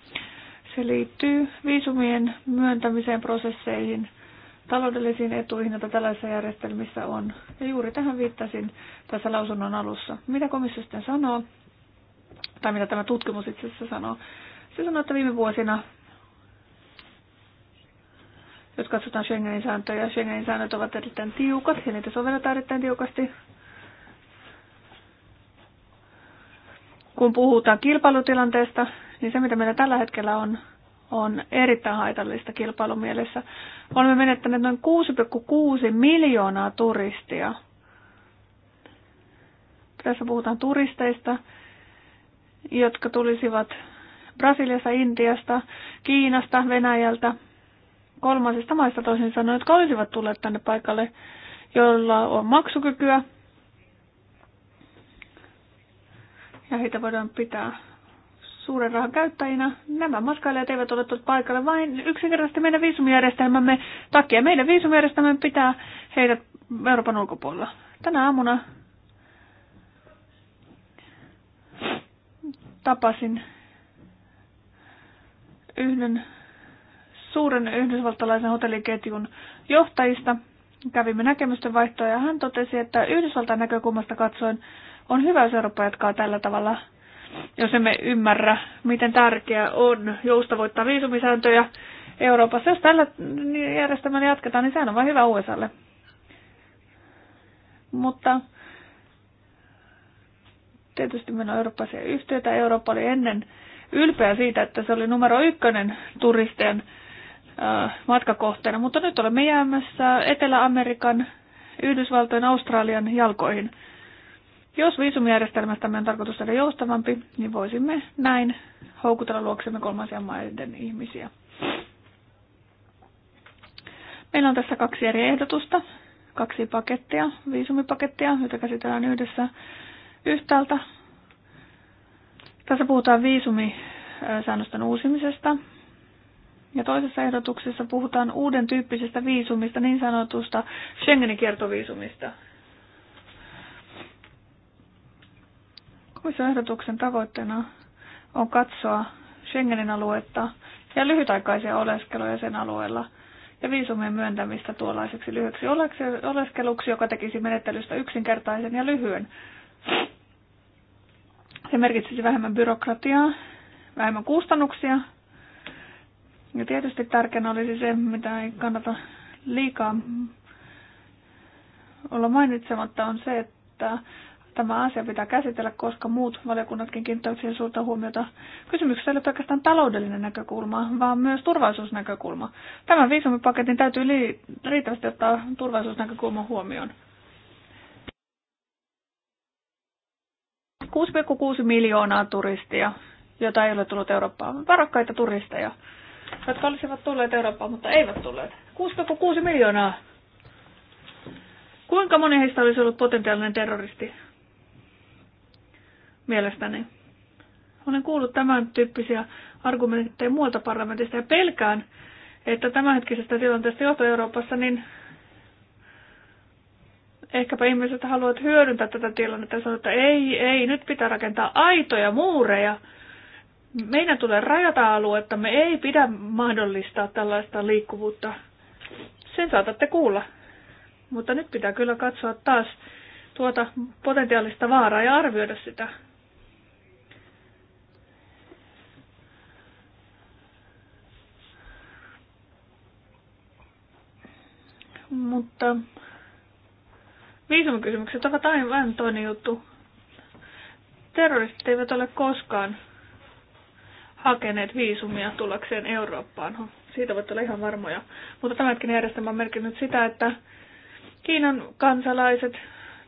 Se liittyy viisumien myöntämiseen prosesseihin – taloudellisiin etuihin, joita tällaisissa järjestelmissä on. Ja juuri tähän viittasin tässä lausunnon alussa. Mitä komissio sitten sanoo, tai mitä tämä tutkimus itse asiassa sanoo? Se sanoo, että viime vuosina, jos katsotaan Schengenin sääntöjä, Schengenin säännöt ovat erittäin tiukat ja niitä sovelletaan erittäin tiukasti. Kun puhutaan kilpailutilanteesta, niin se mitä meillä tällä hetkellä on, on erittäin haitallista kilpailumielessä. Olemme menettäneet noin 6,6 miljoonaa turistia. Tässä puhutaan turisteista, jotka tulisivat Brasiliasta, Intiasta, Kiinasta, Venäjältä, Kolmasista maista toisin sanoen, jotka olisivat tulleet tänne paikalle, joilla on maksukykyä. Ja heitä voidaan pitää suuren rahan käyttäjinä. Nämä matkailijat eivät ole tullut paikalle vain yksinkertaisesti meidän viisumijärjestelmämme takia. Meidän viisumijärjestelmämme pitää heidät Euroopan ulkopuolella. Tänä aamuna tapasin yhden suuren yhdysvaltalaisen hotelliketjun johtajista. Kävimme näkemysten vaihtoa ja hän totesi, että Yhdysvaltain näkökulmasta katsoen on hyvä, jos Eurooppa jatkaa tällä tavalla jos emme ymmärrä, miten tärkeää on joustavoittaa viisumisääntöjä Euroopassa. Jos tällä järjestelmällä jatketaan, niin sehän on vain hyvä USAlle. Mutta tietysti meillä on eurooppalaisia yhtiöitä. Eurooppa oli ennen ylpeä siitä, että se oli numero ykkönen turistien matkakohteena, mutta nyt olemme jäämässä Etelä-Amerikan, Yhdysvaltojen, Australian jalkoihin – jos viisumijärjestelmästämme on tarkoitus saada joustavampi, niin voisimme näin houkutella luoksemme kolmansia maiden ihmisiä. Meillä on tässä kaksi eri ehdotusta, kaksi pakettia, viisumipakettia, joita käsitellään yhdessä yhtäältä. Tässä puhutaan viisumisäännösten uusimisesta. Ja toisessa ehdotuksessa puhutaan uuden tyyppisestä viisumista, niin sanotusta Schengenin kiertoviisumista, Komission ehdotuksen tavoitteena on katsoa Schengenin aluetta ja lyhytaikaisia oleskeluja sen alueella ja viisumien myöntämistä tuollaiseksi lyhyeksi oleskeluksi, joka tekisi menettelystä yksinkertaisen ja lyhyen. Se merkitsisi vähemmän byrokratiaa, vähemmän kustannuksia. Ja tietysti tärkeänä olisi se, mitä ei kannata liikaa olla mainitsematta, on se, että tämä asia pitää käsitellä, koska muut valiokunnatkin kiinnittävät siihen suurta huomiota. Kysymyksessä ei ole oikeastaan taloudellinen näkökulma, vaan myös turvallisuusnäkökulma. Tämän viisumipaketin täytyy riittävästi ottaa turvallisuusnäkökulma huomioon. 6,6 miljoonaa turistia, joita ei ole tullut Eurooppaan. Varakkaita turisteja, jotka olisivat tulleet Eurooppaan, mutta eivät tulleet. 6,6 miljoonaa. Kuinka moni heistä olisi ollut potentiaalinen terroristi? mielestäni. Olen kuullut tämän tyyppisiä argumentteja muilta parlamentista ja pelkään, että tämänhetkisestä tilanteesta johto Euroopassa, niin ehkäpä ihmiset haluavat hyödyntää tätä tilannetta ja sanoa, että ei, ei, nyt pitää rakentaa aitoja muureja. Meidän tulee rajata aluetta, me ei pidä mahdollistaa tällaista liikkuvuutta. Sen saatatte kuulla. Mutta nyt pitää kyllä katsoa taas tuota potentiaalista vaaraa ja arvioida sitä. mutta viisumikysymykset ovat aivan toinen juttu. Terroristit eivät ole koskaan hakeneet viisumia tullakseen Eurooppaan. Siitä voit olla ihan varmoja. Mutta tämäkin järjestelmä on merkinnyt sitä, että Kiinan kansalaiset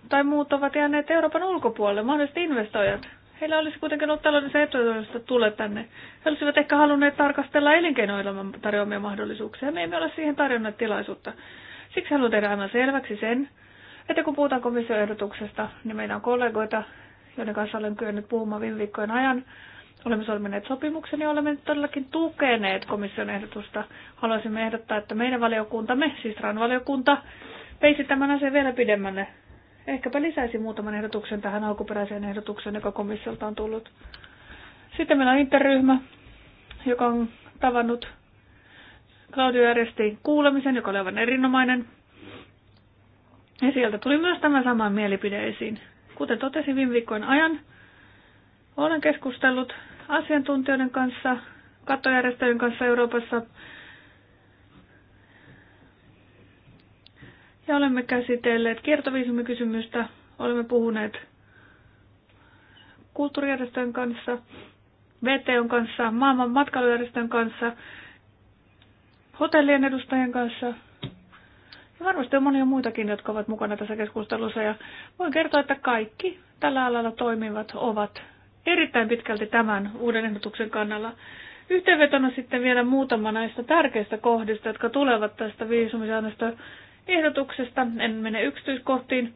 tai muut ovat jääneet Euroopan ulkopuolelle, mahdolliset investoijat. Heillä olisi kuitenkin ollut taloudellisia etuja, tulee tänne. He olisivat ehkä halunneet tarkastella elinkeinoelämän tarjoamia mahdollisuuksia. Me emme ole siihen tarjonneet tilaisuutta. Siksi haluan tehdä aivan selväksi sen, että kun puhutaan komission ehdotuksesta, niin meillä on kollegoita, joiden kanssa olen kyennyt puhumaan viime viikkojen ajan. Olemme solmineet sopimuksen ja olemme todellakin tukeneet komission ehdotusta. Haluaisimme ehdottaa, että meidän valiokuntamme, siis RAN-valiokunta, veisi tämän asian vielä pidemmälle. Ehkäpä lisäisi muutaman ehdotuksen tähän alkuperäiseen ehdotukseen, joka komissiolta on tullut. Sitten meillä on interryhmä, joka on tavannut Claudio järjesti kuulemisen, joka oli aivan erinomainen. Ja sieltä tuli myös tämä sama mielipide esiin. Kuten totesin viime viikkojen ajan, olen keskustellut asiantuntijoiden kanssa, kattojärjestöjen kanssa Euroopassa ja olemme käsitelleet kiertoviisumikysymystä, olemme puhuneet kulttuurijärjestöjen kanssa, VTOn kanssa, maailman matkailujärjestön kanssa hotellien edustajien kanssa. Ja varmasti on monia muitakin, jotka ovat mukana tässä keskustelussa. Ja voin kertoa, että kaikki tällä alalla toimivat ovat erittäin pitkälti tämän uuden ehdotuksen kannalla. Yhteenvetona sitten vielä muutama näistä tärkeistä kohdista, jotka tulevat tästä viisumisäännöstä ehdotuksesta. En mene yksityiskohtiin.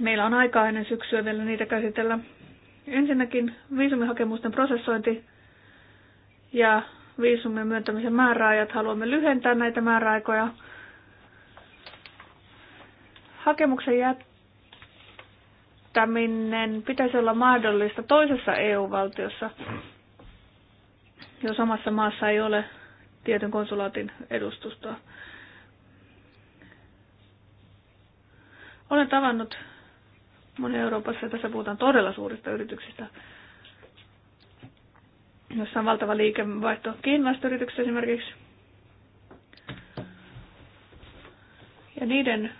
Meillä on aikaa ennen syksyä vielä niitä käsitellä. Ensinnäkin viisumihakemusten prosessointi ja Viisumien myöntämisen määräajat. Haluamme lyhentää näitä määräaikoja. Hakemuksen jättäminen pitäisi olla mahdollista toisessa EU-valtiossa, jos omassa maassa ei ole tietyn konsulaatin edustustoa. Olen tavannut monen Euroopassa, ja tässä puhutaan todella suurista yrityksistä, jossa on valtava liikevaihto Kiinasta yrityksessä esimerkiksi. Ja niiden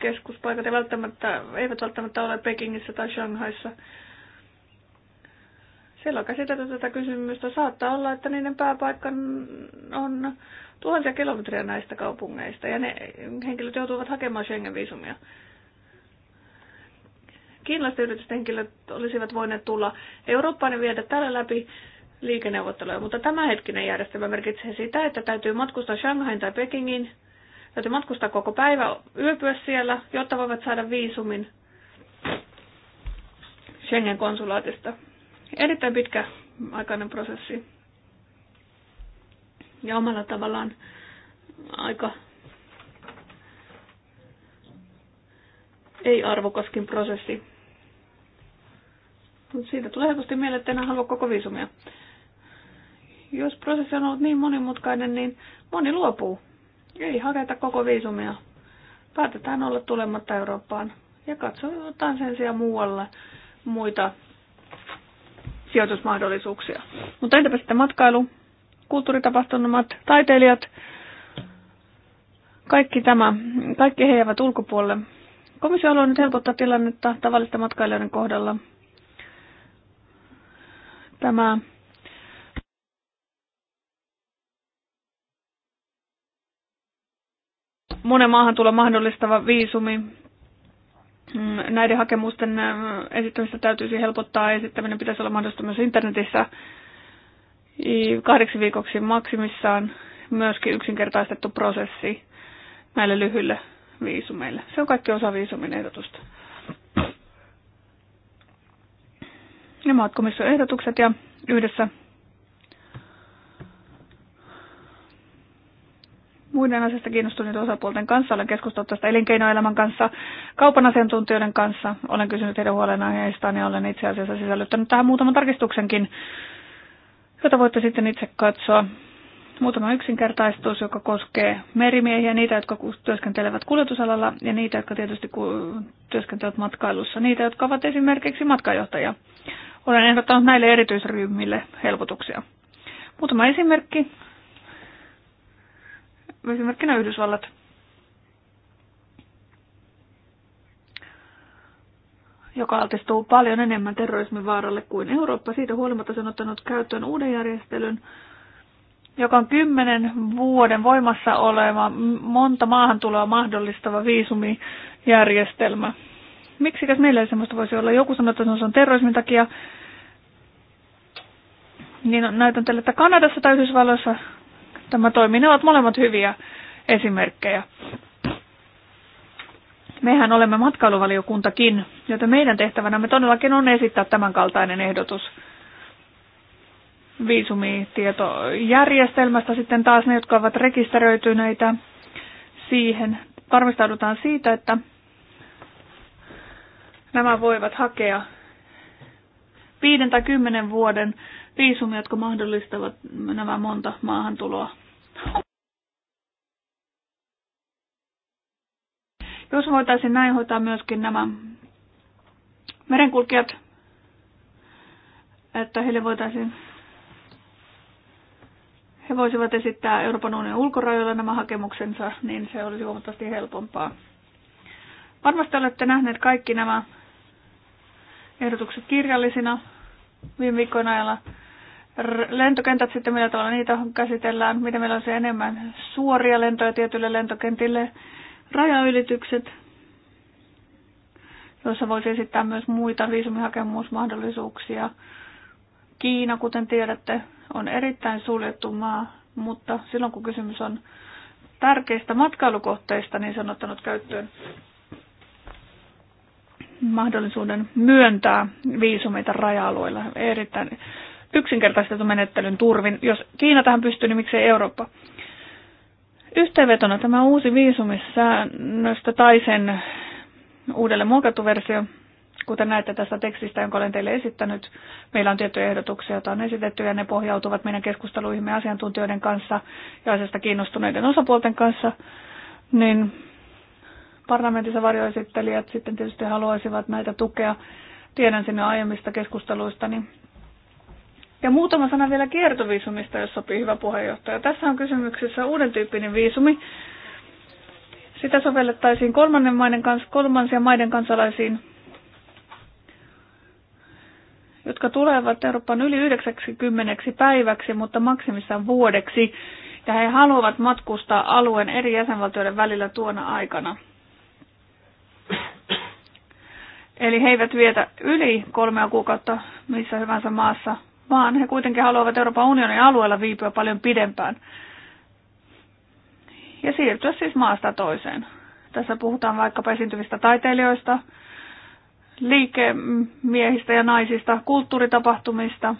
keskuspaikat eivät välttämättä, eivät välttämättä ole Pekingissä tai Shanghaissa. Silloin käsitelty tätä kysymystä. Saattaa olla, että niiden pääpaikka on tuhansia kilometriä näistä kaupungeista ja ne henkilöt joutuvat hakemaan Schengen-viisumia. Kiinalaiset yritysten henkilöt olisivat voineet tulla Eurooppaan ja viedä täällä läpi liikeneuvotteluja. Mutta tämänhetkinen järjestelmä merkitsee sitä, että täytyy matkustaa Shanghain tai Pekingin, täytyy matkustaa koko päivä, yöpyä siellä, jotta voivat saada viisumin Schengen-konsulaatista. Erittäin pitkä aikainen prosessi. Ja omalla tavallaan aika ei-arvokaskin prosessi. Mutta siitä tulee helposti mieleen, että en halua koko viisumia. Jos prosessi on ollut niin monimutkainen, niin moni luopuu. Ei haketa koko viisumia. Päätetään olla tulematta Eurooppaan ja katsotaan sen sijaan muualla muita sijoitusmahdollisuuksia. Mutta entäpä sitten matkailu, kulttuuritapahtumat, taiteilijat, kaikki tämä, kaikki he jäävät ulkopuolelle. Komissio haluaa nyt helpottaa tilannetta tavallisten matkailijoiden kohdalla. Tämä monen maahan tulla mahdollistava viisumi. Mm, näiden hakemusten esittämistä täytyisi helpottaa. Esittäminen pitäisi olla mahdollista myös internetissä kahdeksi viikoksi maksimissaan. Myöskin yksinkertaistettu prosessi näille lyhyille viisumeille. Se on kaikki osa viisumin ehdotusta. Nämä ovat komission ehdotukset ja yhdessä muiden asiasta kiinnostuneiden osapuolten kanssa. Olen keskustellut tästä elinkeinoelämän kanssa, kaupan asiantuntijoiden kanssa. Olen kysynyt heidän huolenaiheistaan ja olen itse asiassa sisällyttänyt tähän muutaman tarkistuksenkin, jota voitte sitten itse katsoa. Muutama yksinkertaistus, joka koskee merimiehiä, niitä, jotka työskentelevät kuljetusalalla ja niitä, jotka tietysti työskentelevät matkailussa, niitä, jotka ovat esimerkiksi matkajohtajia. Olen ehdottanut näille erityisryhmille helpotuksia. Muutama esimerkki esimerkkinä Yhdysvallat. joka altistuu paljon enemmän terrorismin vaaralle kuin Eurooppa. Siitä huolimatta se on ottanut käyttöön uuden järjestelyn, joka on kymmenen vuoden voimassa oleva, monta maahantuloa mahdollistava viisumijärjestelmä. Miksikäs meillä ei sellaista voisi olla? Joku sanoo, että se on terrorismin takia. Niin näytän teille, että Kanadassa tai Yhdysvalloissa tämä toimii. Ne ovat molemmat hyviä esimerkkejä. Mehän olemme matkailuvaliokuntakin, joten meidän tehtävänämme todellakin on esittää tämän ehdotus viisumitietojärjestelmästä. Sitten taas ne, jotka ovat rekisteröityneitä siihen, varmistaudutaan siitä, että nämä voivat hakea viiden tai kymmenen vuoden viisumi, jotka mahdollistavat nämä monta maahantuloa. Jos voitaisiin näin hoitaa myöskin nämä merenkulkijat, että heille voitaisiin he voisivat esittää Euroopan unionin ulkorajoilla nämä hakemuksensa, niin se olisi huomattavasti helpompaa. Varmasti olette nähneet kaikki nämä ehdotukset kirjallisina viime viikkojen ajalla lentokentät sitten, millä tavalla niitä käsitellään, miten meillä on se enemmän suoria lentoja tietyille lentokentille, rajaylitykset, joissa voisi esittää myös muita viisumihakemusmahdollisuuksia. Kiina, kuten tiedätte, on erittäin suljettu maa, mutta silloin kun kysymys on tärkeistä matkailukohteista, niin se on ottanut käyttöön mahdollisuuden myöntää viisumeita raja-alueilla. Erittäin yksinkertaistetun menettelyn turvin. Jos Kiina tähän pystyy, niin miksei Eurooppa? Yhteenvetona tämä uusi viisumissäännöstä tai sen uudelle muokattu versio, kuten näette tästä tekstistä, jonka olen teille esittänyt, meillä on tiettyjä ehdotuksia, joita on esitetty ja ne pohjautuvat meidän keskusteluihimme asiantuntijoiden kanssa ja asiasta kiinnostuneiden osapuolten kanssa, niin parlamentissa varjoesittelijät sitten tietysti haluaisivat näitä tukea. Tiedän sinne aiemmista keskusteluista, niin ja muutama sana vielä kiertoviisumista, jos sopii hyvä puheenjohtaja. Tässä on kysymyksessä uuden tyyppinen viisumi. Sitä sovellettaisiin kolmannen maiden kans kolmansia maiden kansalaisiin, jotka tulevat Euroopan yli 90 päiväksi, mutta maksimissaan vuodeksi, ja he haluavat matkustaa alueen eri jäsenvaltioiden välillä tuona aikana. Eli he eivät vietä yli kolmea kuukautta missä hyvänsä maassa, vaan he kuitenkin haluavat Euroopan unionin alueella viipyä paljon pidempään ja siirtyä siis maasta toiseen. Tässä puhutaan vaikkapa esiintyvistä taiteilijoista, liikemiehistä ja naisista, kulttuuritapahtumista,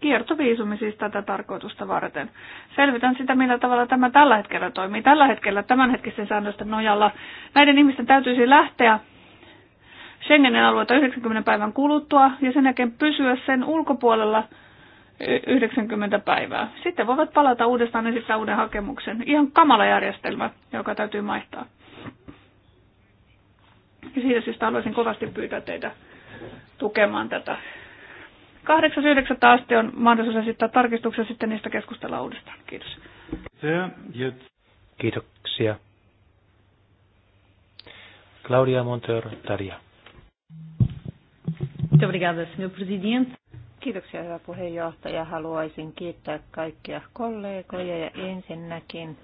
kiertoviisumisista tätä tarkoitusta varten. Selvitän sitä, millä tavalla tämä tällä hetkellä toimii. Tällä hetkellä tämänhetkisten säännösten nojalla näiden ihmisten täytyisi lähteä Schengenin alueelta 90 päivän kuluttua ja sen jälkeen pysyä sen ulkopuolella 90 päivää. Sitten voivat palata uudestaan esittää uuden hakemuksen. Ihan kamala järjestelmä, joka täytyy maistaa. Ja siitä syystä haluaisin kovasti pyytää teitä tukemaan tätä. 8.9. asti on mahdollisuus esittää tarkistuksia, sitten niistä keskustellaan uudestaan. Kiitos. Kiitoksia. Claudia Monteur, Tarja. Kiitoksia, hyvä puheenjohtaja. Haluaisin kiittää kaikkia kollegoja ja ensinnäkin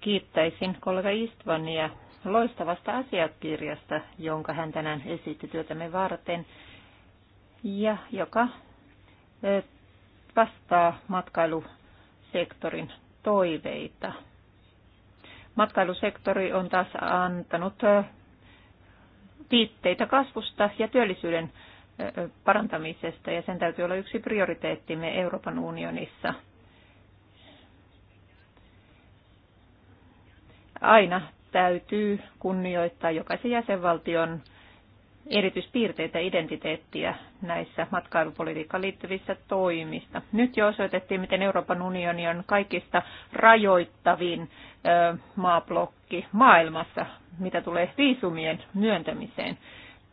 kiittäisin kollega Istvania loistavasta asiakirjasta, jonka hän tänään esitti työtämme varten ja joka vastaa matkailusektorin toiveita. Matkailusektori on taas antanut viitteitä kasvusta ja työllisyyden parantamisesta ja sen täytyy olla yksi prioriteettimme Euroopan unionissa. Aina täytyy kunnioittaa jokaisen jäsenvaltion erityispiirteitä ja identiteettiä näissä matkailupolitiikkaan liittyvissä toimista. Nyt jo osoitettiin, miten Euroopan unioni on kaikista rajoittavin maablokki maailmassa, mitä tulee viisumien myöntämiseen.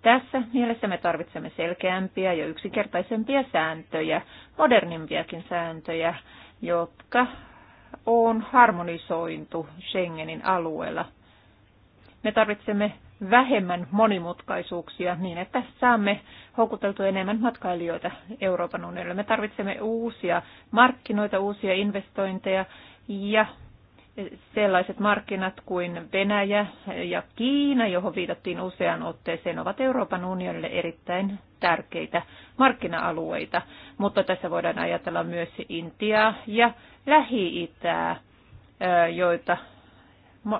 Tässä mielessä me tarvitsemme selkeämpiä ja yksinkertaisempia sääntöjä, modernimpiakin sääntöjä, jotka on harmonisointu Schengenin alueella. Me tarvitsemme vähemmän monimutkaisuuksia niin, että saamme houkuteltua enemmän matkailijoita Euroopan unionille. Me tarvitsemme uusia markkinoita, uusia investointeja ja sellaiset markkinat kuin Venäjä ja Kiina, johon viitattiin useaan otteeseen, ovat Euroopan unionille erittäin tärkeitä markkina-alueita. Mutta tässä voidaan ajatella myös Intiaa ja Lähi-Itää, joita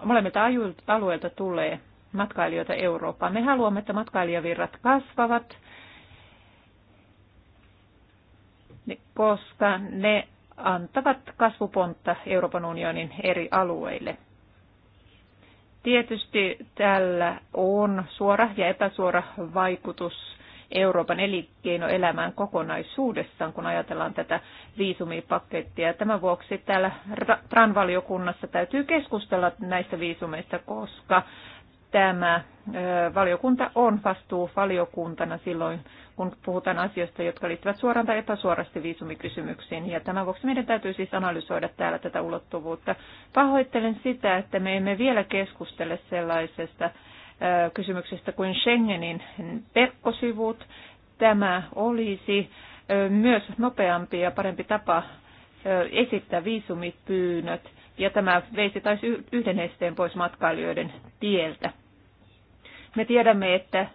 molemmilta alueilta tulee matkailijoita Eurooppaan. Me haluamme, että matkailijavirrat kasvavat, koska ne antavat kasvupontta Euroopan unionin eri alueille. Tietysti tällä on suora ja epäsuora vaikutus Euroopan elinkeinoelämään kokonaisuudessaan, kun ajatellaan tätä viisumipakettia. Tämän vuoksi täällä TRAN-valiokunnassa täytyy keskustella näistä viisumeista, koska tämä valiokunta on vastuu valiokuntana silloin, kun puhutaan asioista, jotka liittyvät suoraan tai epäsuorasti viisumikysymyksiin. Ja tämän vuoksi meidän täytyy siis analysoida täällä tätä ulottuvuutta. Pahoittelen sitä, että me emme vielä keskustele sellaisesta kysymyksestä kuin Schengenin verkkosivut. Tämä olisi myös nopeampi ja parempi tapa esittää viisumipyynnöt ja tämä veisi taas yhden esteen pois matkailijoiden tieltä. Me tiedämme, että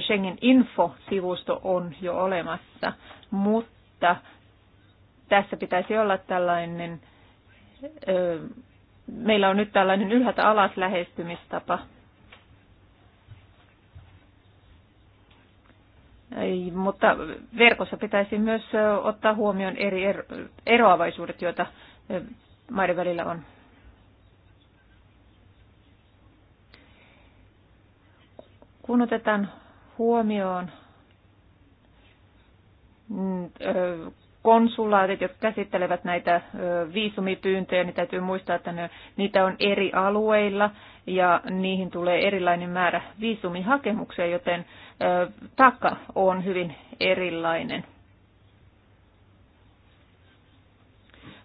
Schengen Info-sivusto on jo olemassa, mutta tässä pitäisi olla tällainen, meillä on nyt tällainen ylhäältä alas lähestymistapa. Mutta verkossa pitäisi myös ottaa huomioon eri er-, eroavaisuudet, joita maiden välillä on. Kun otetaan huomioon mm, konsulaatit, jotka käsittelevät näitä viisumipyyntöjä, niin täytyy muistaa, että ne, niitä on eri alueilla ja niihin tulee erilainen määrä viisumihakemuksia, joten taka on hyvin erilainen.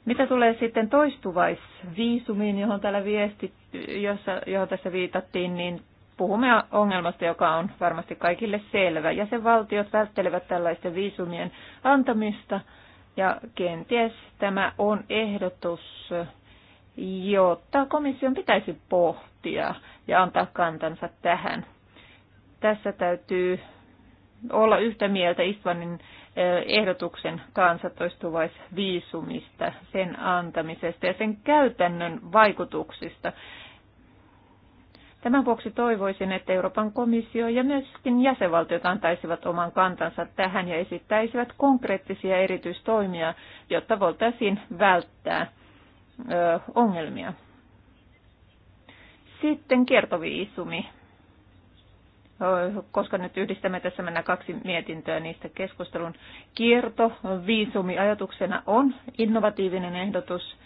Mitä tulee sitten toistuvaisviisumiin, johon, täällä viesti, jossa, johon tässä viitattiin, niin puhumme ongelmasta, joka on varmasti kaikille selvä. Jäsenvaltiot välttelevät tällaisten viisumien antamista ja kenties tämä on ehdotus, jota komission pitäisi pohtia ja antaa kantansa tähän. Tässä täytyy olla yhtä mieltä Istvanin eh, ehdotuksen kanssa toistuvaisviisumista, sen antamisesta ja sen käytännön vaikutuksista. Tämän vuoksi toivoisin, että Euroopan komissio ja myöskin jäsenvaltiot antaisivat oman kantansa tähän ja esittäisivät konkreettisia erityistoimia, jotta voitaisiin välttää ö, ongelmia. Sitten kiertoviisumi. Koska nyt yhdistämme tässä mennä kaksi mietintöä niistä keskustelun. Kierto viisumi ajatuksena on innovatiivinen ehdotus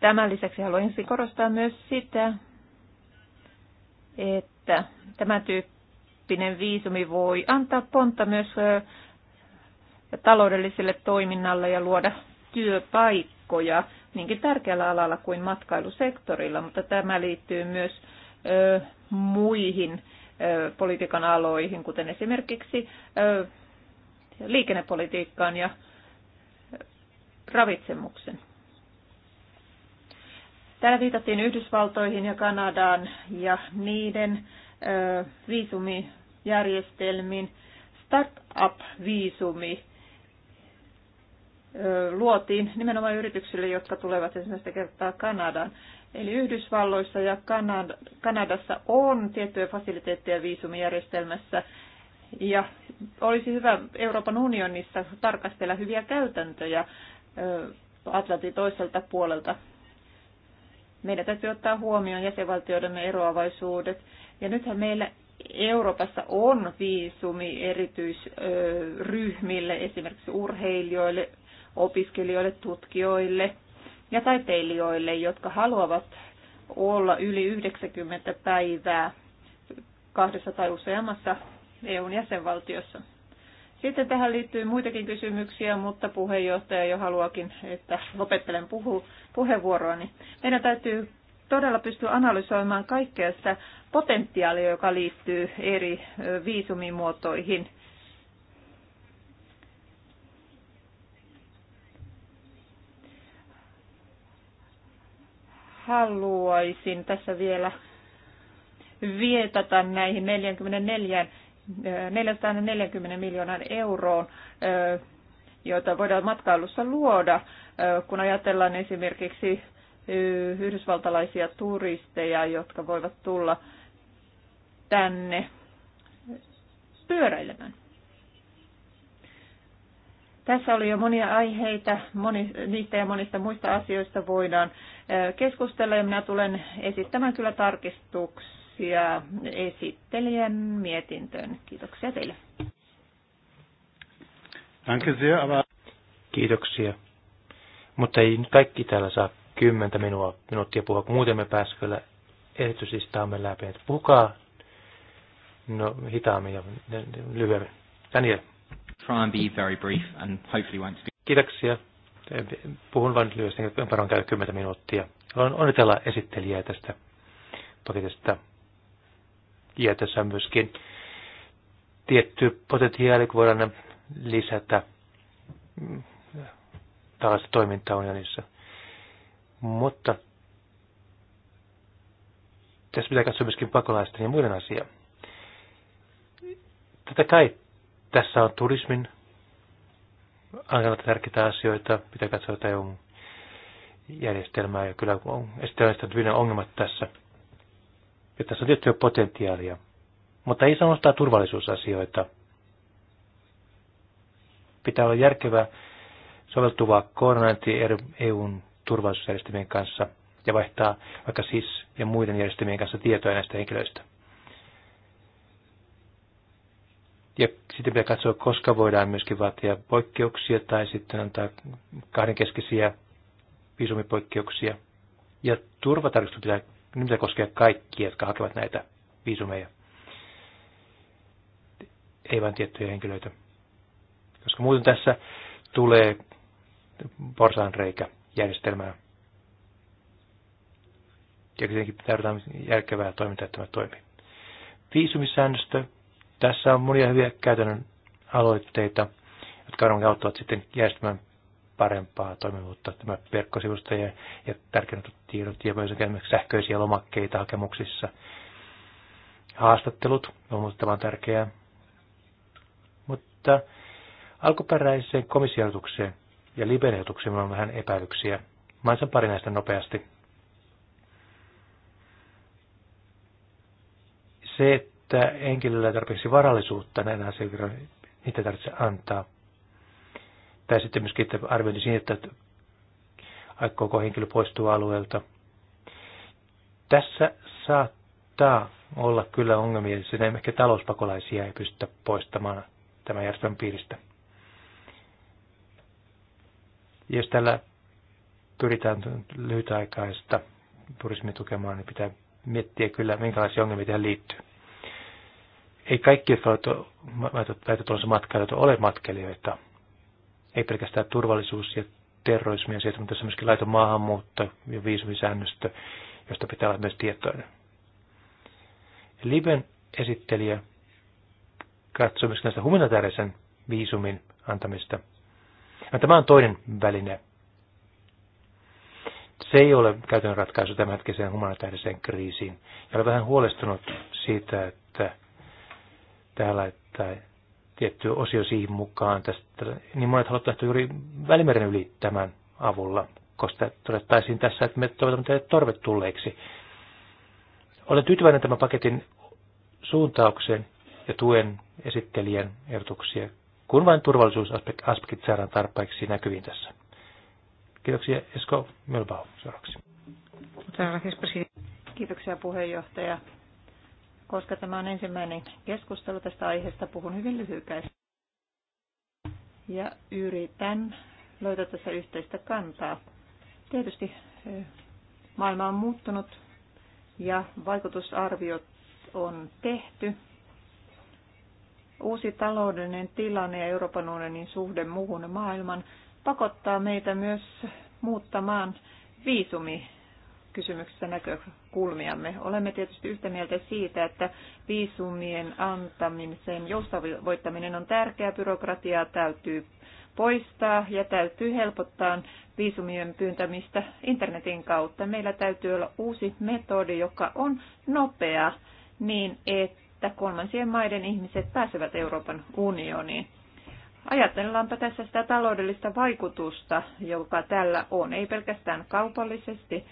Tämän lisäksi haluaisin korostaa myös sitä, että tämä tyyppinen viisumi voi antaa pontta myös taloudelliselle toiminnalle ja luoda työpaikkoja niinkin tärkeällä alalla kuin matkailusektorilla, mutta tämä liittyy myös ö, muihin ö, politiikan aloihin, kuten esimerkiksi ö, liikennepolitiikkaan ja ravitsemuksen. Täällä viitattiin Yhdysvaltoihin ja Kanadaan ja niiden ö, viisumijärjestelmiin. Startup-viisumi luotiin nimenomaan yrityksille, jotka tulevat ensimmäistä kertaa Kanadaan. Eli Yhdysvalloissa ja Kanadassa on tiettyjä fasiliteetteja viisumijärjestelmässä, ja olisi hyvä Euroopan unionissa tarkastella hyviä käytäntöjä Atlantin toiselta puolelta meidän täytyy ottaa huomioon jäsenvaltioidemme eroavaisuudet. Ja nythän meillä Euroopassa on viisumi erityisryhmille, esimerkiksi urheilijoille, opiskelijoille, tutkijoille ja taiteilijoille, jotka haluavat olla yli 90 päivää kahdessa tai useammassa EUn jäsenvaltiossa. Sitten tähän liittyy muitakin kysymyksiä, mutta puheenjohtaja jo haluakin, että lopettelen puhu, puheenvuoroani. Meidän täytyy todella pystyä analysoimaan kaikkea sitä potentiaalia, joka liittyy eri viisumimuotoihin. Haluaisin tässä vielä vietata näihin 44 440 miljoonan euroon, joita voidaan matkailussa luoda, kun ajatellaan esimerkiksi yhdysvaltalaisia turisteja, jotka voivat tulla tänne pyöräilemään. Tässä oli jo monia aiheita, moni, niistä ja monista muista asioista voidaan keskustella ja minä tulen esittämään kyllä tarkistuksia Kiitoksia esittelijän mietintöön. Kiitoksia teille. Kiitoksia. Mutta ei nyt kaikki täällä saa kymmentä minuuttia puhua, kun muuten me pääsemme kyllä erityisistaamme läpi. Että puhukaa no, hitaammin ja lyhyemmin. Daniel. Try and be very brief and hopefully won't speak. Kiitoksia. Puhun vain lyhyesti, varmaan käy kymmentä minuuttia. Haluan onnitella esittelijää tästä paketista ja tässä on myöskin tietty potentiaali, kun voidaan lisätä mm, tällaista toimintaa unionissa. Mutta tässä pitää katsoa myöskin pakolaisten ja muiden asia. Tätä kai tässä on turismin kannalta tärkeitä asioita, pitää katsoa tätä eu järjestelmää ja kyllä on esittänyt hyvin ongelmat tässä ja tässä on tiettyä potentiaalia. Mutta ei sanostaa turvallisuusasioita. Pitää olla järkevää soveltuvaa koordinointi EUn turvallisuusjärjestelmien kanssa ja vaihtaa vaikka SIS ja muiden järjestelmien kanssa tietoja näistä henkilöistä. Ja sitten pitää katsoa, koska voidaan myöskin vaatia poikkeuksia tai sitten antaa kahdenkeskisiä viisumipoikkeuksia. Ja turvatarkastus pitää nyt se koskee kaikkia, jotka hakevat näitä viisumeja. Ei vain tiettyjä henkilöitä. Koska muuten tässä tulee reikä järjestelmää. Ja kuitenkin tarvitaan järkevää toimintaa, että tämä toimii. Viisumisäännöstö. Tässä on monia hyviä käytännön aloitteita, jotka varmaan auttavat sitten järjestämään parempaa toimivuutta. Tämä verkkosivusto ja, ja tärkeimmät tiedot ja myös, sähköisiä lomakkeita hakemuksissa. Haastattelut on muuttavan tärkeää. Mutta alkuperäiseen komissioitukseen ja libereutukseen on vähän epäilyksiä. Mainitsen pari näistä nopeasti. Se, että henkilöllä tarpeeksi varallisuutta näin asioihin, niitä tarvitse antaa – tai sitten myöskin, että arviointi siihen, että aikooko henkilö poistua alueelta. Tässä saattaa olla kyllä ongelmia, sinne siis ehkä talouspakolaisia ei pystytä poistamaan tämän järjestelmän piiristä. Jos tällä pyritään lyhytaikaista turismia tukemaan, niin pitää miettiä kyllä, minkälaisia ongelmia tähän liittyy. Ei kaikki, jotka ovat matkailijoita, ole matkailijoita, ei pelkästään turvallisuus ja terrorismi ja sieltä, mutta tässä on myöskin laiton maahanmuutto ja viisumisäännöstö, josta pitää olla myös tietoinen. Liben esittelijä katsoi myös näistä humanitaarisen viisumin antamista. Ja no, tämä on toinen väline. Se ei ole käytännön ratkaisu tämänhetkiseen humanitaariseen kriisiin. Ja olen vähän huolestunut siitä, että täällä että tietty osio siihen mukaan tästä, niin monet haluavat lähteä juuri Välimeren yli tämän avulla, koska todettaisiin tässä, että me toivotamme teille torvetulleiksi. Olen tyytyväinen tämän paketin suuntauksen ja tuen esittelijän ehdotuksia, kun vain turvallisuusaspektit saadaan tarpeeksi näkyviin tässä. Kiitoksia Esko Mölbau seuraavaksi. Kiitoksia puheenjohtaja. Koska tämä on ensimmäinen keskustelu tästä aiheesta, puhun hyvin lyhykäisesti. Ja yritän löytää tässä yhteistä kantaa. Tietysti maailma on muuttunut ja vaikutusarviot on tehty. Uusi taloudellinen tilanne ja Euroopan unionin suhde muuhun maailman pakottaa meitä myös muuttamaan viisumi kysymyksessä näkökulmiamme. Olemme tietysti yhtä mieltä siitä, että viisumien antamisen joustavoittaminen on tärkeää, byrokratiaa täytyy poistaa ja täytyy helpottaa viisumien pyyntämistä internetin kautta. Meillä täytyy olla uusi metodi, joka on nopea niin, että kolmansien maiden ihmiset pääsevät Euroopan unioniin. Ajatellaanpa tässä sitä taloudellista vaikutusta, joka tällä on, ei pelkästään kaupallisesti,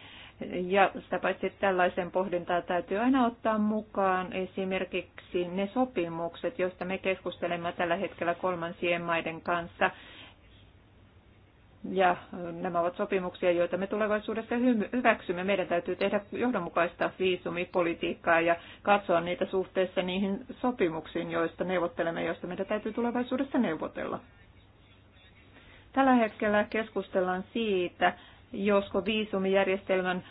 ja sitä paitsi tällaisen pohdintaa täytyy aina ottaa mukaan esimerkiksi ne sopimukset, joista me keskustelemme tällä hetkellä kolmansien maiden kanssa. Ja nämä ovat sopimuksia, joita me tulevaisuudessa hyväksymme. Meidän täytyy tehdä johdonmukaista viisumipolitiikkaa ja katsoa niitä suhteessa niihin sopimuksiin, joista neuvottelemme, joista meidän täytyy tulevaisuudessa neuvotella. Tällä hetkellä keskustellaan siitä, josko viisumijärjestelmän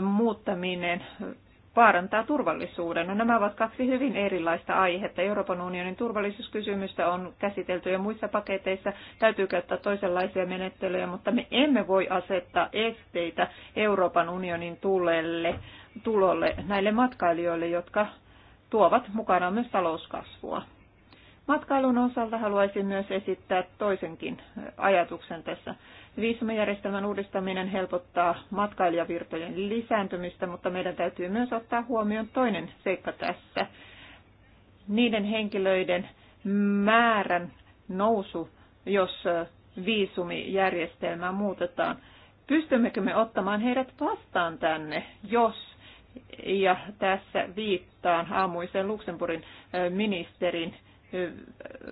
muuttaminen vaarantaa turvallisuuden. No, nämä ovat kaksi hyvin erilaista aihetta. Euroopan unionin turvallisuuskysymystä on käsitelty jo muissa paketeissa täytyy käyttää toisenlaisia menettelyjä, mutta me emme voi asettaa esteitä Euroopan unionin tulelle, tulolle näille matkailijoille, jotka tuovat mukanaan myös talouskasvua. Matkailun osalta haluaisin myös esittää toisenkin ajatuksen tässä. Viisumijärjestelmän uudistaminen helpottaa matkailijavirtojen lisääntymistä, mutta meidän täytyy myös ottaa huomioon toinen seikka tässä. Niiden henkilöiden määrän nousu, jos viisumijärjestelmää muutetaan. Pystymmekö me ottamaan heidät vastaan tänne, jos ja tässä viittaan aamuisen Luxemburgin ministerin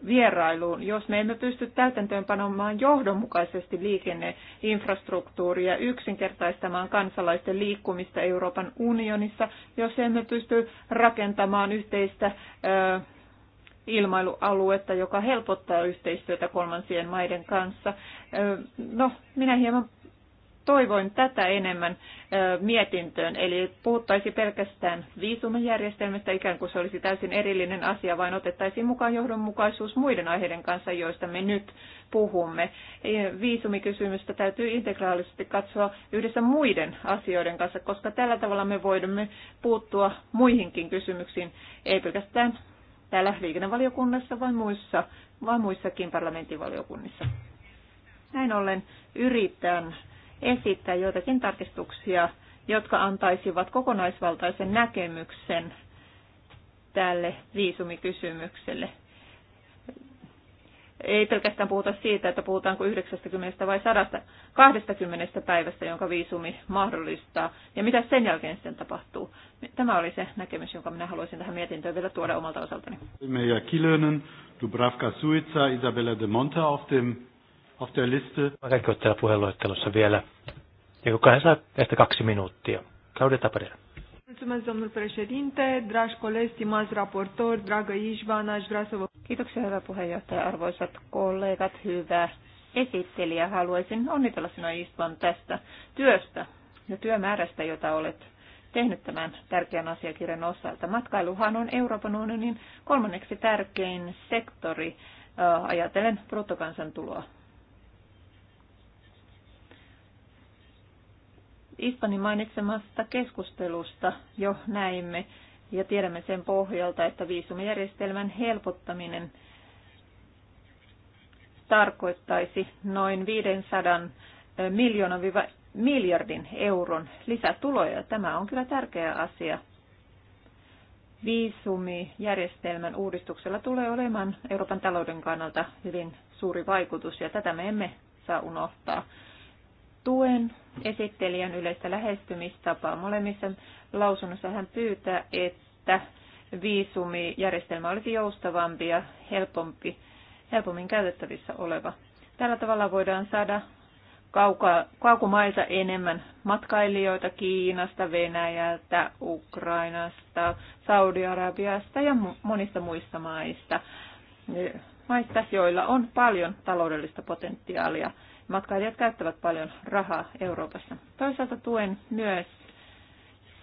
vierailuun, jos me emme pysty täytäntöönpanomaan johdonmukaisesti liikenneinfrastruktuuria yksinkertaistamaan kansalaisten liikkumista Euroopan unionissa, jos emme pysty rakentamaan yhteistä ilmailualuetta, joka helpottaa yhteistyötä kolmansien maiden kanssa. No, minä hieman toivoin tätä enemmän mietintöön, eli puhuttaisiin pelkästään viisumijärjestelmästä, ikään kuin se olisi täysin erillinen asia, vaan otettaisiin mukaan johdonmukaisuus muiden aiheiden kanssa, joista me nyt puhumme. E, viisumikysymystä täytyy integraalisesti katsoa yhdessä muiden asioiden kanssa, koska tällä tavalla me voimme puuttua muihinkin kysymyksiin, ei pelkästään täällä liikennevaliokunnassa, vaan, muissa, vaan muissakin parlamenttivaliokunnissa. Näin ollen yritän esittää joitakin tarkistuksia, jotka antaisivat kokonaisvaltaisen näkemyksen tälle viisumikysymykselle. Ei pelkästään puhuta siitä, että puhutaanko 90 vai 120 päivästä, jonka viisumi mahdollistaa, ja mitä sen jälkeen sitten tapahtuu. Tämä oli se näkemys, jonka minä haluaisin tähän mietintöön vielä tuoda omalta osaltani. Meija Kilönen, Dubravka Suica, Isabella de Monta auf dem auf der Liste. Kaikki on täällä puheenluettelossa vielä. Ja jokainen saa tästä kaksi minuuttia. Claudia Tapadera. Mulțumesc, domnul președinte, dragi colegi, stimați raportori, dragă Ișvan, aș vrea să vă... Kiitoksia, hyvä puheenjohtaja, arvoisat kollegat, hyvä esittelijä. Haluaisin onnitella sinua Istvan tästä työstä ja työmäärästä, jota olet tehnyt tämän tärkeän asiakirjan osalta. Matkailuhan on Euroopan unionin kolmanneksi tärkein sektori, äh, ajatellen bruttokansantuloa Ispanin mainitsemasta keskustelusta jo näimme ja tiedämme sen pohjalta, että viisumijärjestelmän helpottaminen tarkoittaisi noin 500 miljoonan miljardin euron lisätuloja. Tämä on kyllä tärkeä asia. Viisumijärjestelmän uudistuksella tulee olemaan Euroopan talouden kannalta hyvin suuri vaikutus ja tätä me emme saa unohtaa tuen esittelijän yleistä lähestymistapaa. Molemmissa lausunnossa hän pyytää, että viisumijärjestelmä olisi joustavampi ja helpompi, helpommin käytettävissä oleva. Tällä tavalla voidaan saada kauka, kaukomailta enemmän matkailijoita Kiinasta, Venäjältä, Ukrainasta, Saudi-Arabiasta ja monista muista maista, maista, joilla on paljon taloudellista potentiaalia matkailijat käyttävät paljon rahaa Euroopassa. Toisaalta tuen myös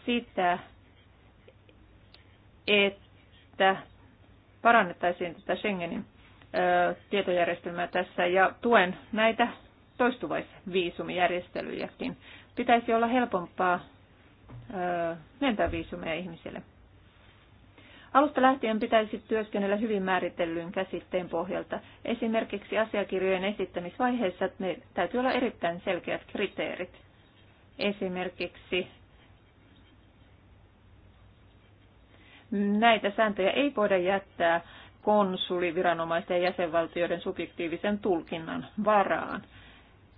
sitä, että parannettaisiin tätä Schengenin tietojärjestelmää tässä ja tuen näitä toistuvaisviisumijärjestelyjäkin. Pitäisi olla helpompaa lentää viisumeja ihmisille. Alusta lähtien pitäisi työskennellä hyvin määritellyn käsitteen pohjalta. Esimerkiksi asiakirjojen esittämisvaiheessa ne täytyy olla erittäin selkeät kriteerit. Esimerkiksi näitä sääntöjä ei voida jättää konsuliviranomaisten ja jäsenvaltioiden subjektiivisen tulkinnan varaan.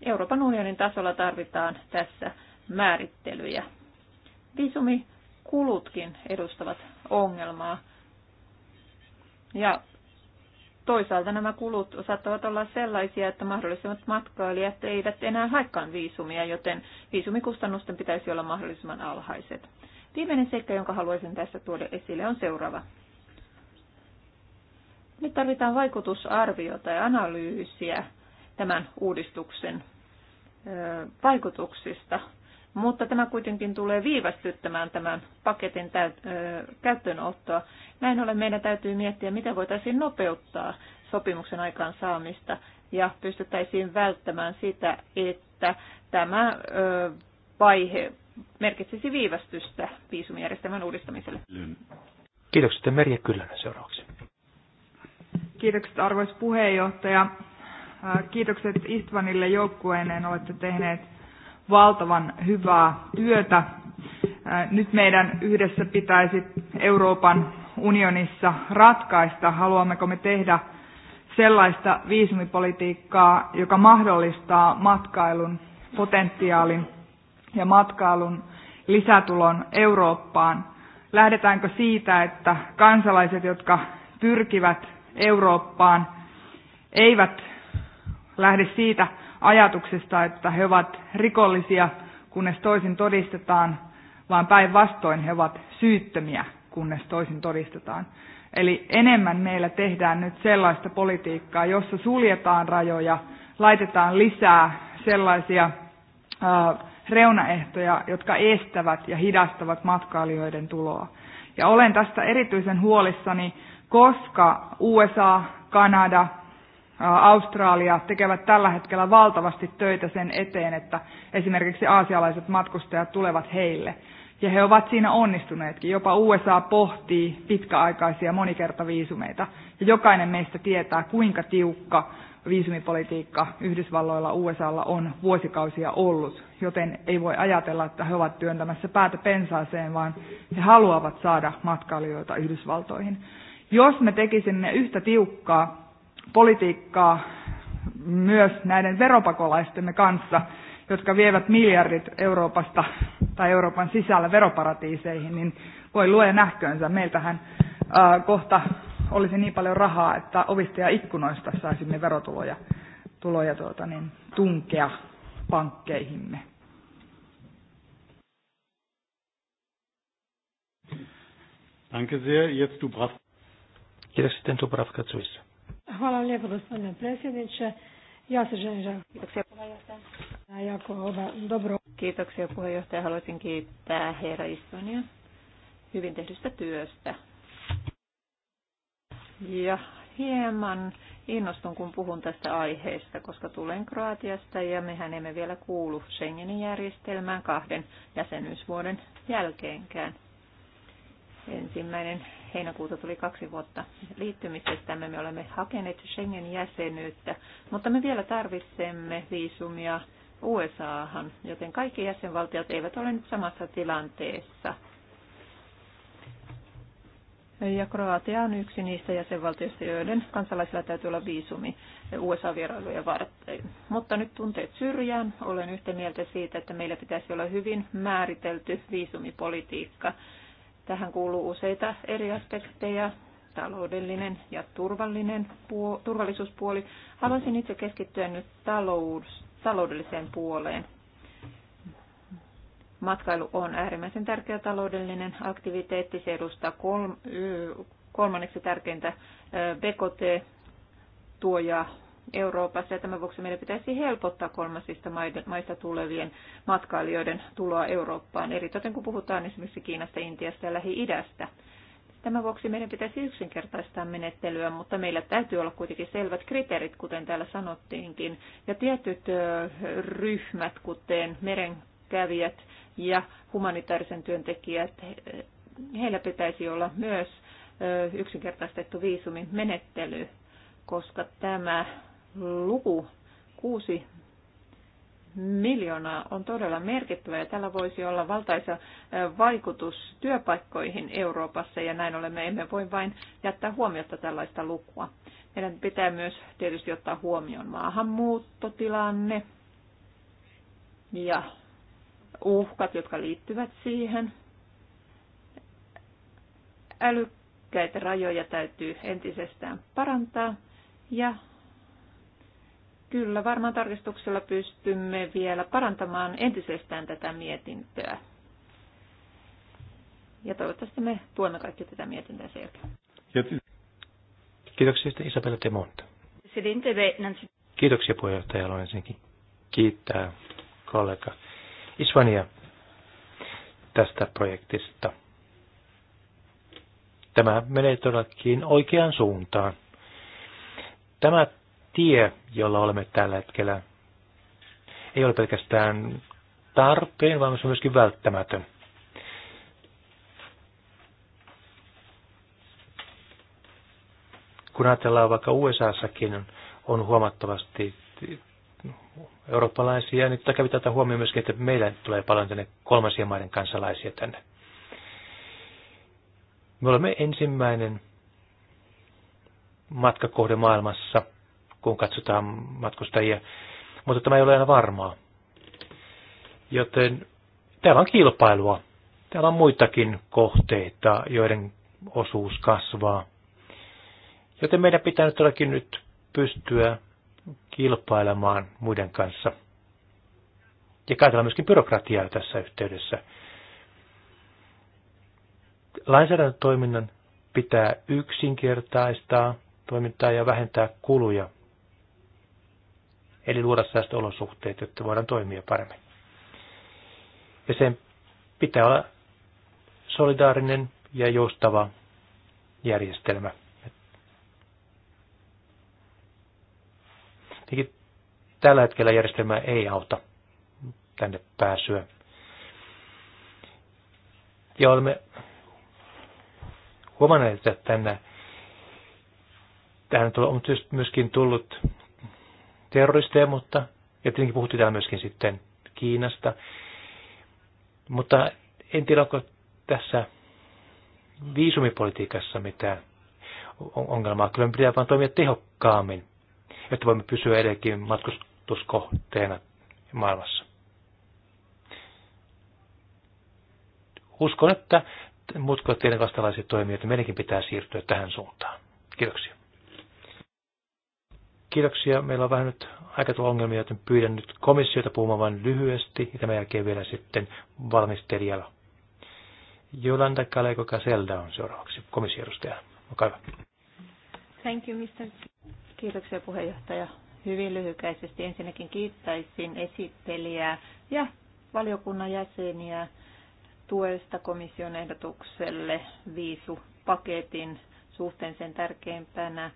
Euroopan unionin tasolla tarvitaan tässä määrittelyjä. Visumi kulutkin edustavat ongelmaa. Ja toisaalta nämä kulut saattavat olla sellaisia, että mahdollisimmat matkailijat eivät enää haikkaan viisumia, joten viisumikustannusten pitäisi olla mahdollisimman alhaiset. Viimeinen seikka, jonka haluaisin tässä tuoda esille, on seuraava. Nyt tarvitaan vaikutusarviota ja analyysiä tämän uudistuksen vaikutuksista mutta tämä kuitenkin tulee viivästyttämään tämän paketin täyt- käyttöönottoa. Näin ollen meidän täytyy miettiä, miten voitaisiin nopeuttaa sopimuksen aikaansaamista ja pystyttäisiin välttämään sitä, että tämä ö, vaihe merkitsisi viivästystä viisumijärjestelmän uudistamiselle. Kiitokset Merja Kyllönen seuraavaksi. Kiitokset arvoisa puheenjohtaja. Kiitokset Istvanille joukkueineen olette tehneet valtavan hyvää työtä. Nyt meidän yhdessä pitäisi Euroopan unionissa ratkaista, haluammeko me tehdä sellaista viisumipolitiikkaa, joka mahdollistaa matkailun potentiaalin ja matkailun lisätulon Eurooppaan. Lähdetäänkö siitä, että kansalaiset, jotka pyrkivät Eurooppaan, eivät lähde siitä ajatuksesta, että he ovat rikollisia, kunnes toisin todistetaan, vaan päinvastoin he ovat syyttömiä, kunnes toisin todistetaan. Eli enemmän meillä tehdään nyt sellaista politiikkaa, jossa suljetaan rajoja, laitetaan lisää sellaisia äh, reunaehtoja, jotka estävät ja hidastavat matkailijoiden tuloa. Ja olen tästä erityisen huolissani, koska USA, Kanada, Australia tekevät tällä hetkellä valtavasti töitä sen eteen, että esimerkiksi aasialaiset matkustajat tulevat heille. Ja he ovat siinä onnistuneetkin. Jopa USA pohtii pitkäaikaisia monikertaviisumeita. Ja jokainen meistä tietää, kuinka tiukka viisumipolitiikka Yhdysvalloilla USAlla on vuosikausia ollut, joten ei voi ajatella, että he ovat työntämässä päätä pensaaseen, vaan he haluavat saada matkailijoita Yhdysvaltoihin. Jos me tekisimme yhtä tiukkaa politiikkaa myös näiden veropakolaistemme kanssa, jotka vievät miljardit Euroopasta tai Euroopan sisällä veroparatiiseihin, niin voi lue nähköönsä. Meiltähän ää, kohta olisi niin paljon rahaa, että ovista ja ikkunoista saisimme verotuloja tuloja, tuota, niin, tunkea pankkeihimme. Danke sehr. Jetzt Dubravka. Kiitos sitten Dubravka Zuissa. Hvala lijepo gospodine predsjedniče. Ja se želim Kiitoksia puheenjohtaja. Jako oba, dobro. Kiitoksia puheenjohtaja. Haluaisin kiittää herra Istonia hyvin tehdystä työstä. Ja hieman innostun, kun puhun tästä aiheesta, koska tulen Kroatiasta ja mehän emme vielä kuulu Schengenin järjestelmään kahden jäsenyysvuoden jälkeenkään. Ensimmäinen heinäkuuta tuli kaksi vuotta liittymisestämme. Me olemme hakeneet Schengen-jäsenyyttä, mutta me vielä tarvitsemme viisumia USAhan, joten kaikki jäsenvaltiot eivät ole nyt samassa tilanteessa. Ja Kroatia on yksi niistä jäsenvaltioista, joiden kansalaisilla täytyy olla viisumi USA-vierailuja varten. Mutta nyt tunteet syrjään. Olen yhtä mieltä siitä, että meillä pitäisi olla hyvin määritelty viisumipolitiikka. Tähän kuuluu useita eri aspekteja, taloudellinen ja turvallinen puo, turvallisuuspuoli. Haluaisin itse keskittyä nyt talous, taloudelliseen puoleen. Matkailu on äärimmäisen tärkeä taloudellinen aktiviteetti. Se edustaa kolm, kolmanneksi tärkeintä BKT-tuojaa Euroopassa ja tämän vuoksi meidän pitäisi helpottaa kolmasista maista tulevien matkailijoiden tuloa Eurooppaan, eritoten kun puhutaan esimerkiksi Kiinasta, Intiasta ja Lähi-idästä. Tämän vuoksi meidän pitäisi yksinkertaistaa menettelyä, mutta meillä täytyy olla kuitenkin selvät kriteerit, kuten täällä sanottiinkin, ja tietyt ryhmät, kuten merenkävijät ja humanitaarisen työntekijät, heillä pitäisi olla myös yksinkertaistettu viisumimenettely, koska tämä luku 6 miljoonaa on todella merkittävä ja tällä voisi olla valtaisa vaikutus työpaikkoihin Euroopassa ja näin ollen me emme voi vain jättää huomiota tällaista lukua. Meidän pitää myös tietysti ottaa huomioon maahanmuuttotilanne ja uhkat, jotka liittyvät siihen. Älykkäitä rajoja täytyy entisestään parantaa ja Kyllä, varmaan tarkistuksella pystymme vielä parantamaan entisestään tätä mietintöä. Ja toivottavasti me tuemme kaikki tätä mietintöä sieltä. Kiitoksia Isabella Temonta. Kiitoksia puheenjohtaja Haluan ensinnäkin kiittää kollega Isvania tästä projektista. Tämä menee todellakin oikeaan suuntaan. Tämä tie, jolla olemme tällä hetkellä, ei ole pelkästään tarpeen, vaan se on myöskin välttämätön. Kun ajatellaan vaikka USAssakin on huomattavasti eurooppalaisia, niin tätä pitää huomioon myöskin, että meillä tulee paljon tänne kolmansien maiden kansalaisia tänne. Me olemme ensimmäinen matkakohde maailmassa – kun katsotaan matkustajia. Mutta tämä ei ole aina varmaa. Joten täällä on kilpailua. Täällä on muitakin kohteita, joiden osuus kasvaa. Joten meidän pitää nyt todellakin nyt pystyä kilpailemaan muiden kanssa. Ja katsella myöskin byrokratiaa tässä yhteydessä. Lainsäädäntötoiminnan pitää yksinkertaistaa toimintaa ja vähentää kuluja Eli luoda sellaiset olosuhteet, jotta voidaan toimia paremmin. Ja sen pitää olla solidaarinen ja joustava järjestelmä. Tällä hetkellä järjestelmä ei auta tänne pääsyä. Ja olemme huomanneet, että tänne, tähän on myöskin tullut terroristeja, mutta, ja tietenkin puhuttiin täällä myöskin sitten Kiinasta, mutta en tiedä, onko tässä viisumipolitiikassa mitään ongelmaa. Kyllä me pitää vain toimia tehokkaammin, jotta voimme pysyä edelleenkin matkustuskohteena maailmassa. Uskon, että muut kuin teidän toimijoita, meidänkin pitää siirtyä tähän suuntaan. Kiitoksia. Kiitoksia. Meillä on vähän nyt ongelmia, joten pyydän nyt komissiota puhumaan vain lyhyesti ja tämän jälkeen vielä sitten valmistelijalla. Jolanda Kaleko Kaselda on seuraavaksi komissiodustaja. Olkaa hyvä. Thank you, Mr. Kiitoksia puheenjohtaja. Hyvin lyhykäisesti ensinnäkin kiittäisin esittelijää ja valiokunnan jäseniä tuesta komission ehdotukselle viisupaketin suhteen sen tärkeimpänä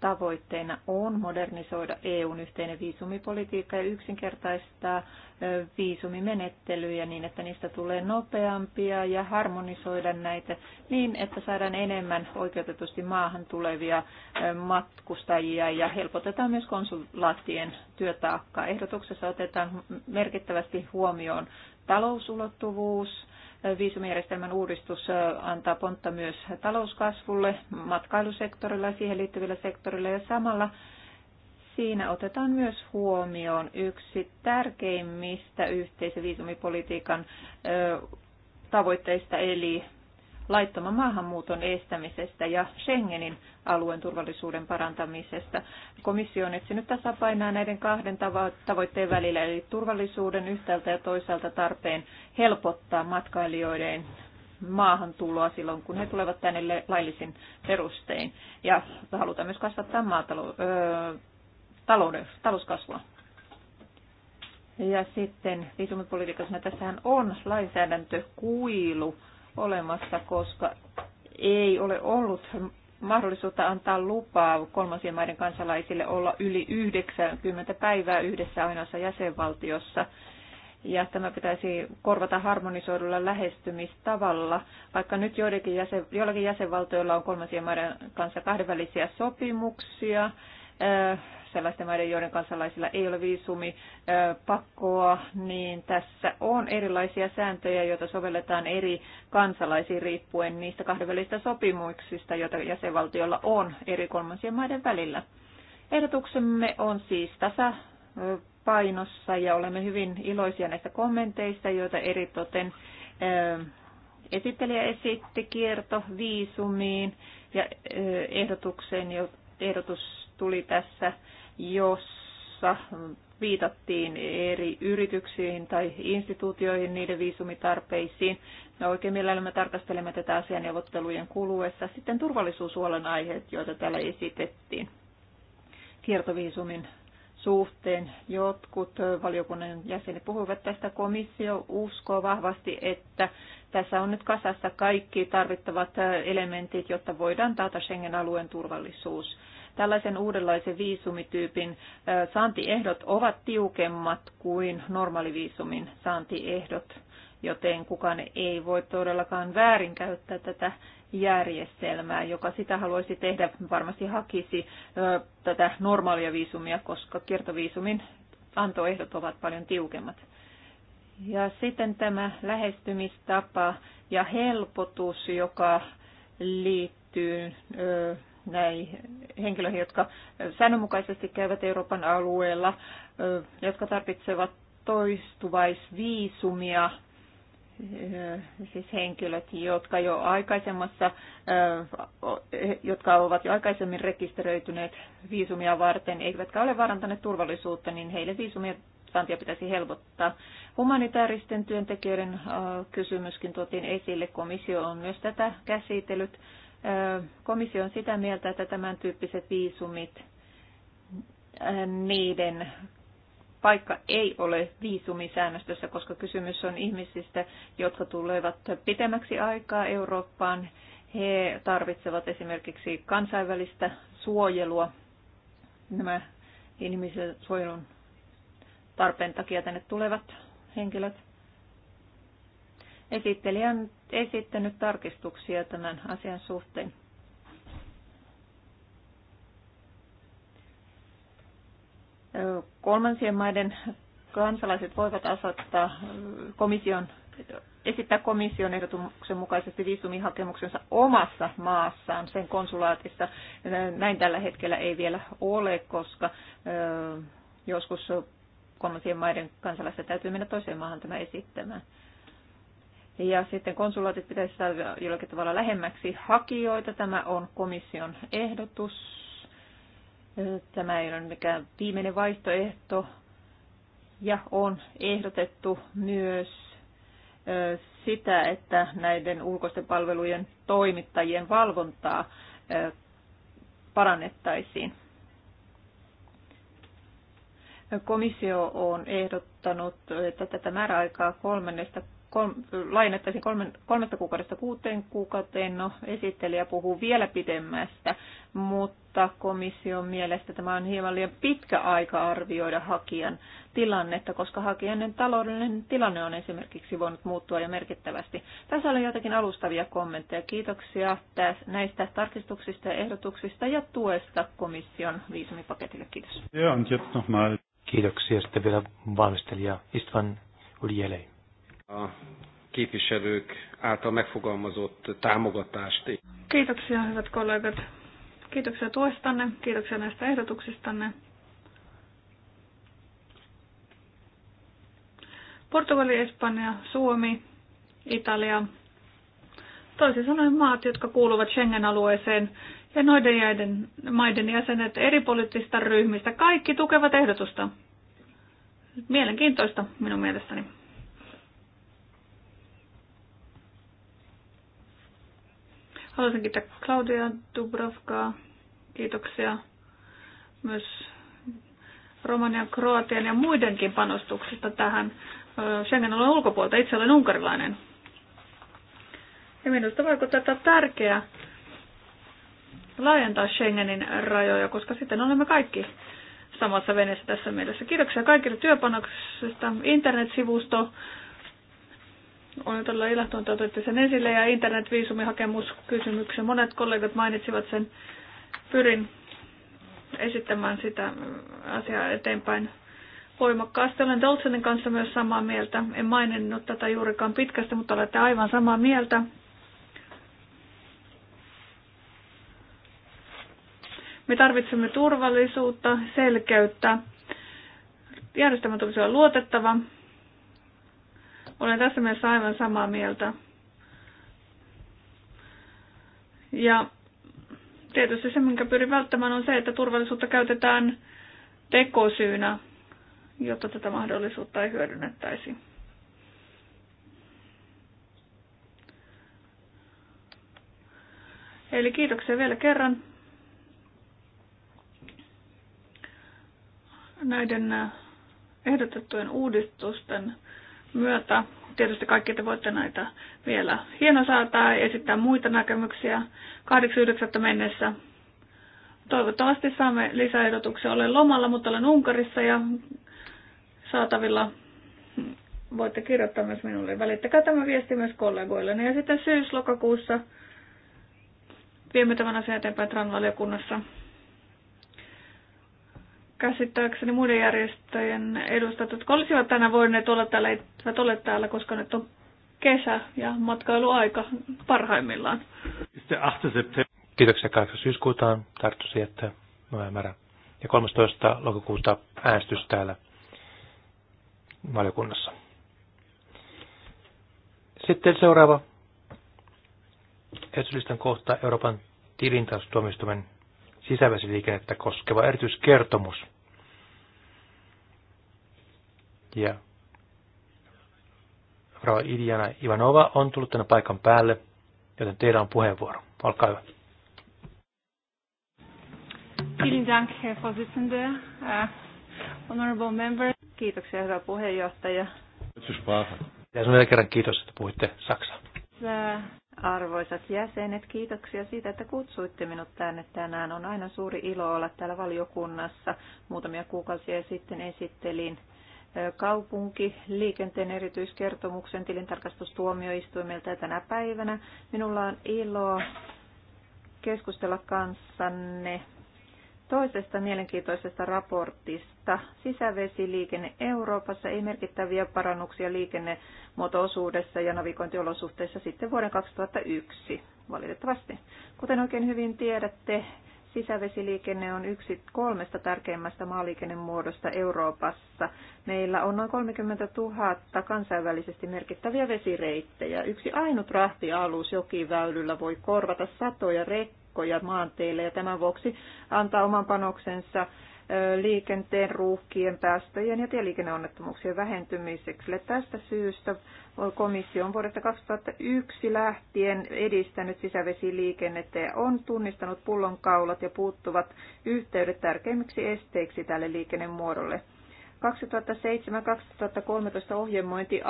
Tavoitteena on modernisoida EUn yhteinen viisumipolitiikka ja yksinkertaistaa viisumimenettelyjä niin, että niistä tulee nopeampia ja harmonisoida näitä niin, että saadaan enemmän oikeutetusti maahan tulevia matkustajia ja helpotetaan myös konsulaattien työtaakkaa. Ehdotuksessa otetaan merkittävästi huomioon talousulottuvuus, Viisumijärjestelmän uudistus antaa pontta myös talouskasvulle, matkailusektorilla ja siihen liittyvillä sektorilla ja samalla siinä otetaan myös huomioon yksi tärkeimmistä yhteisen viisumipolitiikan tavoitteista eli laittoman maahanmuuton estämisestä ja Schengenin alueen turvallisuuden parantamisesta. Komissio on etsinyt tasapainoa näiden kahden tavoitteen välillä, eli turvallisuuden yhtäältä ja toisaalta tarpeen helpottaa matkailijoiden maahantuloa silloin, kun he tulevat tänne laillisin perustein. Ja halutaan myös kasvattaa maatalo, ö, talouden, talouskasvua. Ja sitten viisumipolitiikassa tässähän on lainsäädäntökuilu olemassa, koska ei ole ollut mahdollisuutta antaa lupaa kolmansien maiden kansalaisille olla yli 90 päivää yhdessä ainoassa jäsenvaltiossa. Ja tämä pitäisi korvata harmonisoidulla lähestymistavalla. Vaikka nyt joillakin, jäsen, joillakin jäsenvaltioilla on kolmansien maiden kanssa kahdenvälisiä sopimuksia, sellaisten maiden, joiden kansalaisilla ei ole viisumipakkoa, niin tässä on erilaisia sääntöjä, joita sovelletaan eri kansalaisiin riippuen niistä kahdenvälisistä sopimuksista, joita jäsenvaltiolla on eri kolmansien maiden välillä. Ehdotuksemme on siis tasa painossa ja olemme hyvin iloisia näistä kommenteista, joita toten esittelijä esitti kierto viisumiin ja ehdotukseen, ehdotus tuli tässä jossa viitattiin eri yrityksiin tai instituutioihin, niiden viisumitarpeisiin. No oikein mielellä me tarkastelemme tätä asiaa neuvottelujen kuluessa. Sitten aiheet, joita täällä esitettiin kiertoviisumin suhteen. Jotkut valiokunnan jäsenet puhuivat tästä. Komissio uskoo vahvasti, että tässä on nyt kasassa kaikki tarvittavat elementit, jotta voidaan taata Schengen-alueen turvallisuus. Tällaisen uudenlaisen viisumityypin saantiehdot ovat tiukemmat kuin normaaliviisumin saantiehdot, joten kukaan ei voi todellakaan väärinkäyttää tätä järjestelmää, joka sitä haluaisi tehdä, varmasti hakisi tätä normaalia viisumia, koska kiertoviisumin antoehdot ovat paljon tiukemmat. Ja sitten tämä lähestymistapa ja helpotus, joka liittyy näihin henkilöihin, jotka säännönmukaisesti käyvät Euroopan alueella, jotka tarvitsevat toistuvaisviisumia, siis henkilöt, jotka jo aikaisemmassa, e, jotka ovat jo aikaisemmin rekisteröityneet viisumia varten, eivätkä ole varantaneet turvallisuutta, niin heille viisumia saantia pitäisi helpottaa. Humanitaaristen työntekijöiden kysymyskin tuotiin esille. Komissio on myös tätä käsitellyt Komissio on sitä mieltä, että tämän tyyppiset viisumit, niiden paikka ei ole viisumisäännöstössä, koska kysymys on ihmisistä, jotka tulevat pitemmäksi aikaa Eurooppaan. He tarvitsevat esimerkiksi kansainvälistä suojelua. Nämä ihmisen suojelun tarpeen takia tänne tulevat henkilöt. Esittelijä on esittänyt tarkistuksia tämän asian suhteen. Kolmansien maiden kansalaiset voivat asettaa komission, esittää komission ehdotuksen mukaisesti viisumihakemuksensa omassa maassaan sen konsulaatissa. Näin tällä hetkellä ei vielä ole, koska joskus kolmansien maiden kansalaisten täytyy mennä toiseen maahan tämä esittämään. Ja sitten konsulaatit pitäisi saada jollakin tavalla lähemmäksi hakijoita. Tämä on komission ehdotus. Tämä ei ole mikään viimeinen vaihtoehto. Ja on ehdotettu myös sitä, että näiden ulkoisten palvelujen toimittajien valvontaa parannettaisiin. Komissio on ehdottanut, että tätä määräaikaa kolmannesta kolm, laajennettaisiin kolmen, kolmesta kuukaudesta kuuteen kuukauteen. No, esittelijä puhuu vielä pidemmästä, mutta komission mielestä tämä on hieman liian pitkä aika arvioida hakijan tilannetta, koska hakijan taloudellinen tilanne on esimerkiksi voinut muuttua jo merkittävästi. Tässä oli jotakin alustavia kommentteja. Kiitoksia täs, näistä tarkistuksista ja ehdotuksista ja tuesta komission viisumipaketille. Kiitos. Kiitoksia sitten vielä valmistelija Istvan Uljelein. A képviselők által megfogalmazott támogatást. Kiitoksia hyvät kollegat. Kiitoksia tuestanne, kiitoksia näistä ehdotuksistanne. Portugali, Espanja, Suomi, Italia. Toisin sanoen maat, jotka kuuluvat Schengen-alueeseen ja noiden jäiden, maiden jäsenet eri poliittista ryhmistä. Kaikki tukevat ehdotusta. Mielenkiintoista minun mielestäni. Haluaisin kiittää Claudia Dubrovkaa. Kiitoksia myös Romanian, Kroatian ja muidenkin panostuksista tähän Schengen-alueen ulkopuolelta. Itse olen unkarilainen. Ja minusta vaikuttaa tätä tärkeää laajentaa Schengenin rajoja, koska sitten olemme kaikki samassa veneessä tässä mielessä. Kiitoksia kaikille työpanoksista. Internetsivusto olen todella ilahtunut, että otitte sen esille ja internetviisumihakemuskysymyksen. Monet kollegat mainitsivat sen. Pyrin esittämään sitä asiaa eteenpäin voimakkaasti. Olen Dolcenin kanssa myös samaa mieltä. En maininnut tätä juurikaan pitkästi, mutta olette aivan samaa mieltä. Me tarvitsemme turvallisuutta, selkeyttä. Järjestelmä tulisi olla luotettava olen tässä mielessä aivan samaa mieltä. Ja tietysti se, minkä pyrin välttämään, on se, että turvallisuutta käytetään tekosyynä, jotta tätä mahdollisuutta ei hyödynnettäisi. Eli kiitoksia vielä kerran näiden ehdotettujen uudistusten myötä. Tietysti kaikki te voitte näitä vielä hieno hienosaa tai esittää muita näkemyksiä 8.9. mennessä. Toivottavasti saamme lisäehdotuksia. Olen lomalla, mutta olen Unkarissa ja saatavilla voitte kirjoittaa myös minulle. Välittäkää tämä viesti myös kollegoille. Ja sitten syys-lokakuussa viemme tämän asian eteenpäin Tran-valiokunnassa käsittääkseni muiden järjestöjen edustajat, jotka olisivat tänään voineet olla täällä, eivät ole täällä, koska nyt on kesä ja matkailuaika parhaimmillaan. Kiitoksia 8. syyskuuta on tarkoitus että määrä. Ja 13. lokakuuta äänestys täällä valiokunnassa. Sitten seuraava esityslistan kohta Euroopan tilintaustuomistuminen sisävesiliikennettä koskeva erityiskertomus. Ja Rauha Iljana Ivanova on tullut tänne paikan päälle, joten teillä on puheenvuoro. Olkaa hyvä. Vielen Dank, Herr Vorsitzender. Äh, honorable member. Kiitoksia, hyvä puheenjohtaja. Ja sinun vielä kerran kiitos, että puhuitte Saksaa. Äh, Arvoisat jäsenet, kiitoksia siitä, että kutsuitte minut tänne tänään. On aina suuri ilo olla täällä valiokunnassa. Muutamia kuukausia sitten esittelin kaupunki liikenteen erityiskertomuksen tilintarkastustuomioistuimelta ja tänä päivänä minulla on ilo keskustella kanssanne toisesta mielenkiintoisesta raportista. Sisävesiliikenne Euroopassa ei merkittäviä parannuksia liikennemuotoosuudessa ja navigointiolosuhteissa sitten vuoden 2001, valitettavasti. Kuten oikein hyvin tiedätte, sisävesiliikenne on yksi kolmesta tärkeimmästä maaliikennemuodosta Euroopassa. Meillä on noin 30 000 kansainvälisesti merkittäviä vesireittejä. Yksi ainut rahtialus jokiväylyllä voi korvata satoja rekkoja verkkoja maanteille ja tämän vuoksi antaa oman panoksensa liikenteen, ruuhkien, päästöjen ja tieliikenneonnettomuuksien vähentymiseksi. Tästä syystä komissio on vuodesta 2001 lähtien edistänyt sisävesiliikennettä ja on tunnistanut pullonkaulat ja puuttuvat yhteydet tärkeimmiksi esteiksi tälle liikennemuodolle. 2007-2013 ohjelmointi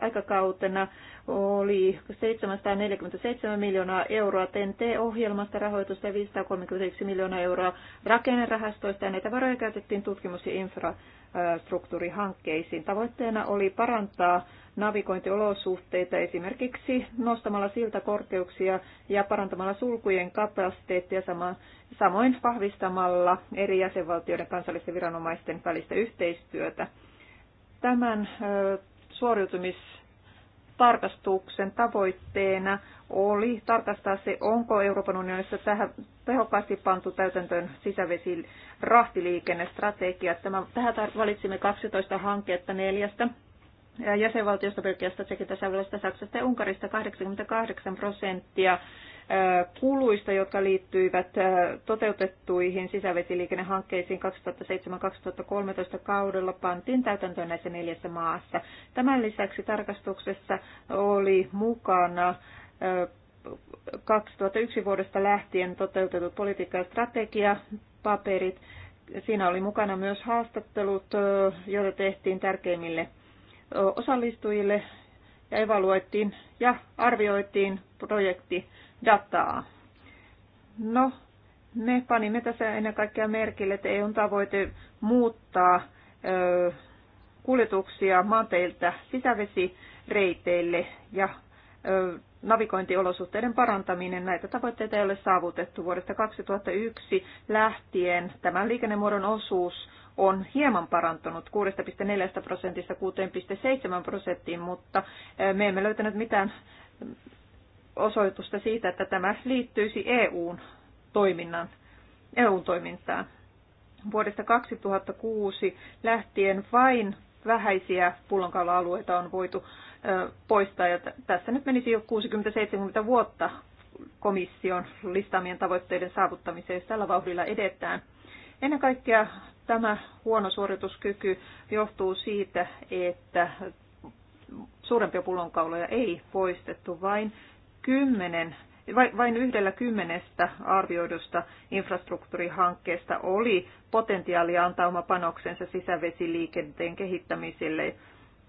aikakautena oli 747 miljoonaa euroa TNT-ohjelmasta rahoitusta ja 531 miljoonaa euroa rakennerahastoista ja näitä varoja käytettiin tutkimus- ja infrastruktuurihankkeisiin. Tavoitteena oli parantaa navigointiolosuhteita esimerkiksi nostamalla siltakorkeuksia ja parantamalla sulkujen kapasiteettia samoin vahvistamalla eri jäsenvaltioiden kansallisten viranomaisten välistä yhteistyötä. Tämän suoriutumistarkastuksen tavoitteena oli tarkastaa se, onko Euroopan unionissa tähän tehokkaasti pantu täytäntöön sisävesirahtiliikennestrategia. Tämä, tähän valitsimme 12 hanketta neljästä jäsenvaltiosta Belgiasta, Tsekin Sävelästä, Saksasta ja Unkarista 88 prosenttia kuluista, jotka liittyivät toteutettuihin sisävesiliikennehankkeisiin 2007-2013 kaudella, pantiin täytäntöön näissä neljässä maassa. Tämän lisäksi tarkastuksessa oli mukana 2001 vuodesta lähtien toteutetut politiikka- ja strategiapaperit. Siinä oli mukana myös haastattelut, joita tehtiin tärkeimmille osallistujille ja evaluoitiin ja arvioitiin projektidataa. No, me panimme tässä ennen kaikkea merkille, että EUn tavoite muuttaa kuljetuksia maanteiltä sisävesireiteille ja navigointiolosuhteiden parantaminen. Näitä tavoitteita ei ole saavutettu vuodesta 2001 lähtien. Tämän liikennemuodon osuus on hieman parantunut 6,4 prosentista 6,7 prosenttiin, mutta eh, me emme löytäneet mitään osoitusta siitä, että tämä liittyisi EUn toiminnan, EUn toimintaan. Vuodesta 2006 lähtien vain vähäisiä pullonkaula-alueita on voitu eh, poistaa. Ja tässä nyt menisi jo 60-70 vuotta komission listaamien tavoitteiden saavuttamiseen, jos tällä vauhdilla edetään. Ennen kaikkea tämä huono suorituskyky johtuu siitä, että suurempia pullonkauloja ei poistettu vain kymmenen vain yhdellä kymmenestä arvioidusta infrastruktuurihankkeesta oli potentiaalia antaa oma panoksensa sisävesiliikenteen kehittämiselle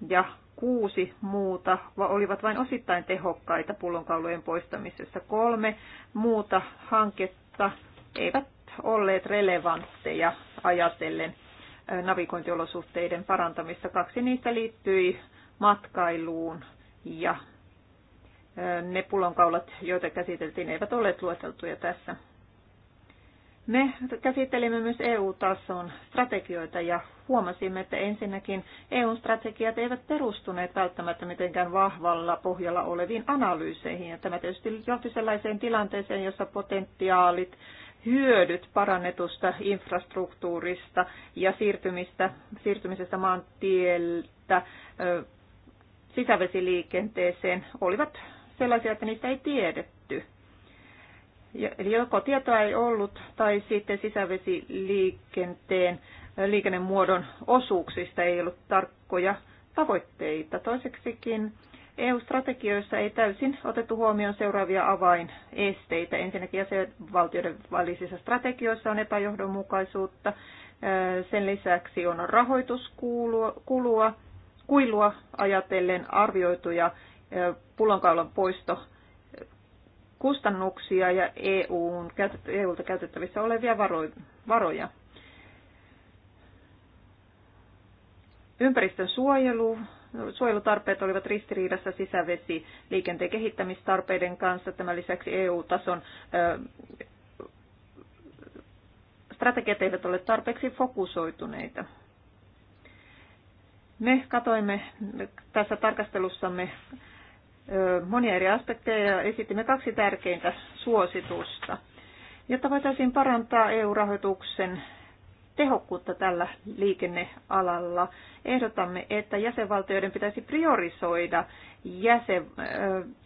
ja kuusi muuta olivat vain osittain tehokkaita pullonkaulujen poistamisessa. Kolme muuta hanketta eivät olleet relevantteja ajatellen navigointiolosuhteiden parantamista. Kaksi niistä liittyi matkailuun ja ne pullonkaulat, joita käsiteltiin, eivät olleet lueteltuja tässä. Me käsittelimme myös EU-tason strategioita ja huomasimme, että ensinnäkin EU-strategiat eivät perustuneet välttämättä mitenkään vahvalla pohjalla oleviin analyyseihin. Ja tämä tietysti johti sellaiseen tilanteeseen, jossa potentiaalit hyödyt parannetusta infrastruktuurista ja siirtymistä, siirtymisestä maantieltä sisävesiliikenteeseen olivat sellaisia, että niistä ei tiedetty. Eli joko tietoa ei ollut tai sitten sisävesiliikenteen liikennemuodon osuuksista ei ollut tarkkoja tavoitteita. Toiseksikin EU-strategioissa ei täysin otettu huomioon seuraavia avainesteitä. Ensinnäkin jäsenvaltioiden välisissä strategioissa on epäjohdonmukaisuutta. Sen lisäksi on rahoituskulua, kuilua ajatellen arvioituja pullonkaulan poisto kustannuksia ja EUn, EUlta käytettävissä olevia varoja. Ympäristön suojelu suojelutarpeet olivat ristiriidassa liikenteen kehittämistarpeiden kanssa. Tämän lisäksi EU-tason strategiat eivät ole tarpeeksi fokusoituneita. Me katoimme tässä tarkastelussamme monia eri aspekteja ja esitimme kaksi tärkeintä suositusta. Jotta voitaisiin parantaa EU-rahoituksen tehokkuutta tällä liikennealalla. Ehdotamme, että jäsenvaltioiden pitäisi priorisoida jäsen,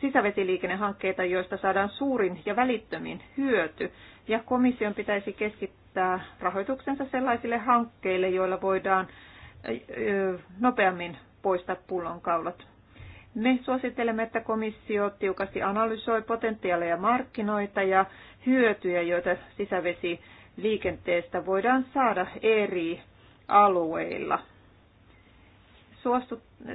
sisävesiliikennehankkeita, joista saadaan suurin ja välittömin hyöty, ja komission pitäisi keskittää rahoituksensa sellaisille hankkeille, joilla voidaan nopeammin poistaa pullonkaulat. Me suosittelemme, että komissio tiukasti analysoi potentiaaleja markkinoita ja hyötyjä, joita sisävesi liikenteestä voidaan saada eri alueilla.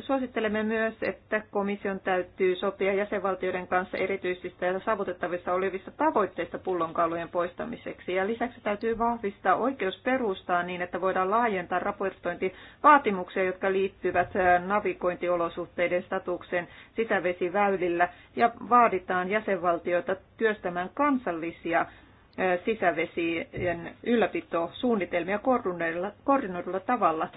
Suosittelemme myös, että komission täytyy sopia jäsenvaltioiden kanssa erityisistä ja saavutettavissa olevista tavoitteista pullonkaulujen poistamiseksi. Ja lisäksi täytyy vahvistaa oikeusperustaa niin, että voidaan laajentaa raportointivaatimuksia, jotka liittyvät navigointiolosuhteiden statukseen sisävesiväylillä. Ja vaaditaan jäsenvaltioita työstämään kansallisia sisävesien ylläpitosuunnitelmia koordinoidulla tavalla.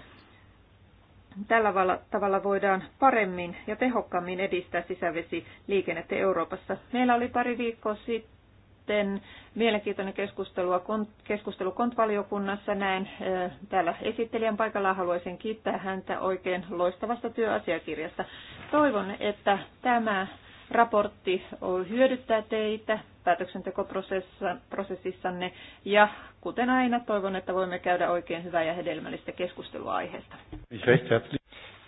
Tällä tavalla voidaan paremmin ja tehokkaammin edistää sisävesiliikennettä Euroopassa. Meillä oli pari viikkoa sitten mielenkiintoinen keskustelu, keskustelu kontvaliokunnassa. Näen täällä esittelijän paikalla haluaisin kiittää häntä oikein loistavasta työasiakirjasta. Toivon, että tämä Raportti hyödyttää teitä päätöksentekoprosessissanne ja kuten aina toivon, että voimme käydä oikein hyvää ja hedelmällistä keskustelua aiheesta.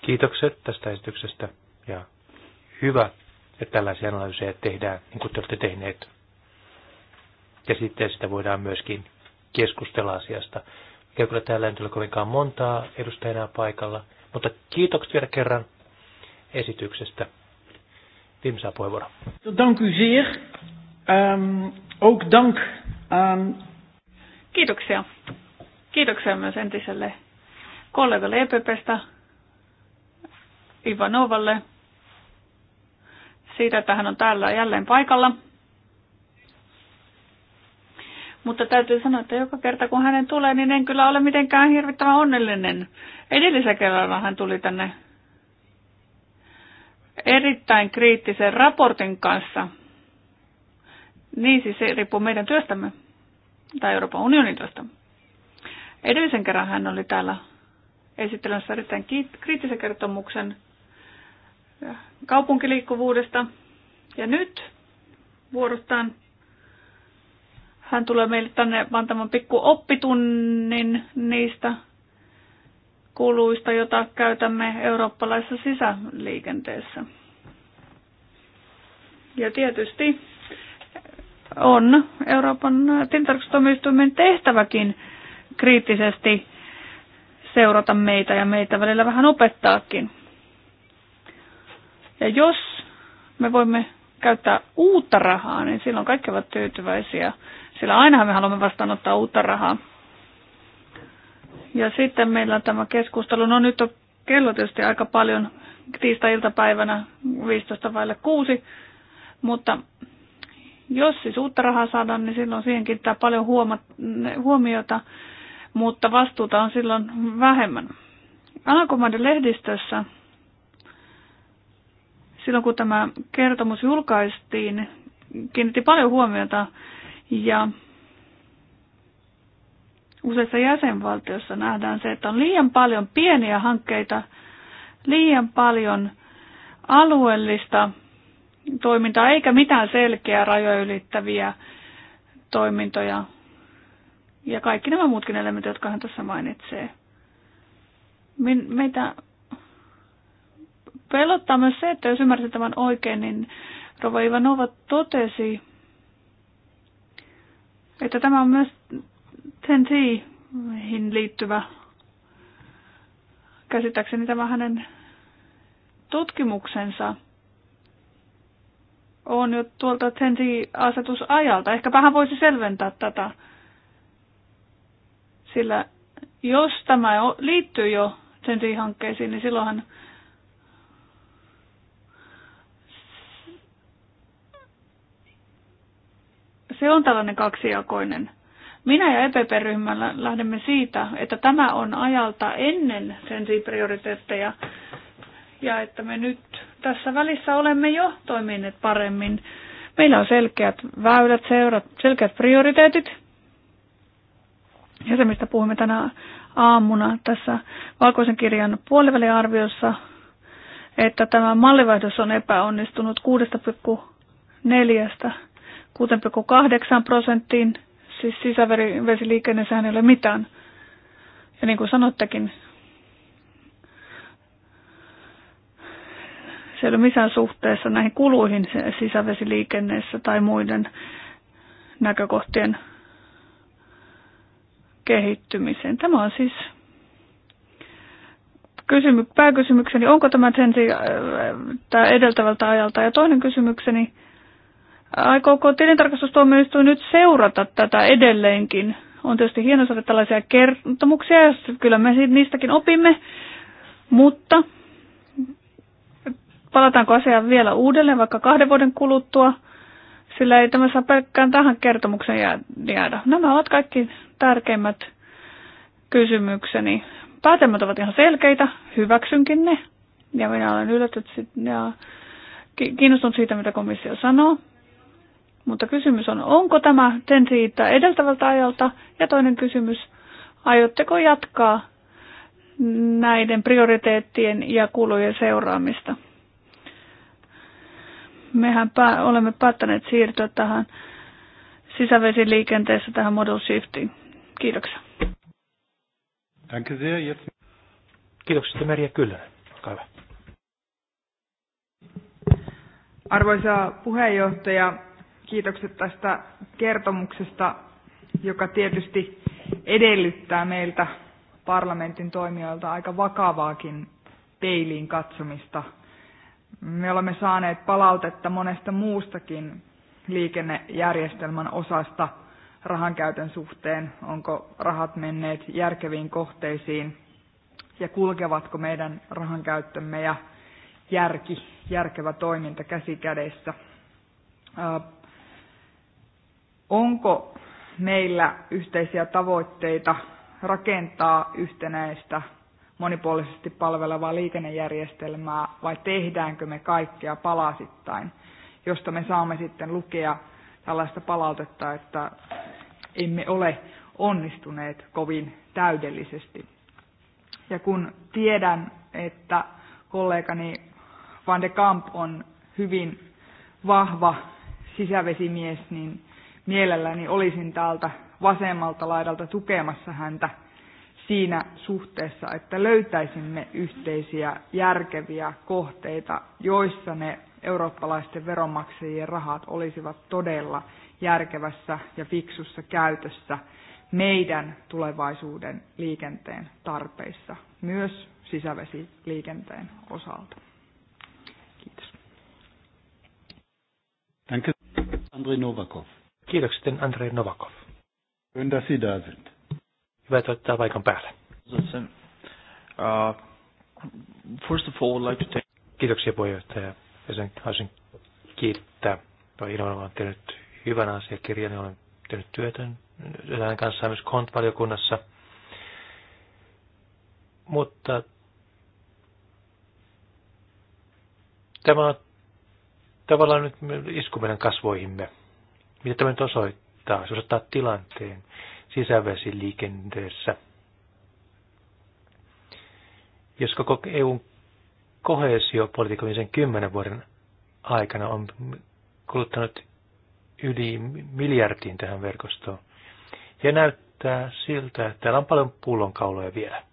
Kiitokset tästä esityksestä ja hyvä, että tällaisia analyysejä tehdään, niin kuin te olette tehneet. Ja sitten sitä voidaan myöskin keskustella asiasta. Ja kyllä täällä ei ole kovinkaan montaa edustajaa paikalla, mutta kiitokset vielä kerran esityksestä. Tim puheenvuoro. Dank u zeer. Um, ook dank aan... Kiitoksia. Kiitoksia myös entiselle kollegalle EPPstä, Ivanovalle, siitä, että hän on täällä jälleen paikalla. Mutta täytyy sanoa, että joka kerta kun hänen tulee, niin en kyllä ole mitenkään hirvittävän onnellinen. Edellisellä kerralla hän tuli tänne erittäin kriittisen raportin kanssa, niin siis se riippuu meidän työstämme tai Euroopan unionin työstä. Edellisen kerran hän oli täällä esittelemässä erittäin kriittisen kertomuksen äh, kaupunkiliikkuvuudesta. Ja nyt vuorostaan hän tulee meille tänne antamaan pikku oppitunnin niistä kuluista, jota käytämme eurooppalaisessa sisäliikenteessä. Ja tietysti on Euroopan tintarkastustoimistuimen tehtäväkin kriittisesti seurata meitä ja meitä välillä vähän opettaakin. Ja jos me voimme käyttää uutta rahaa, niin silloin kaikki ovat tyytyväisiä, sillä ainahan me haluamme vastaanottaa uutta rahaa. Ja sitten meillä on tämä keskustelu. No nyt on kello tietysti aika paljon tiistai-iltapäivänä 15 vaille 6, mutta jos siis uutta rahaa saadaan, niin silloin siihenkin tämä paljon huomiota, mutta vastuuta on silloin vähemmän. Alankomaiden lehdistössä, silloin kun tämä kertomus julkaistiin, kiinnitti paljon huomiota ja useissa jäsenvaltioissa nähdään se, että on liian paljon pieniä hankkeita, liian paljon alueellista toimintaa eikä mitään selkeää rajoja ylittäviä toimintoja ja kaikki nämä muutkin elementit, jotka hän tässä mainitsee. Meitä pelottaa myös se, että jos ymmärsin tämän oikein, niin Rova Ivanova totesi, että tämä on myös Tensiihin liittyvä, käsittääkseni tämä hänen tutkimuksensa on jo tuolta Tensi-asetusajalta. Ehkä vähän voisi selventää tätä, sillä jos tämä liittyy jo Tensi-hankkeisiin, niin silloinhan se on tällainen kaksijakoinen minä ja EPP-ryhmällä lähdemme siitä, että tämä on ajalta ennen sen prioriteetteja ja että me nyt tässä välissä olemme jo toimineet paremmin. Meillä on selkeät väylät, seurat, selkeät prioriteetit. Ja se, mistä puhumme tänä aamuna tässä valkoisen kirjan puoliväliarviossa, että tämä mallivaihdos on epäonnistunut 6,4-6,8 prosenttiin – Siis sisävesiliikenneessähän ei ole mitään. Ja niin kuin sanottekin, se ei ole missään suhteessa näihin kuluihin sisävesiliikenneessä tai muiden näkökohtien kehittymiseen. Tämä on siis kysymys, pääkysymykseni, onko tämä sen äh, äh, edeltävältä ajalta. Ja toinen kysymykseni, Aikooko tilintarkastustuomioistuin nyt seurata tätä edelleenkin? On tietysti hieno saada tällaisia kertomuksia, jos kyllä me niistäkin opimme, mutta palataanko asiaan vielä uudelleen vaikka kahden vuoden kuluttua, sillä ei tämä saa pelkkään tähän kertomukseen jäädä. Nämä ovat kaikki tärkeimmät kysymykseni. Päätelmät ovat ihan selkeitä, hyväksynkin ne, ja minä olen yllättynyt ja kiinnostunut siitä, mitä komissio sanoo. Mutta kysymys on, onko tämä sen edeltävältä ajalta? Ja toinen kysymys, aiotteko jatkaa näiden prioriteettien ja kulujen seuraamista? Mehän pää- olemme päättäneet siirtyä tähän sisävesiliikenteessä tähän model shiftiin. Kiitoksia. Kiitoksia Merja Kyllönen. Olkaa hyvä. Arvoisa puheenjohtaja, kiitokset tästä kertomuksesta, joka tietysti edellyttää meiltä parlamentin toimijoilta aika vakavaakin peiliin katsomista. Me olemme saaneet palautetta monesta muustakin liikennejärjestelmän osasta rahankäytön suhteen, onko rahat menneet järkeviin kohteisiin ja kulkevatko meidän rahankäyttömme ja järki, järkevä toiminta käsi kädessä onko meillä yhteisiä tavoitteita rakentaa yhtenäistä monipuolisesti palvelevaa liikennejärjestelmää vai tehdäänkö me kaikkea palasittain, josta me saamme sitten lukea tällaista palautetta, että emme ole onnistuneet kovin täydellisesti. Ja kun tiedän, että kollegani Van de Kamp on hyvin vahva sisävesimies, niin mielelläni olisin täältä vasemmalta laidalta tukemassa häntä siinä suhteessa, että löytäisimme yhteisiä järkeviä kohteita, joissa ne eurooppalaisten veronmaksajien rahat olisivat todella järkevässä ja fiksussa käytössä meidän tulevaisuuden liikenteen tarpeissa, myös sisävesiliikenteen osalta. Kiitos. Danke. Andrei Novakov. Kiitokset Andrei Novakov. Entä sitä Hyvä, että ottaa paikan päälle. Uh, first of all, like to take... Kiitoksia puheenjohtaja. Ja sen haluaisin kiittää. Olen että olen tehnyt hyvän asiakirjan ja niin olen tehnyt työtön hänen kanssa myös KONT-valiokunnassa. Mutta tämä on tavallaan nyt isku meidän kasvoihimme. Mitä tämä nyt osoittaa? Se osoittaa tilanteen sisävesiliikenteessä. Jos koko EUn kohesiopolitiikka sen kymmenen vuoden aikana on kuluttanut yli miljardin tähän verkostoon. Ja näyttää siltä, että täällä on paljon pullonkauloja vielä.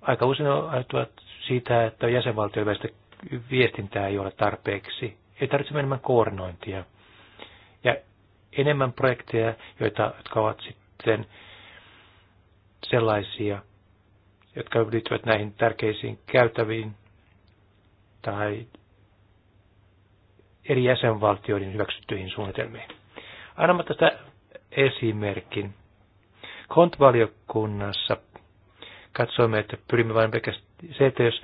Aika usein on ajattuvat siitä, että jäsenvaltioiden viestintää ei ole tarpeeksi ei tarvitse enemmän koordinointia ja enemmän projekteja, joita, jotka ovat sitten sellaisia, jotka liittyvät näihin tärkeisiin käytäviin tai eri jäsenvaltioiden hyväksyttyihin suunnitelmiin. mä tästä esimerkin. Kontvaliokunnassa katsoimme, että pyrimme vain pelkästään se, että jos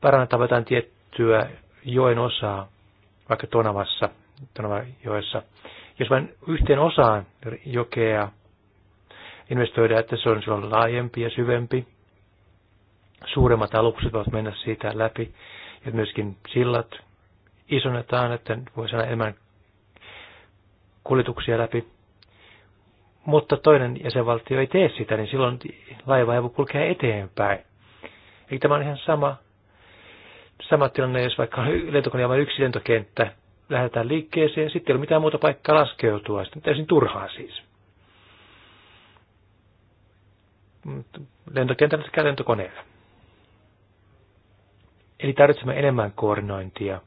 parannetaan jotain tiettyä joen osaa, vaikka Tonavassa, Tonavajoessa. Jos vain yhteen osaan jokea investoidaan, että se on silloin laajempi ja syvempi, suuremmat alukset voivat mennä siitä läpi, ja myöskin sillat isonnetaan, että voi saada enemmän kuljetuksia läpi. Mutta toinen jäsenvaltio ei tee sitä, niin silloin laiva ei voi kulkea eteenpäin. Eli tämä on ihan sama Sama tilanne, jos vaikka lentokone on yksi lentokenttä, lähdetään liikkeeseen, sitten ei ole mitään muuta paikkaa laskeutua, sitten täysin turhaa siis. Lentokentällä sekä lentokoneella. Eli tarvitsemme enemmän koordinointia.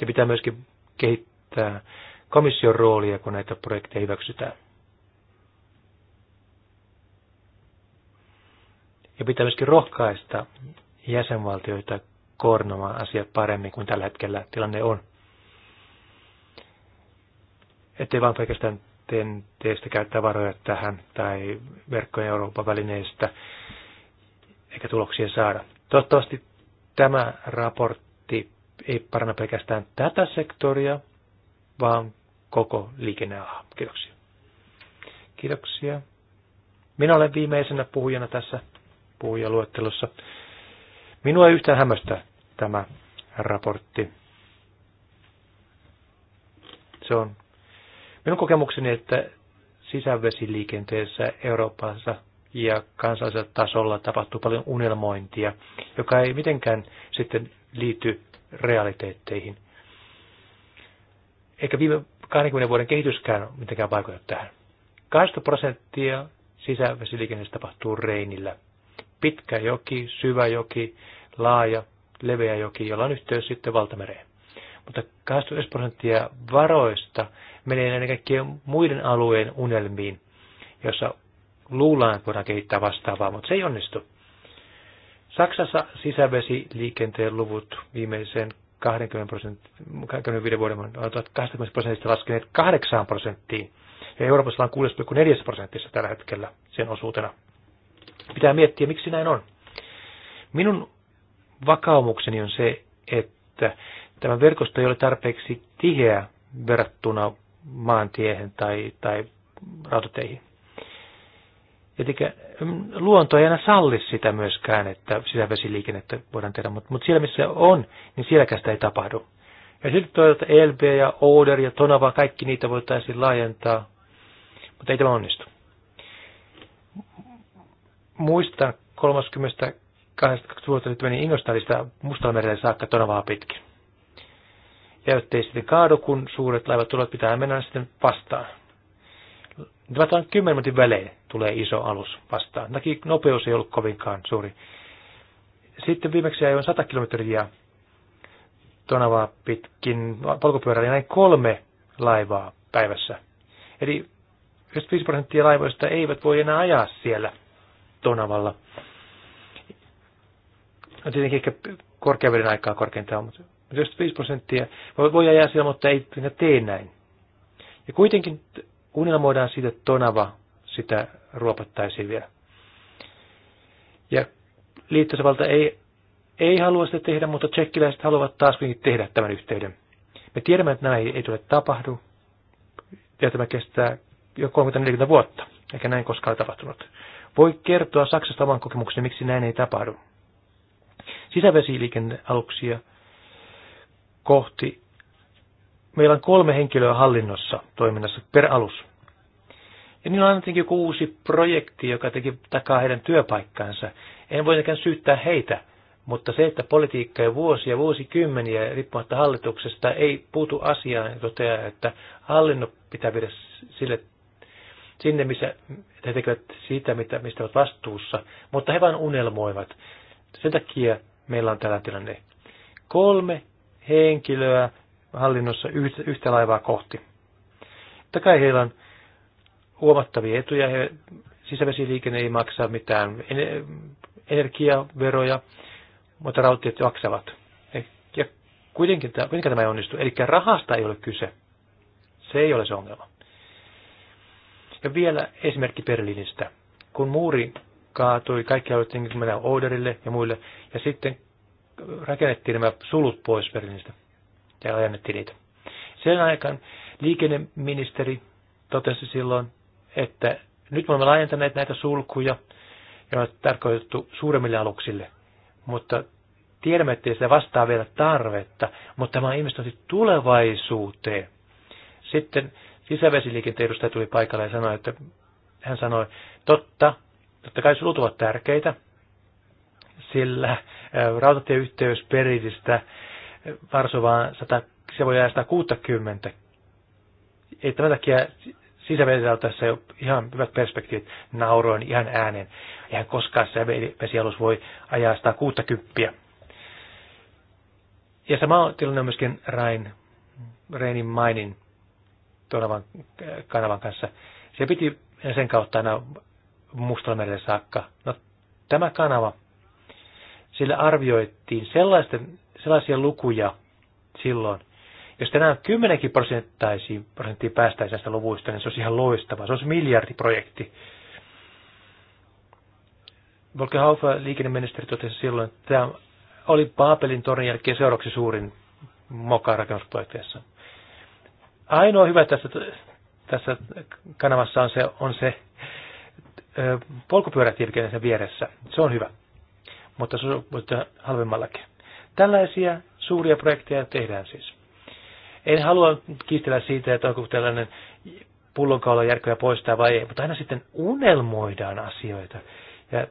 Ja pitää myöskin kehittää komission roolia, kun näitä projekteja hyväksytään. Ja pitää myöskin rohkaista jäsenvaltioita koordinoimaan asiat paremmin kuin tällä hetkellä tilanne on. Ettei vaan pelkästään teistä käyttää varoja tähän tai verkkojen Euroopan välineistä eikä tuloksia saada. Toivottavasti tämä raportti ei paranna pelkästään tätä sektoria, vaan koko liikennealaa. Kiitoksia. Kiitoksia. Minä olen viimeisenä puhujana tässä puhujaluettelossa. Minua ei yhtään hämmästä tämä raportti. Se on minun kokemukseni, että sisävesiliikenteessä Euroopassa ja kansallisella tasolla tapahtuu paljon unelmointia, joka ei mitenkään sitten liity realiteetteihin. Eikä viime 20 vuoden kehityskään mitenkään vaikuta tähän. 20 prosenttia sisävesiliikenteestä tapahtuu Reinillä – pitkä joki, syvä joki, laaja, leveä joki, jolla on yhteys sitten valtamereen. Mutta 21 prosenttia varoista menee näiden kaikkien muiden alueen unelmiin, jossa luullaan, että voidaan kehittää vastaavaa, mutta se ei onnistu. Saksassa sisävesiliikenteen luvut viimeisen 20 prosenttia, 25 vuoden vuoden 20 prosentista laskeneet 8 prosenttiin. Ja Euroopassa on 6,4 prosentissa tällä hetkellä sen osuutena. Pitää miettiä, miksi näin on. Minun vakaumukseni on se, että tämä verkosto ei ole tarpeeksi tiheä verrattuna maantiehen tai, tai rautateihin. Eli mm, luonto ei aina salli sitä myöskään, että sisävesiliikennettä voidaan tehdä, mutta, mutta siellä missä on, niin sielläkään sitä ei tapahdu. Ja sitten että LB ja Oder ja Tonava, kaikki niitä voitaisiin laajentaa, mutta ei tämä onnistu muistan 32 vuotta sitten menin Ingolstadista saakka Tonavaa pitkin. Ja ettei sitten kaadu, kun suuret laivat tulevat, pitää mennä sitten vastaan. Vataan 10 minuutin välein tulee iso alus vastaan. Näki nopeus ei ollut kovinkaan suuri. Sitten viimeksi ajoin 100 kilometriä Tonavaa pitkin polkupyörällä näin kolme laivaa päivässä. Eli 95 prosenttia laivoista eivät voi enää ajaa siellä Tonavalla. No tietenkin ehkä veden aikaa korkeintaan, mutta 95 5 prosenttia voi, voi ajaa sillä, mutta ei minä tee näin. Ja kuitenkin unelmoidaan siitä, että Tonava sitä ruopattaisi vielä. Ja liittosavalta ei, ei halua sitä tehdä, mutta tsekkiläiset haluavat taas kuitenkin tehdä tämän yhteyden. Me tiedämme, että nämä ei, ei tule tapahdu, ja tämä kestää jo 30-40 vuotta, eikä näin koskaan tapahtunut. Voi kertoa Saksasta oman kokemuksen, miksi näin ei tapahdu. Sisävesiliikennealuksia kohti. Meillä on kolme henkilöä hallinnossa toiminnassa per alus. Ja niillä on ainakin joku uusi projekti, joka teki takaa heidän työpaikkaansa. En voi syyttää heitä, mutta se, että politiikka ja vuosia, vuosikymmeniä riippumatta hallituksesta ei puutu asiaan ja toteaa, että hallinnon pitää viedä sille sinne, missä he tekevät siitä, mitä, mistä ovat vastuussa, mutta he vain unelmoivat. Sen takia meillä on tällainen tilanne. Kolme henkilöä hallinnossa yhtä, yhtä laivaa kohti. Totta kai heillä on huomattavia etuja. He, sisävesiliikenne ei maksa mitään energiaveroja, mutta rautiet maksavat. E, ja kuitenkin, kuitenkin tämä ei onnistu. Eli rahasta ei ole kyse. Se ei ole se ongelma. Ja vielä esimerkki Berliinistä. Kun muuri kaatui, kaikki haluttiin mennä Ouderille ja muille, ja sitten rakennettiin nämä sulut pois Berliinistä ja ajannettiin niitä. Sen aikaan liikenneministeri totesi silloin, että nyt me olemme laajentaneet näitä sulkuja ja on tarkoitettu suuremmille aluksille, mutta tiedämme, että se vastaa vielä tarvetta, mutta tämä on investointi tulevaisuuteen. Sitten sisävesiliikenteen edustaja tuli paikalle ja sanoi, että hän sanoi, totta, totta kai sulut ovat tärkeitä, sillä rautatieyhteys Perisistä Varsovaan 100, se voi jäädä 160. Ei tämän takia sisävesillä on tässä jo ihan hyvät perspektiivit. Nauroin ihan ääneen. Eihän koskaan sisävesialus voi ajaa 160. Ja sama tilanne on myöskin Rain, Reinin mainin Tonavan kanavan kanssa. Se piti sen kautta aina Mustalmerelle saakka. No, tämä kanava, sillä arvioittiin sellaisten, sellaisia lukuja silloin, jos tänään 10 prosenttia päästäisiin näistä luvuista, niin se olisi ihan loistava. Se olisi miljardiprojekti. Volker Haufa, liikenneministeri, totesi silloin, että tämä oli Paapelin tornin jälkeen seuraavaksi suurin moka rakennusprojekteissa ainoa hyvä tässä, tässä kanavassa on se, on se polkupyörätiepikäinen sen vieressä. Se on hyvä, mutta, on halvemmallakin. Tällaisia suuria projekteja tehdään siis. En halua kiistellä siitä, että onko tällainen pullonkaula järkyä poistaa vai ei, mutta aina sitten unelmoidaan asioita ja,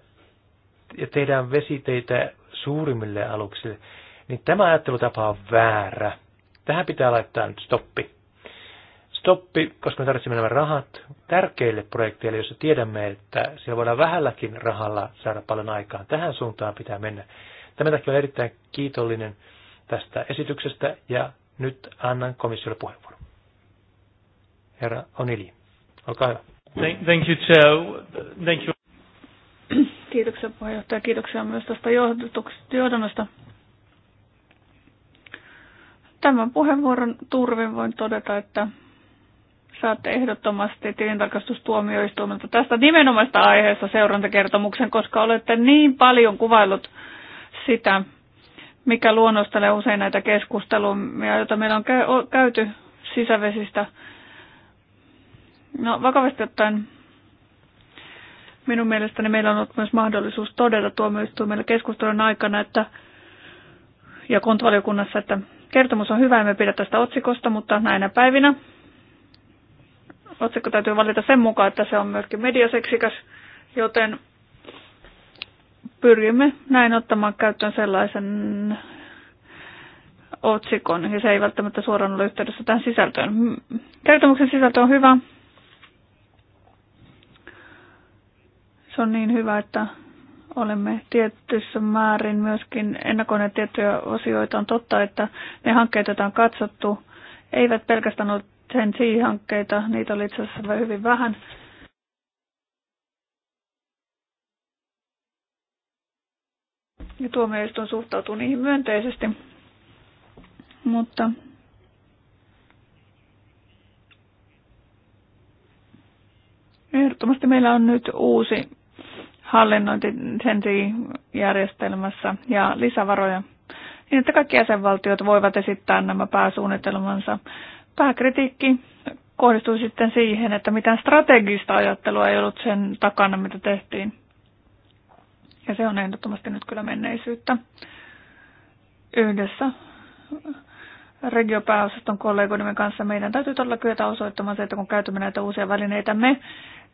ja tehdään vesiteitä suurimmille aluksille. Niin tämä ajattelutapa on väärä. Tähän pitää laittaa nyt stoppi stoppi, koska me tarvitsemme nämä rahat tärkeille projekteille, joissa tiedämme, että siellä voidaan vähälläkin rahalla saada paljon aikaan. Tähän suuntaan pitää mennä. Tämän takia olen erittäin kiitollinen tästä esityksestä ja nyt annan komissiolle puheenvuoron. Herra Onili, olkaa hyvä. Thank you, Joe. Thank you. Kiitoksia puheenjohtaja. Kiitoksia myös tästä johdannosta. Tämän puheenvuoron turvin voin todeta, että saatte ehdottomasti tilintarkastustuomioistuimelta tästä nimenomaista aiheesta seurantakertomuksen, koska olette niin paljon kuvaillut sitä, mikä luonnostelee usein näitä keskusteluja, joita meillä on käyty sisävesistä. No vakavasti ottaen minun mielestäni meillä on ollut myös mahdollisuus todeta tuomioistuimella keskustelun aikana, että ja kontvaliokunnassa, että kertomus on hyvä ja me pidä tästä otsikosta, mutta näinä päivinä otsikko täytyy valita sen mukaan, että se on myöskin mediaseksikäs, joten pyrimme näin ottamaan käyttöön sellaisen otsikon, ja se ei välttämättä suoraan ole yhteydessä tähän sisältöön. Kertomuksen sisältö on hyvä. Se on niin hyvä, että olemme tietyssä määrin myöskin ennakoineet tiettyjä osioita. On totta, että ne hankkeet, joita on katsottu, eivät pelkästään ole Gen hankkeita niitä oli itse asiassa hyvin vähän. Ja tuomioistuin suhtautuu niihin myönteisesti. Mutta ehdottomasti meillä on nyt uusi hallinnointi järjestelmässä ja lisävaroja niin, että kaikki jäsenvaltiot voivat esittää nämä pääsuunnitelmansa Pääkritiikki kohdistui sitten siihen, että mitään strategista ajattelua ei ollut sen takana, mitä tehtiin. Ja se on ehdottomasti nyt kyllä menneisyyttä. Yhdessä regiopääosaston kollegoidemme kanssa meidän täytyy todella kyetä osoittamaan se, että kun käytämme näitä uusia välineitä me,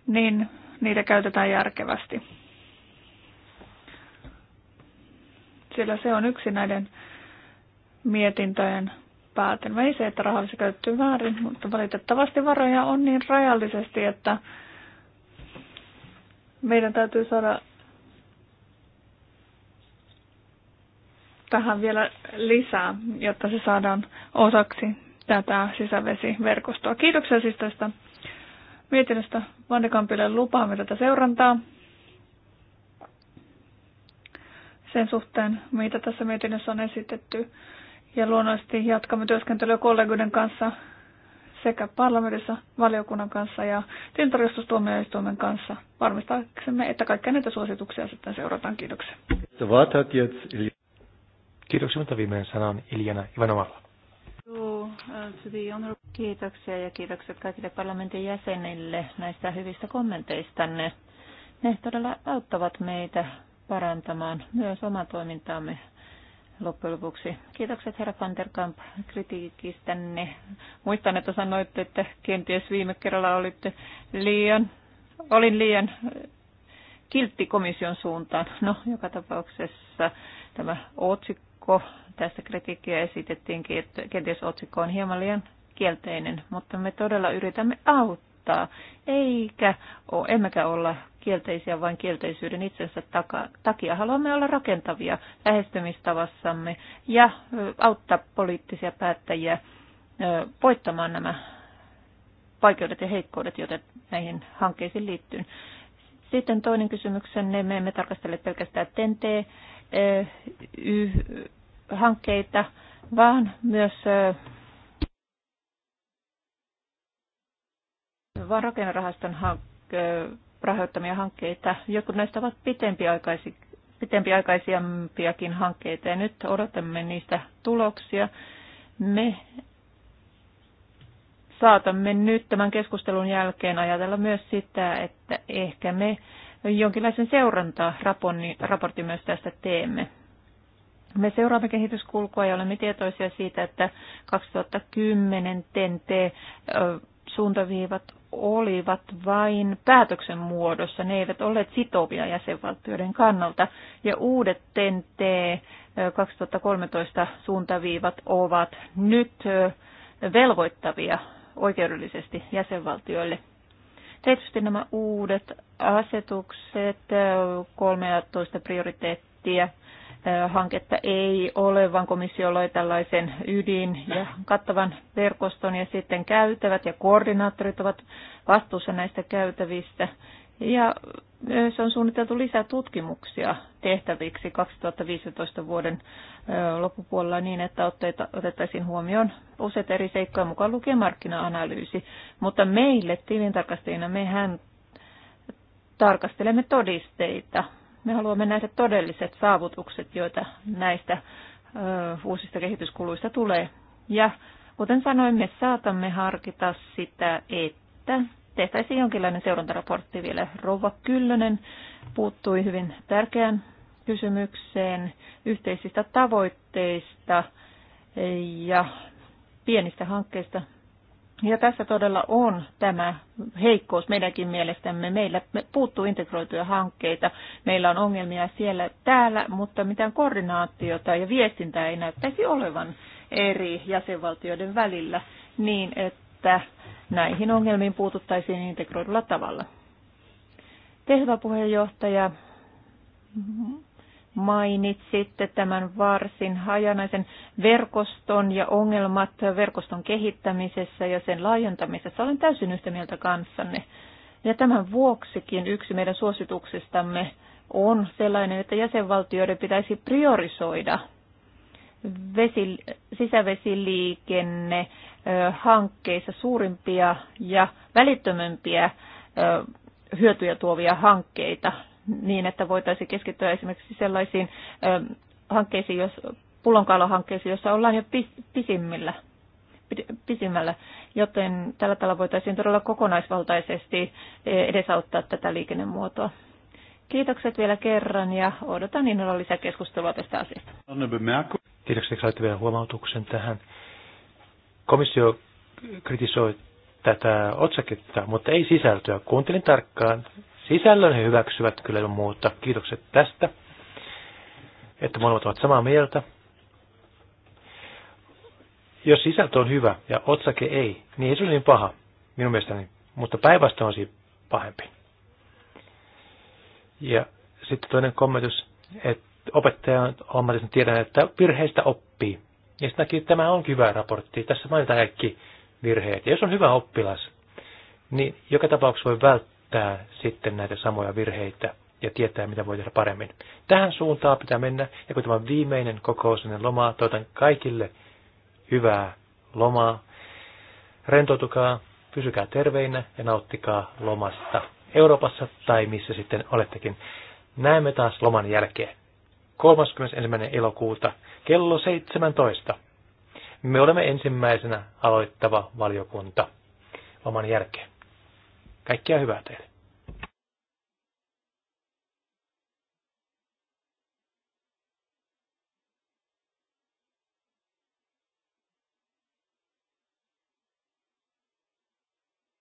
niin niitä käytetään järkevästi. Sillä se on yksi näiden mietintöjen päätelmä. Ei se, että se käyttyy väärin, mutta valitettavasti varoja on niin rajallisesti, että meidän täytyy saada tähän vielä lisää, jotta se saadaan osaksi tätä sisävesiverkostoa. Kiitoksia siis tästä mietinnöstä Vandekampille lupaamme tätä seurantaa sen suhteen, mitä tässä mietinnössä on esitetty. Ja luonnollisesti jatkamme työskentelyä kollegoiden kanssa sekä parlamentissa, valiokunnan kanssa ja tilintarkastustuomioistuimen kanssa varmistaaksemme, että kaikkia näitä suosituksia sitten seurataan. Kiitoksia. Kiitoksia, mutta viimeinen sana on Iljana Ivanovalla. Kiitoksia ja kiitokset kaikille parlamentin jäsenille näistä hyvistä kommenteistanne. Ne todella auttavat meitä parantamaan myös omaa toimintaamme loppujen lopuksi. Kiitokset herra van der Kamp kritiikistänne. Muistan, että sanoitte, että kenties viime kerralla olitte liian, olin liian äh, kiltti komission suuntaan. No, joka tapauksessa tämä otsikko, tästä kritiikkiä esitettiinkin, että kenties otsikko on hieman liian kielteinen, mutta me todella yritämme auttaa, eikä, emmekä olla kielteisiä vain kielteisyyden itsensä takia. Haluamme olla rakentavia lähestymistavassamme ja auttaa poliittisia päättäjiä voittamaan nämä vaikeudet ja heikkoudet, joita näihin hankkeisiin liittyy. Sitten toinen kysymyksenne, me emme tarkastele pelkästään TNT-hankkeita, vaan myös vaan rakennerahaston rahoittamia hankkeita. Jotkut näistä ovat pitempiaikaisia, pitempiaikaisempiakin hankkeita ja nyt odotamme niistä tuloksia. Me saatamme nyt tämän keskustelun jälkeen ajatella myös sitä, että ehkä me jonkinlaisen seurantaraportin myös tästä teemme. Me seuraamme kehityskulkua ja olemme tietoisia siitä, että 2010 TNT suuntaviivat olivat vain päätöksen muodossa, ne eivät olleet sitovia jäsenvaltioiden kannalta. Ja uudet TNT 2013 suuntaviivat ovat nyt velvoittavia oikeudellisesti jäsenvaltioille. Tietysti nämä uudet asetukset, 13 prioriteettia hanketta ei ole, vaan komissio loi tällaisen ydin ja kattavan verkoston ja sitten käytävät ja koordinaattorit ovat vastuussa näistä käytävistä. Ja myös on suunniteltu lisää tutkimuksia tehtäviksi 2015 vuoden loppupuolella niin, että otettaisiin huomioon useita eri seikkoja mukaan lukien markkina-analyysi. Mutta meille tilintarkastajina mehän tarkastelemme todisteita me haluamme nähdä todelliset saavutukset, joita näistä uusista kehityskuluista tulee. Ja kuten sanoin, me saatamme harkita sitä, että tehtäisiin jonkinlainen seurantaraportti vielä. Rouva Kyllönen puuttui hyvin tärkeään kysymykseen yhteisistä tavoitteista ja pienistä hankkeista, ja tässä todella on tämä heikkous meidänkin mielestämme. Meillä puuttuu integroituja hankkeita, meillä on ongelmia siellä täällä, mutta mitään koordinaatiota ja viestintää ei näyttäisi olevan eri jäsenvaltioiden välillä niin, että näihin ongelmiin puututtaisiin integroidulla tavalla. Te, puheenjohtaja, mainitsitte tämän varsin hajanaisen verkoston ja ongelmat verkoston kehittämisessä ja sen laajentamisessa. Olen täysin yhtä mieltä kanssanne. Ja tämän vuoksikin yksi meidän suosituksistamme on sellainen, että jäsenvaltioiden pitäisi priorisoida vesi, sisävesiliikenne hankkeissa suurimpia ja välittömämpiä hyötyjä tuovia hankkeita niin, että voitaisiin keskittyä esimerkiksi sellaisiin hankkeisiin, jos pullonkaalohankkeisiin, jossa ollaan jo pisimmillä, pisimmällä, joten tällä tavalla voitaisiin todella kokonaisvaltaisesti edesauttaa tätä liikennemuotoa. Kiitokset vielä kerran ja odotan innolla lisäkeskustelua tästä asiasta. Kiitoksia, että vielä huomautuksen tähän. Komissio kritisoi tätä otsaketta, mutta ei sisältöä. Kuuntelin tarkkaan sisällön he hyväksyvät kyllä ilman muuta. Kiitokset tästä, että molemmat ovat samaa mieltä. Jos sisältö on hyvä ja otsake ei, niin ei se ole niin paha, minun mielestäni. Mutta päinvastoin on siinä pahempi. Ja sitten toinen kommentus, että on ammatissa tiedän, että virheistä oppii. Ja sen että tämä on hyvä raportti. Tässä mainitaan kaikki virheet. Ja jos on hyvä oppilas, niin joka tapauksessa voi välttää välttää sitten näitä samoja virheitä ja tietää, mitä voi tehdä paremmin. Tähän suuntaan pitää mennä, ja kun tämä on viimeinen kokousinen loma, lomaa, toivotan kaikille hyvää lomaa. Rentoutukaa, pysykää terveinä ja nauttikaa lomasta Euroopassa tai missä sitten olettekin. Näemme taas loman jälkeen. 31. elokuuta kello 17. Me olemme ensimmäisenä aloittava valiokunta loman jälkeen. Kaikkea hyvää teille.